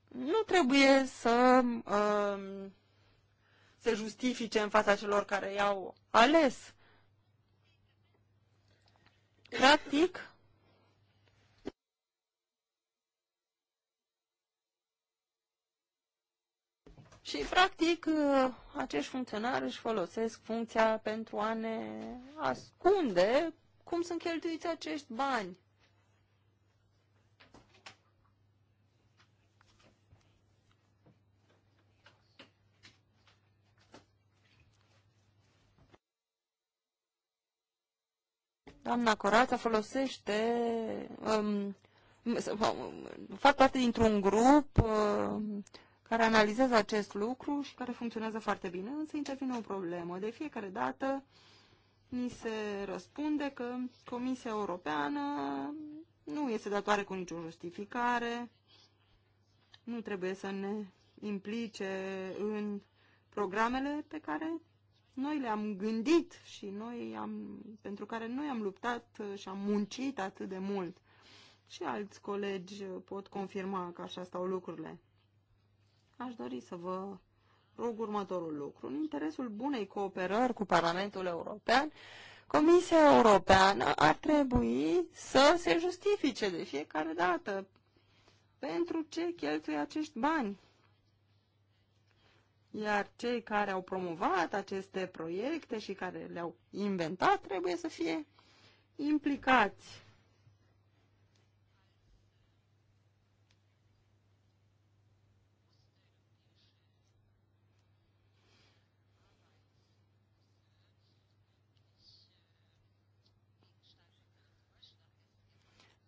nu trebuie să um, se justifice în fața celor care i-au ales. Practic, Și, practic, uh, acești funcționari își folosesc funcția pentru a ne ascunde cum sunt cheltuiți acești bani. Doamna Corața folosește, um, fac parte dintr-un grup um, care analizează acest lucru și care funcționează foarte bine, însă intervine o problemă. De fiecare dată ni se răspunde că Comisia Europeană nu este datoare cu nicio justificare, nu trebuie să ne implice în programele pe care noi le-am gândit și noi am, pentru care noi am luptat și am muncit atât de mult. Și alți colegi pot confirma că așa stau lucrurile. Aș dori să vă rog următorul lucru. În interesul bunei cooperări cu Parlamentul European, Comisia Europeană ar trebui să se justifice de fiecare dată pentru ce cheltuie acești bani. Iar cei care au promovat aceste proiecte și care le-au inventat trebuie să fie implicați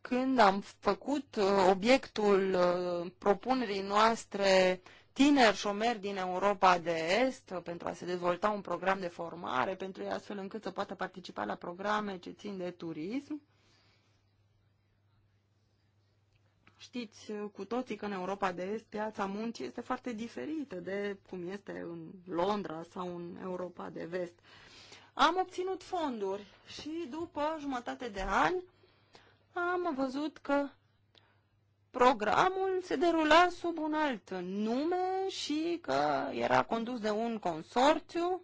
când am făcut uh, obiectul uh, propunerii noastre tineri șomeri din Europa de Est uh, pentru a se dezvolta un program de formare pentru ei astfel încât să poată participa la programe ce țin de turism. Știți cu toții că în Europa de Est piața muncii este foarte diferită de cum este în Londra sau în Europa de Vest. Am obținut fonduri și după jumătate de ani am văzut că programul se derula sub un alt nume și că era condus de un consorțiu.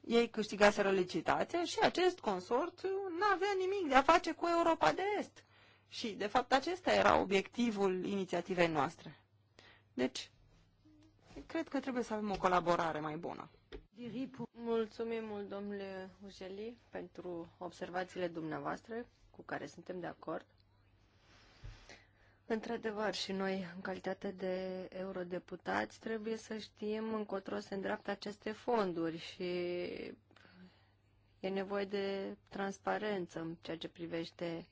Ei câștigaseră licitația și acest consorțiu nu avea nimic de a face cu Europa de Est. Și, de fapt, acesta era obiectivul inițiativei noastre. Deci, cred că trebuie să avem o colaborare mai bună. Mulțumim mult, domnule Ujeli, pentru observațiile dumneavoastră, cu care suntem de acord. Într-adevăr, și noi, în calitate de eurodeputați, trebuie să știm încotro se îndreaptă aceste fonduri și e nevoie de transparență în ceea ce privește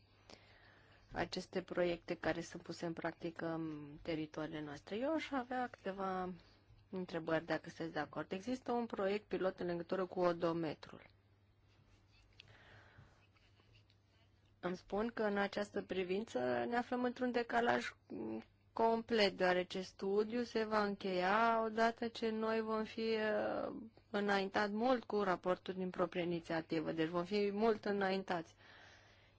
aceste proiecte care sunt puse în practică în teritoriile noastre. Eu aș avea câteva întrebări dacă sunteți de acord. Există un proiect pilot în legătură cu odometrul. Îmi spun că în această privință ne aflăm într-un decalaj complet, deoarece studiul se va încheia odată ce noi vom fi uh, înaintat mult cu raportul din proprie inițiativă, deci vom fi mult înaintați.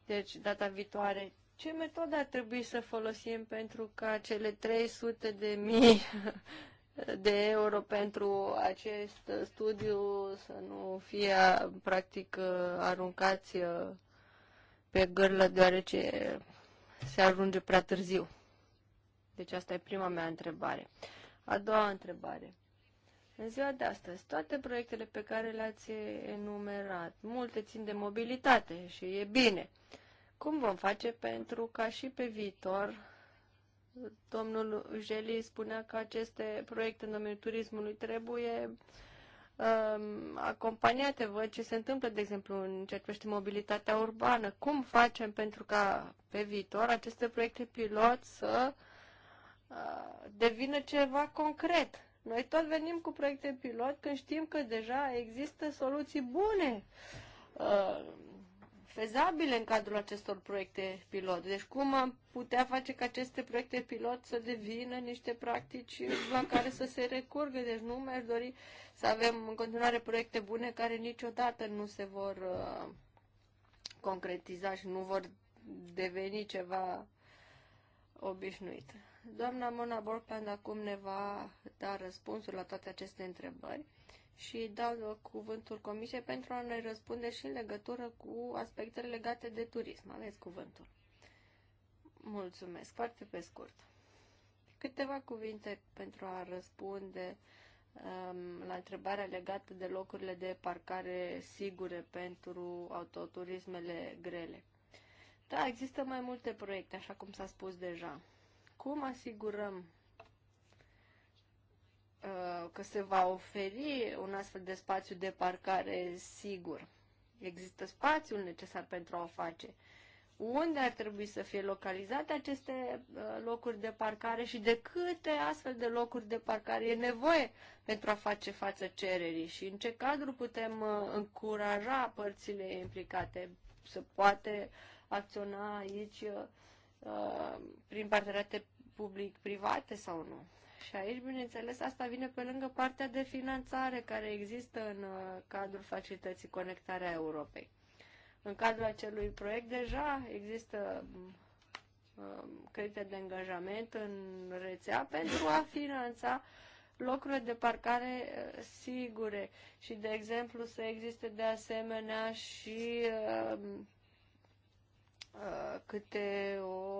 Deci, data viitoare, ce metodă ar trebui să folosim pentru ca cele 300 de mii de euro pentru acest studiu să nu fie practic aruncați uh, pe gârlă deoarece se ajunge prea târziu. Deci asta e prima mea întrebare. A doua întrebare. În ziua de astăzi, toate proiectele pe care le-ați enumerat, multe țin de mobilitate și e bine. Cum vom face pentru ca și pe viitor Domnul Jeli spunea că aceste proiecte în domeniul turismului trebuie um, acompaniate. Văd ce se întâmplă, de exemplu, în ceea ce privește mobilitatea urbană. Cum facem pentru ca pe viitor aceste proiecte pilot să uh, devină ceva concret? Noi tot venim cu proiecte pilot când știm că deja există soluții bune. Uh, fezabile în cadrul acestor proiecte pilot. Deci cum am putea face ca aceste proiecte pilot să devină niște practici la care să se recurgă? Deci nu mi-aș dori să avem în continuare proiecte bune care niciodată nu se vor uh, concretiza și nu vor deveni ceva obișnuit. Doamna Mona Borcland acum ne va da răspunsul la toate aceste întrebări și dau cuvântul Comisiei pentru a ne răspunde și în legătură cu aspectele legate de turism. Aveți cuvântul. Mulțumesc. Foarte pe scurt. Câteva cuvinte pentru a răspunde um, la întrebarea legată de locurile de parcare sigure pentru autoturismele grele. Da, există mai multe proiecte, așa cum s-a spus deja. Cum asigurăm Uh, că se va oferi un astfel de spațiu de parcare sigur. Există spațiul necesar pentru a o face. Unde ar trebui să fie localizate aceste uh, locuri de parcare și de câte astfel de locuri de parcare e nevoie pentru a face față cererii și în ce cadru putem uh, încuraja părțile implicate să poate acționa aici prin parteneriate public-private sau nu. Și aici, bineînțeles, asta vine pe lângă partea de finanțare care există în uh, cadrul facilității Conectarea Europei. În cadrul acelui proiect deja există mm, um, credite de angajament în rețea pentru a finanța locurile de parcare uh, sigure și, de exemplu, să existe de asemenea și uh, uh, câte o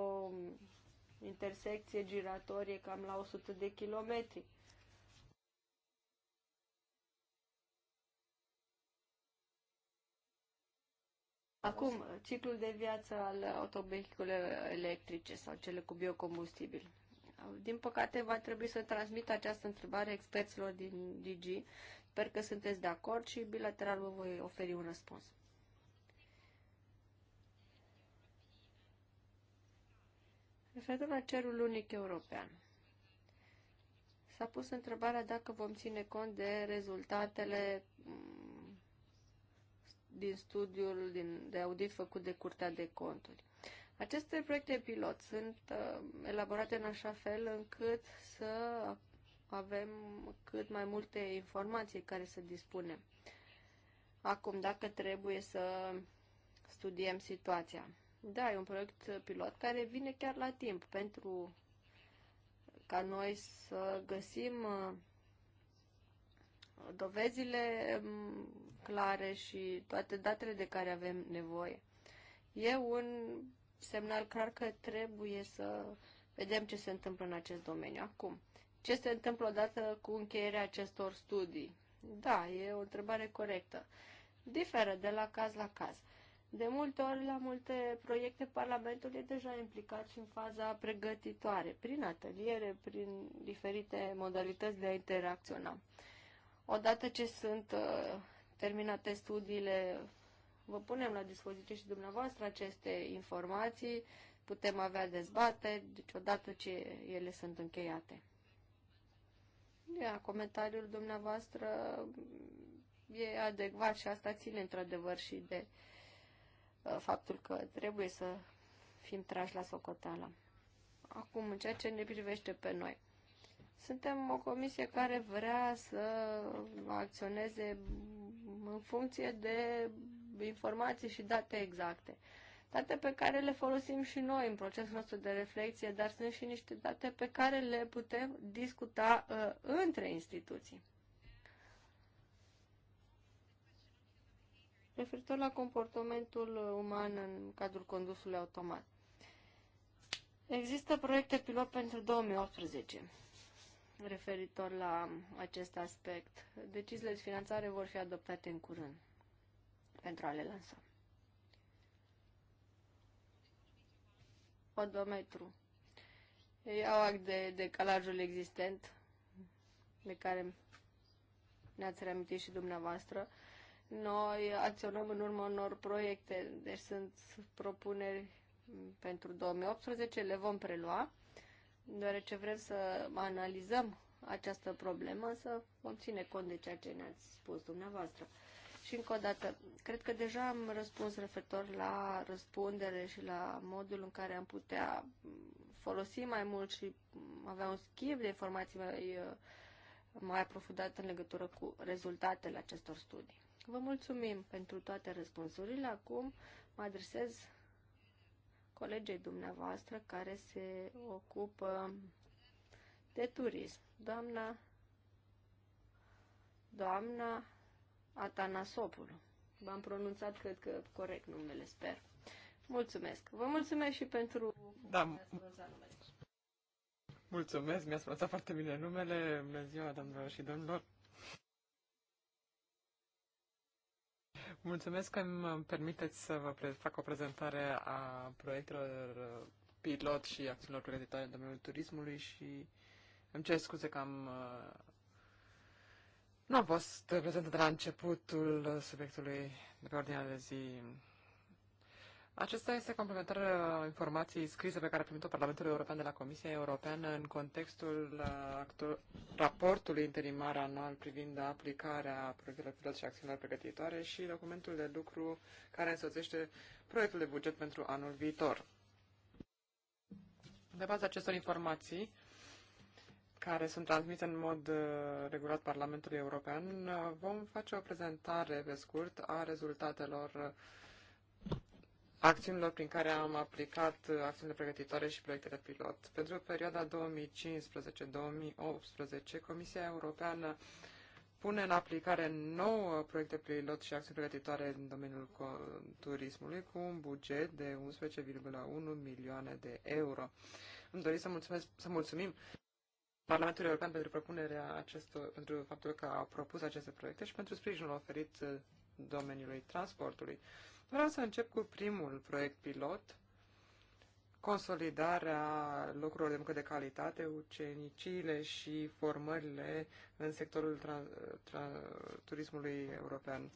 intersecție giratorie cam la 100 de kilometri. Acum, ciclul de viață al autovehiculelor electrice sau cele cu biocombustibil. Din păcate, va trebui să transmit această întrebare experților din DG. Sper că sunteți de acord și bilateral vă voi oferi un răspuns. Referitor la cerul unic european, s-a pus întrebarea dacă vom ține cont de rezultatele mm, din studiul din, de audit făcut de Curtea de Conturi. Aceste proiecte pilot sunt uh, elaborate în așa fel încât să avem cât mai multe informații care să dispunem. Acum, dacă trebuie să studiem situația. Da, e un proiect pilot care vine chiar la timp pentru ca noi să găsim uh, dovezile um, clare și toate datele de care avem nevoie. E un semnal clar că trebuie să vedem ce se întâmplă în acest domeniu. Acum, ce se întâmplă odată cu încheierea acestor studii? Da, e o întrebare corectă. Diferă de la caz la caz. De multe ori, la multe proiecte, Parlamentul e deja implicat și în faza pregătitoare, prin ateliere, prin diferite modalități de a interacționa. Odată ce sunt uh, terminate studiile, vă punem la dispoziție și dumneavoastră aceste informații, putem avea dezbateri, deci odată ce ele sunt încheiate. Ia, comentariul dumneavoastră e adecvat și asta ține într-adevăr și de uh, Uh, faptul că trebuie să fim trași la socoteală. Acum, în ceea ce ne privește pe noi. Suntem o comisie care vrea să acționeze în funcție de informații și date exacte. Date pe care le folosim și noi în procesul nostru de reflexie, dar sunt și niște date pe care le putem discuta uh, între instituții. referitor la comportamentul uman în cadrul condusului automat. Există proiecte pilot pentru 2018 referitor la acest aspect. Deciziile de finanțare vor fi adoptate în curând pentru a le lansa. Odometru. Iau act de decalajul existent de care ne-ați reamintit și dumneavoastră. Noi acționăm în urma unor proiecte, deci sunt propuneri pentru 2018, le vom prelua, deoarece vrem să analizăm această problemă, să vom ține cont de ceea ce ne-ați spus dumneavoastră. Și încă o dată, cred că deja am răspuns referitor la răspundere și la modul în care am putea folosi mai mult și avea un schimb de informații mai, uh, mai aprofundat în legătură cu rezultatele acestor studii. Vă mulțumim pentru toate răspunsurile. Acum mă adresez colegei dumneavoastră care se ocupă de turism. Doamna, doamna Atanasopulu. V-am pronunțat, cred că, corect numele, sper. Mulțumesc. Vă mulțumesc și pentru... Da, mulțumesc, mi-ați pronunțat foarte bine numele. Bună ziua, doamnelor și domnilor. Mulțumesc că îmi permiteți să vă fac o prezentare a proiectelor uh, pilot și acțiunilor pregătitoare în domeniul turismului și îmi cer scuze că am uh, nu am fost prezentă de la începutul subiectului de pe ordinea de zi acesta este complementar uh, informației scrise pe care a primit-o Parlamentul European de la Comisia Europeană în contextul uh, raportului interimar anual privind aplicarea proiectelor pilot și acțiunilor pregătitoare și documentul de lucru care însoțește proiectul de buget pentru anul viitor. Pe baza acestor informații, care sunt transmise în mod uh, regulat Parlamentului European, vom face o prezentare pe scurt a rezultatelor acțiunilor prin care am aplicat uh, acțiunile pregătitoare și proiectele pilot. Pentru perioada 2015-2018, Comisia Europeană pune în aplicare nouă proiecte pilot și acțiuni pregătitoare în domeniul turismului cu un buget de 11,1 milioane de euro. Îmi doresc să, mulțumesc, să mulțumim Parlamentul European pentru propunerea acestor, pentru faptul că a propus aceste proiecte și pentru sprijinul oferit uh, domeniului transportului. Vreau să încep cu primul proiect pilot, consolidarea lucrurilor de muncă de calitate, uceniciile și formările în sectorul tra- tra- turismului european.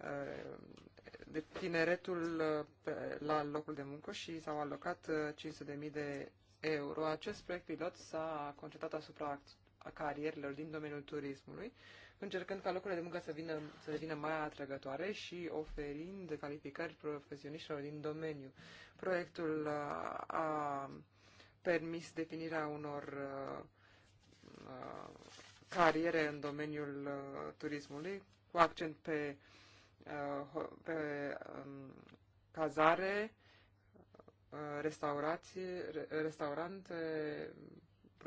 Eh, de tineretul eh, la locul de muncă și s-au alocat 500.000 eh, de euro. Acest proiect pilot s-a concentrat asupra carierelor din domeniul turismului încercând ca locurile de muncă să, vină, să devină mai atrăgătoare și oferind calificări profesioniștilor din domeniu. Proiectul uh, a permis definirea unor uh, uh, cariere în domeniul turismului, cu accent pe, pe um, cazare, restaurație, restaurante,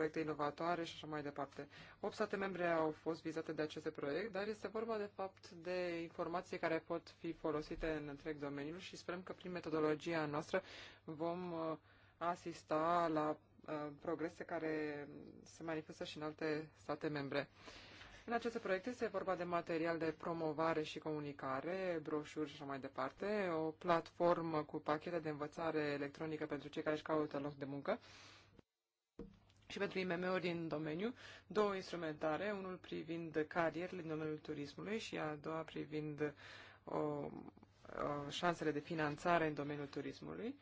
proiecte inovatoare și așa mai departe. 8 state membre au fost vizate de aceste proiect, dar este vorba de fapt de informații care pot fi folosite în întreg domeniul și sperăm că prin metodologia noastră vom uh, asista la uh, progrese care se manifestă și în alte state membre. În aceste proiecte este vorba de material de promovare și comunicare, broșuri și așa mai departe, o platformă cu pachete de învățare electronică pentru cei care își caută loc de muncă și pentru IMM-uri din domeniu, două instrumentare, unul privind carierele din domeniul turismului și a doua privind o, o, șansele de finanțare în domeniul turismului.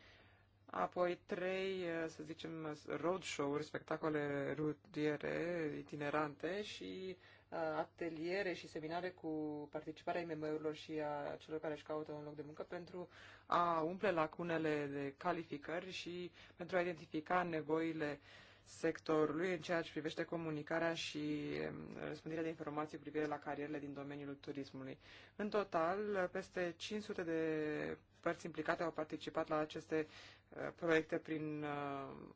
Apoi trei, să zicem, roadshow-uri, spectacole rutiere, itinerante și ateliere și seminare cu participarea IMM-urilor și a celor care își caută un loc de muncă pentru a umple lacunele de calificări și pentru a identifica nevoile uh, sectorului în ceea ce privește comunicarea și răspândirea de informații cu privire la carierele din domeniul turismului. În total, peste 500 de părți implicate au participat la aceste eh, proiecte prin eh,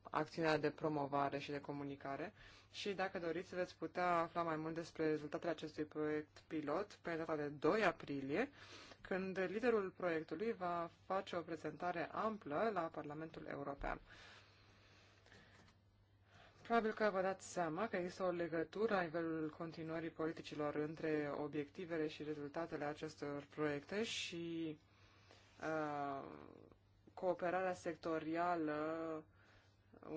acțiunea de promovare și de comunicare și dacă doriți veți putea afla mai mult despre rezultatele acestui proiect pilot pe data de 2 aprilie, când liderul proiectului va face o prezentare amplă la Parlamentul European. Probabil că vă dați seama că există o legătură la nivelul continuării politicilor între obiectivele și rezultatele acestor proiecte și uh, cooperarea sectorială,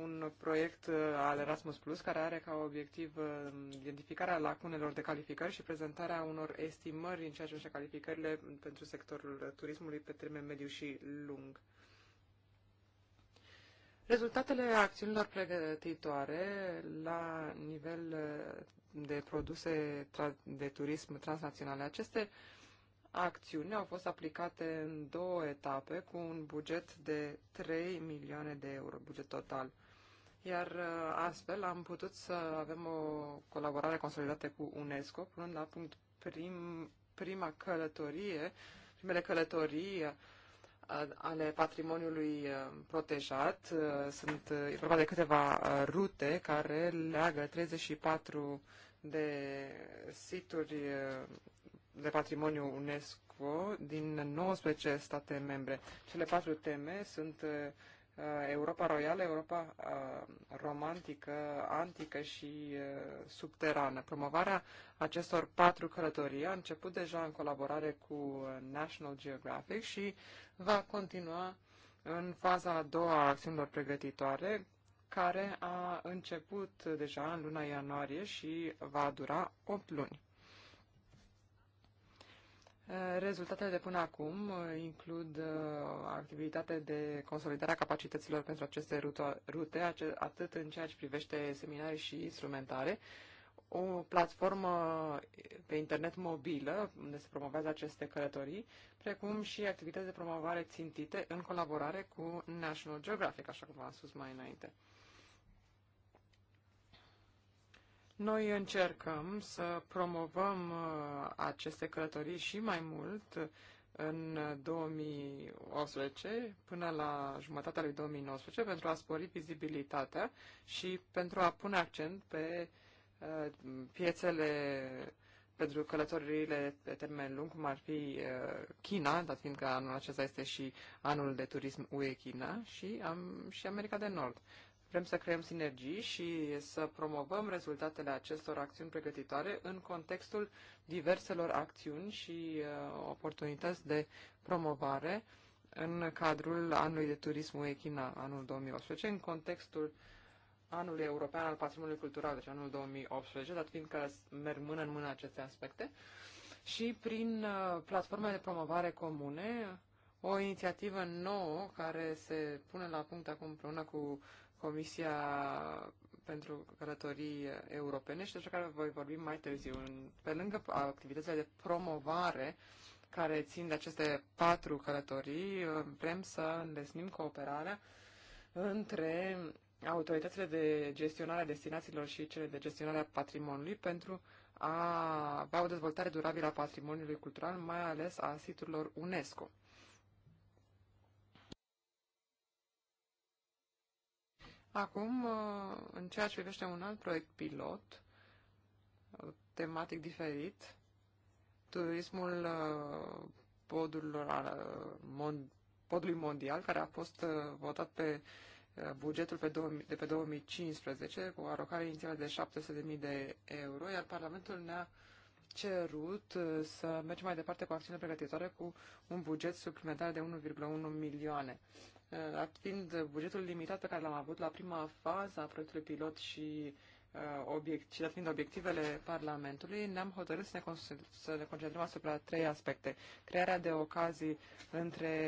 un proiect uh, al Erasmus Plus care are ca obiectiv uh, identificarea lacunelor de calificări și prezentarea unor estimări în ceea ce privește calificările pentru sectorul turismului pe termen mediu și lung. Rezultatele acțiunilor pregătitoare la nivel eh, de produse de turism transnaționale. Aceste acțiuni au fost aplicate în două etape cu un buget de 3 milioane de euro, buget total. Iar eh, astfel am putut să avem o colaborare consolidată cu UNESCO, punând la punct prim, prima călătorie, primele călătorii ale patrimoniului uh, protejat. Uh, sunt, uh, e vorba de câteva rute care leagă 34 de situri de patrimoniu UNESCO din 19 state membre. Cele patru teme sunt Europa royală, Europa romantică, antică și subterană. Promovarea acestor patru călătorii a început deja în colaborare cu National Geographic și va continua în faza a doua a acțiunilor pregătitoare, care a început deja în luna ianuarie și va dura 8 luni. Rezultatele de până acum includ uh, activitate de consolidare a capacităților pentru aceste rute, atât în ceea ce privește seminarii și instrumentare, o platformă pe internet mobilă unde se promovează aceste călătorii, precum și activități de promovare țintite în colaborare cu National Geographic, așa cum v-am spus mai înainte. Noi încercăm să promovăm uh, aceste călătorii și mai mult uh, în 2018 până la jumătatea lui 2019 pentru a spori vizibilitatea și pentru a pune accent pe uh, piețele pentru călătoririle pe termen lung, cum ar fi uh, China, dat fiindcă anul acesta este și anul de turism UE-China și, am, și America de Nord. Vrem să creăm sinergii și să promovăm rezultatele acestor acțiuni pregătitoare în contextul diverselor acțiuni și uh, oportunități de promovare în cadrul anului de turism UE China anul 2018, în contextul uh, anul european al patrimoniului cultural, deci anul 2018, dat că merg mână în mână aceste aspecte, și prin uh, platforme de promovare comune, o inițiativă nouă care se pune la punct acum împreună cu Comisia pentru Călătorii Europene și despre care voi vorbi mai târziu. Pe lângă activitățile de promovare care țin de aceste patru călătorii, uh, vrem să îndesnim cooperarea între autoritățile de gestionare a destinațiilor și cele de gestionare a patrimoniului pentru a avea o dezvoltare durabilă a patrimoniului cultural, mai ales a siturilor UNESCO. Acum, în ceea ce privește un alt proiect pilot, tematic diferit, turismul uh, podurilor, uh, podului mondial, care a fost uh, votat pe Eh, bugetul pe 2000, de pe 2015 cu o alocare inițială de 700.000 de euro, iar Parlamentul ne-a cerut eh, să mergem mai departe cu acțiune pregătitoare cu un buget suplimentar de 1,1 milioane. Eh, fiind bugetul limitat pe care l-am avut la prima fază a proiectului pilot și uh, Uh, obiect, și dat fiind obiectivele Parlamentului, ne-am hotărât să ne, să ne concentrăm asupra trei aspecte. Crearea de ocazii între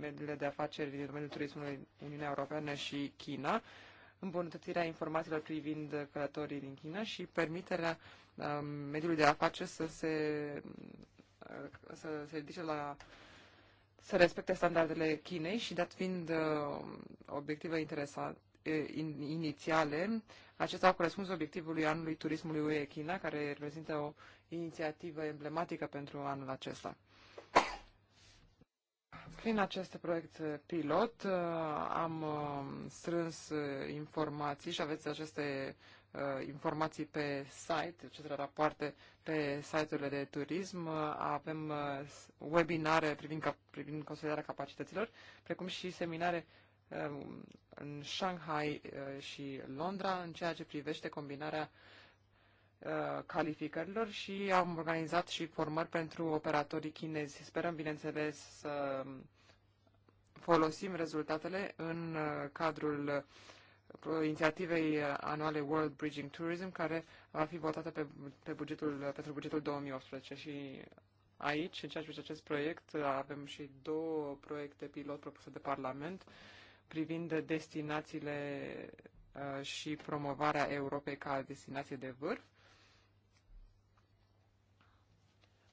mediile de afaceri din domeniul turismului Uniunea Europeană și China, îmbunătățirea informațiilor privind călătorii din China și permiterea um, mediului de afaceri să se, uh, să se ridice la să respecte standardele Chinei și dat fiind uh, obiective interesante inițiale, Acestea a corespuns obiectivului anului turismului UE China, care reprezintă o inițiativă emblematică pentru anul acesta. Prin acest proiect pilot am strâns informații și aveți aceste informații pe site, aceste rapoarte pe site-urile de turism. Avem webinare privind, privind consolidarea capacităților, precum și seminare Um, în Shanghai uh, și Londra în ceea ce privește combinarea uh, calificărilor și am organizat și formări pentru operatorii chinezi. Sperăm, bineînțeles, să folosim rezultatele în uh, cadrul inițiativei anuale World Bridging Tourism, care va fi votată pe, pe bugetul, pentru bugetul 2018 și aici, în ceea ce acest proiect, avem și două proiecte pilot propuse de Parlament privind destinațiile uh, și promovarea Europei ca destinație de vârf.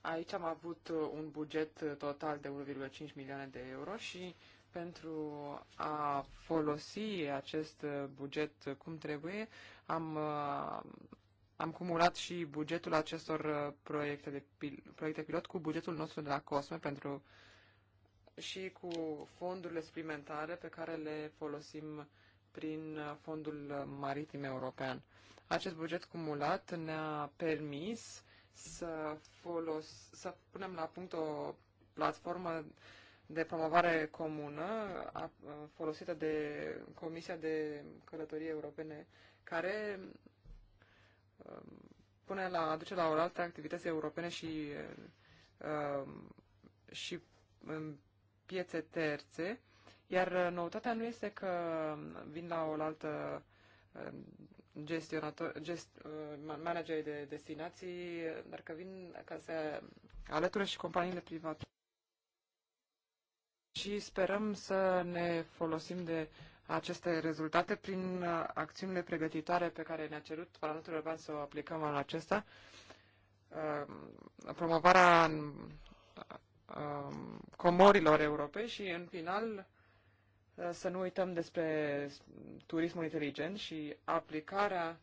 Aici am avut uh, un buget total de 1,5 milioane de euro și pentru a folosi acest uh, buget cum trebuie, am, am cumulat și bugetul acestor proiecte, de, proiecte pilot cu bugetul nostru de la COSME pentru și cu fondurile suplimentare pe care le folosim prin Fondul Maritim European. Acest buget cumulat ne-a permis să, folos, să punem la punct o platformă de promovare comună a, folosită de Comisia de Călătorie Europene, care um, pune la, aduce la o altă activități europene și, um, și um, piețe terțe, iar uh, noutatea nu este că vin la o altă uh, gestionator, gest, uh, manageri de destinații, dar că vin ca să alăture și companiile private. Și sperăm să ne folosim de aceste rezultate prin acțiunile pregătitoare pe care ne-a cerut Parlamentul Urban să o aplicăm în acesta. Promovarea um, comorilor europei și, în final, uh, să nu uităm despre turismul inteligent și aplicarea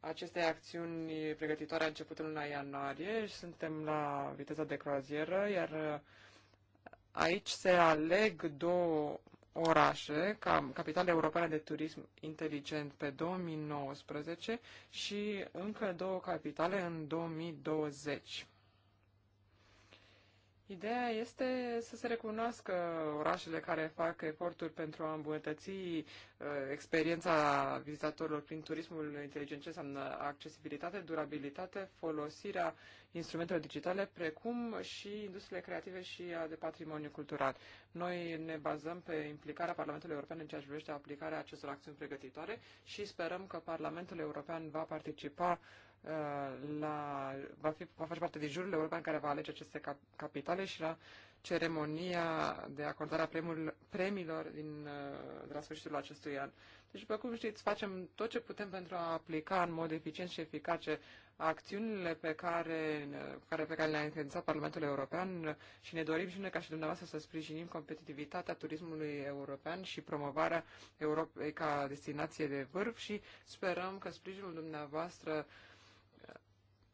acestei acțiuni pregătitoare a început în luna ianuarie și suntem la viteza de croazieră, iar uh, aici se aleg două orașe ca capitale europene de turism inteligent pe 2019 și încă două capitale în 2020. Ideea este să se recunoască orașele care fac eforturi pentru a îmbunătăți uh, experiența vizitatorilor prin turismul inteligent, ce înseamnă accesibilitate, durabilitate, folosirea instrumentelor digitale, precum și industriile creative și a de patrimoniu cultural. Noi ne bazăm pe implicarea Parlamentului European în ceea ce privește aplicarea acestor acțiuni pregătitoare și sperăm că Parlamentul European va participa Uh, la, va, fi, va face parte din jurul european care va alege aceste cap, capitale și la ceremonia de acordare a premiul, premiilor din, uh, de la sfârșitul acestui an. Deci, după cum știți, facem tot ce putem pentru a aplica în mod eficient și eficace acțiunile pe care, care, pe care le-a încredințat Parlamentul European și ne dorim și noi ca și dumneavoastră să sprijinim competitivitatea turismului european și promovarea Europei ca destinație de vârf și sperăm că sprijinul dumneavoastră uh,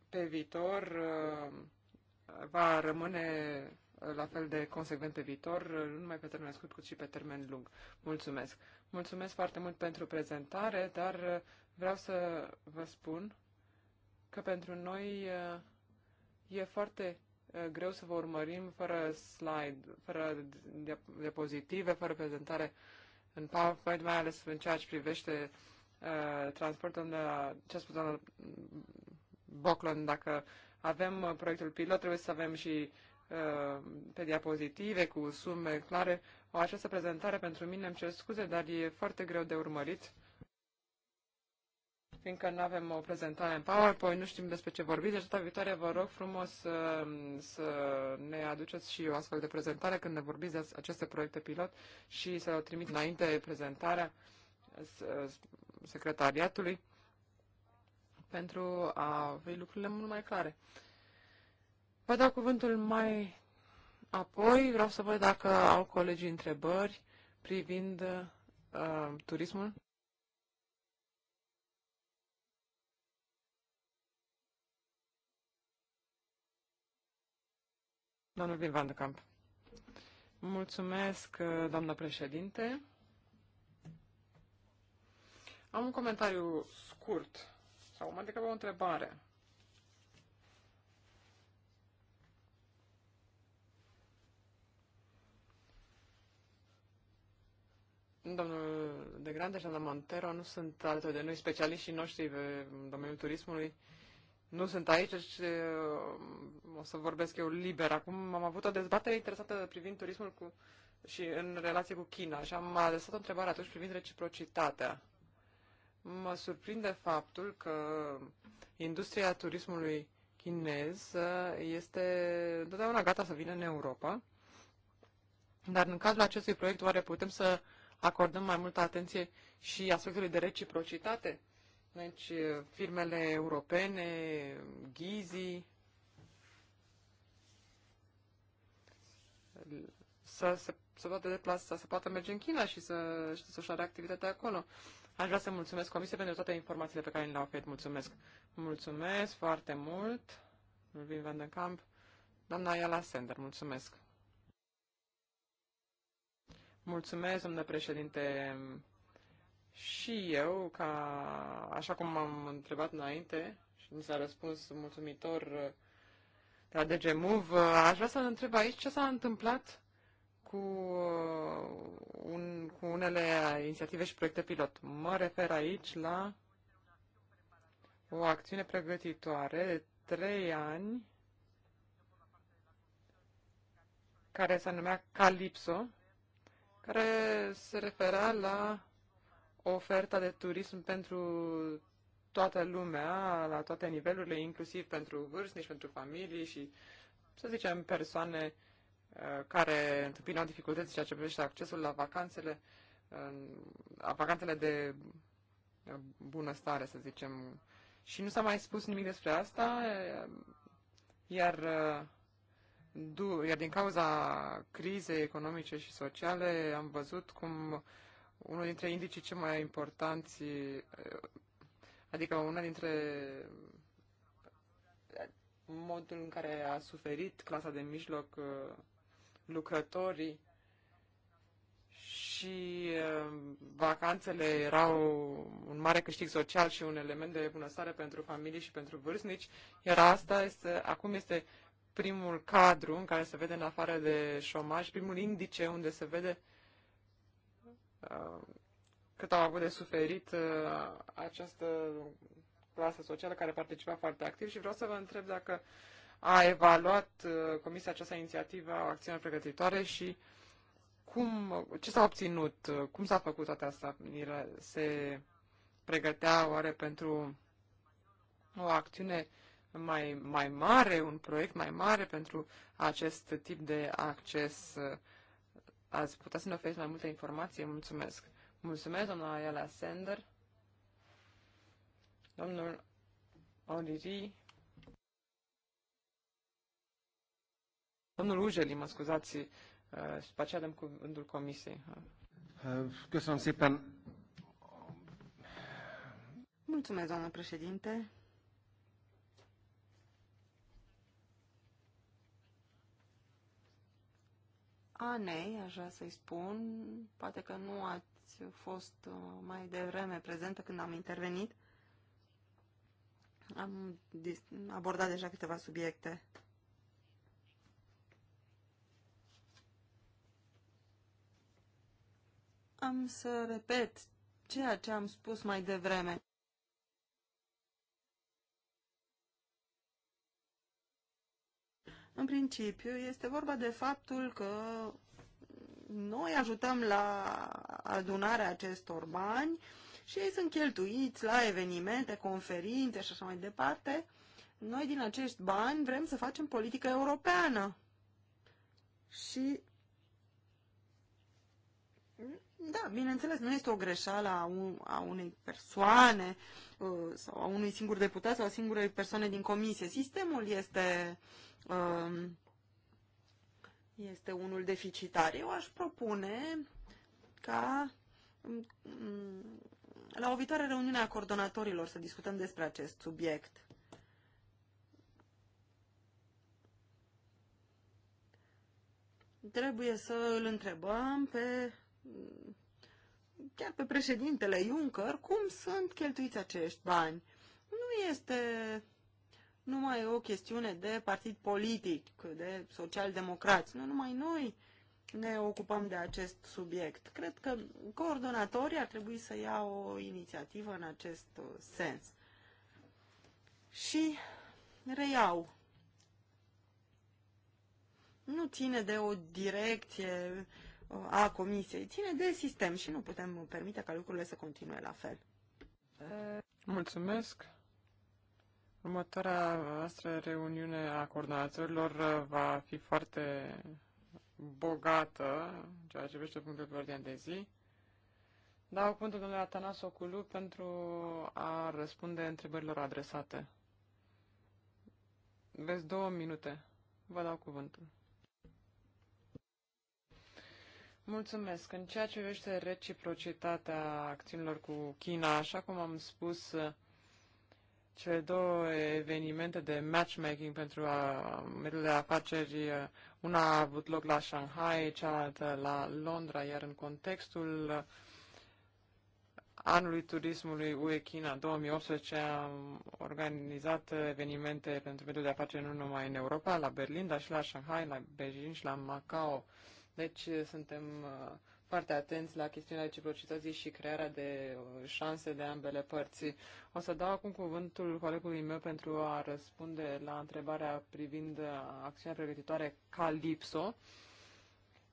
pe viitor uh, va rămâne la fel de consecvent pe viitor, uh, nu numai pe termen scurt, cât și pe termen lung. Mulțumesc! Mulțumesc foarte mult pentru prezentare, dar uh, vreau să vă spun că pentru noi e foarte greu să vă urmărim fără slide, fără diapozitive, fără prezentare în PowerPoint, mai ales în ceea ce privește uh, transportul de la, ce a spus doamna Boclon, dacă avem uh, proiectul pilot, trebuie să avem și uh, pe diapozitive, cu sume clare. O această prezentare pentru mine, îmi cer scuze, dar e foarte greu de urmărit, fiindcă nu avem o prezentare în PowerPoint, nu știm despre ce vorbiți, deci data viitoare vă rog frumos să, uh, să ne aduceți și o astfel de prezentare când ne vorbiți de aceste proiecte pilot și să o trimit înainte prezentarea uh, secretariatului pentru a avea lucrurile mult mai clare. Vă dau cuvântul mai apoi. Vreau să văd dacă au colegii întrebări privind uh, turismul. Domnul Vin Van de Mulțumesc, uh, doamna președinte. Am un comentariu scurt sau mai degrabă o întrebare. Domnul de Grande și doamna Montero nu sunt alături de noi, specialiștii noștri pe domeniul turismului. Nu sunt aici, deci o să vorbesc eu liber. Acum am avut o dezbatere interesată privind turismul cu, și în relație cu China și am adresat o întrebare atunci privind reciprocitatea mă surprinde faptul că industria turismului chinez uh, este întotdeauna gata să vină în Europa, dar în cazul acestui proiect oare putem să acordăm mai multă atenție și aspectului de reciprocitate? Deci uh, firmele europene, ghizi, să se, să poată deplasa, să poată merge în China și să, să-și are activitatea acolo. Uh, Aș vrea să mulțumesc Comisiei pentru toate informațiile pe care le-au oferit. Mulțumesc! Mulțumesc foarte mult, Vin Van den Camp. Doamna Iala Sender, mulțumesc! Mulțumesc, domnule președinte. Și eu, ca, așa cum m am întrebat înainte și mi s-a răspuns mulțumitor de la Move. aș vrea să întreb aici ce s-a întâmplat cu, uh, un, cu unele inițiative și proiecte pilot. Mă refer aici la o acțiune pregătitoare de trei ani care se numea Calypso, care se refera la oferta de turism pentru toată lumea, la toate nivelurile, inclusiv pentru vârstnici, pentru familii și, să zicem, persoane uh, Uh, care întâmpinau dificultăți ceea ce privește accesul la vacanțele, la vacanțele de uh, bunăstare, să zicem. Și nu s-a mai spus nimic despre asta, uh, iar, iar din cauza crizei economice și sociale am văzut cum unul dintre indicii cei mai importanți, adică una dintre modul în care a suferit clasa de mijloc lucrătorii și uh, vacanțele erau un mare câștig social și un element de bunăstare pentru familii și pentru vârstnici, iar asta este, acum este primul cadru în care se vede în afară de șomaj, primul indice unde se vede uh, cât au avut de suferit uh, această clasă socială care participa foarte activ și vreau să vă întreb dacă uh, a evaluat uh, Comisia această inițiativă a acțiunilor pregătitoare și cum, ce s-a obținut, uh, cum s-a făcut toate astea? Se pregătea oare pentru o acțiune mai, mai mare, un proiect mai mare pentru acest tip de acces. Uh, ați putea să ne oferiți mai multe informații? Mulțumesc. Mulțumesc, doamna Ayala Sender. Domnul Oriri Domnul Ujeli, mă scuzați, uh, și după aceea dăm cuvântul comisiei. Căsăm uh, szépen. Mulțumesc, doamnă președinte. Anei, aș vrea să-i spun, poate că nu ați fost uh, mai devreme prezentă când am intervenit. Am abordat deja câteva subiecte. Am să repet ceea ce am spus mai devreme. În principiu, este vorba de faptul că noi ajutăm la adunarea acestor bani și ei sunt cheltuiți la evenimente, conferințe și așa mai departe. Noi din acești bani vrem să facem politică europeană. Și da, bineînțeles, nu este o greșeală a, un, a unei persoane uh, sau a unui singur deputat sau a singurei persoane din comisie. Sistemul este, uh, este unul deficitar. Eu aș propune ca um, la o viitoare reuniune a coordonatorilor să discutăm despre acest subiect. Trebuie să îl întrebăm pe chiar pe președintele Juncker cum sunt cheltuiți acești bani. Nu este numai o chestiune de partid politic, de social-democrați. Nu numai noi ne ocupăm de acest subiect. Cred că coordonatorii ar trebui să ia o inițiativă în acest sens. Și reiau. Nu ține de o direcție uh, a Comisiei. Ține de sistem și nu putem permite ca lucrurile să continue la fel. Mulțumesc. Următoarea noastră reuniune a coordonatorilor uh, va fi foarte bogată, ceea ce privește punctul de ordine de zi. Dau cuvântul domnului Atanas Oculu pentru a răspunde întrebărilor adresate. Vezi două minute. Vă dau cuvântul. Mulțumesc. În ceea ce privește reciprocitatea acțiunilor cu China, așa cum am spus, cele două evenimente de matchmaking pentru mediul de afaceri, una a avut loc la Shanghai, cealaltă la Londra, iar în contextul anului turismului UE China 2018 am organizat evenimente pentru mediul de afaceri nu numai în Europa, la Berlin, dar și la Shanghai, la Beijing și la Macao. Deci uh, suntem uh, foarte atenți la chestiunea reciprocității și crearea de uh, șanse de ambele părți. O să dau acum cuvântul colegului meu pentru a răspunde la întrebarea privind acțiunea pregătitoare Calipso.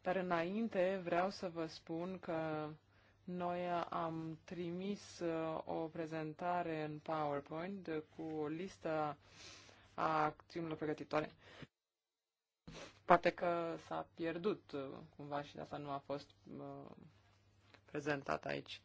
Dar înainte vreau să vă spun că noi am trimis o prezentare în PowerPoint cu o listă a acțiunilor pregătitoare Poate că s-a pierdut uh, cumva și de asta nu a fost uh, prezentat aici.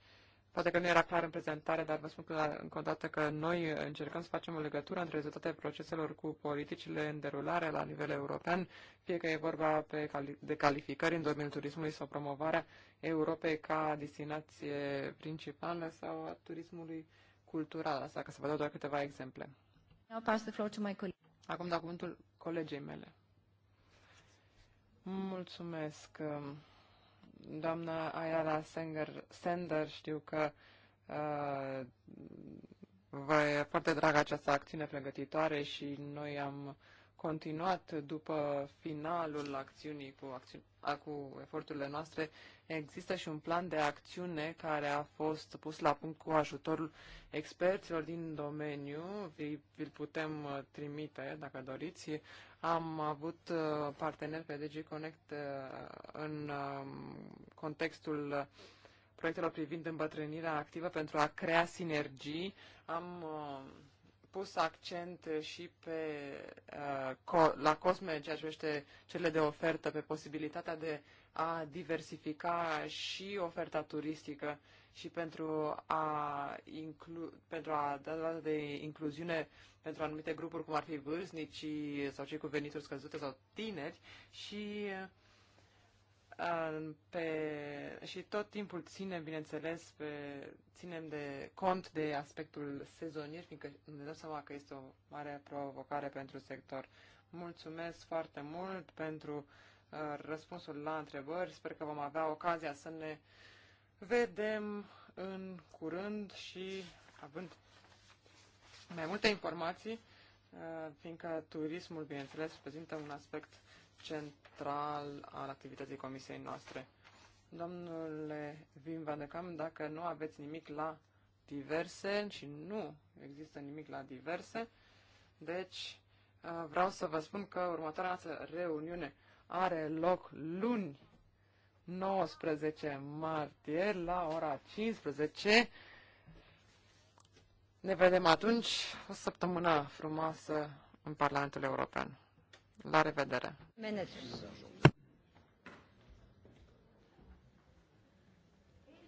Poate că nu era clar în prezentare, dar vă spun că, încă o dată că noi încercăm să facem o legătură între rezultatele proceselor cu politicile în derulare la nivel european, fie că e vorba pe cali- de calificări în domeniul turismului sau promovarea Europei ca destinație principală sau a turismului cultural. Asta ca să vă dau doar câteva exemple. Acum dau cuvântul colegei mele. Mulțumesc. Doamna Ayala Sender, Sender știu că uh, vă e foarte dragă această acțiune pregătitoare și noi am continuat după finalul acțiunii cu, acțiuni, cu eforturile noastre. Există și un plan de acțiune care a fost pus la punct cu ajutorul experților din domeniu. Vi, vi-l putem uh, trimite dacă doriți. Am avut uh, parteneri pe DG Connect uh, în um, contextul uh, proiectelor privind îmbătrânirea activă pentru a crea sinergii. Am pus accent și pe la COSME, ceea ce cele de ofertă, pe posibilitatea de a diversifica și oferta turistică și pentru a, inclu- pentru a da dată de incluziune pentru anumite grupuri, cum ar fi vârstnici sau cei cu venituri scăzute sau tineri și uh, pe, și tot timpul ținem, bineînțeles, pe, ținem de cont de aspectul sezonier, fiindcă ne dăm seama că este o mare provocare pentru sector. Mulțumesc foarte mult pentru uh, răspunsul la întrebări. Sper că vom avea ocazia să ne vedem în curând și având mai multe informații, uh, fiindcă turismul, bineînțeles, prezintă un aspect central al activității comisiei noastre. Domnule Vim Van de Cam, dacă nu aveți nimic la diverse și nu există nimic la diverse, deci uh, vreau să vă spun că următoarea noastră reuniune are loc luni 19 martie la ora 15. Ne vedem atunci o săptămână frumoasă în Parlamentul European. La revedere! Menetus.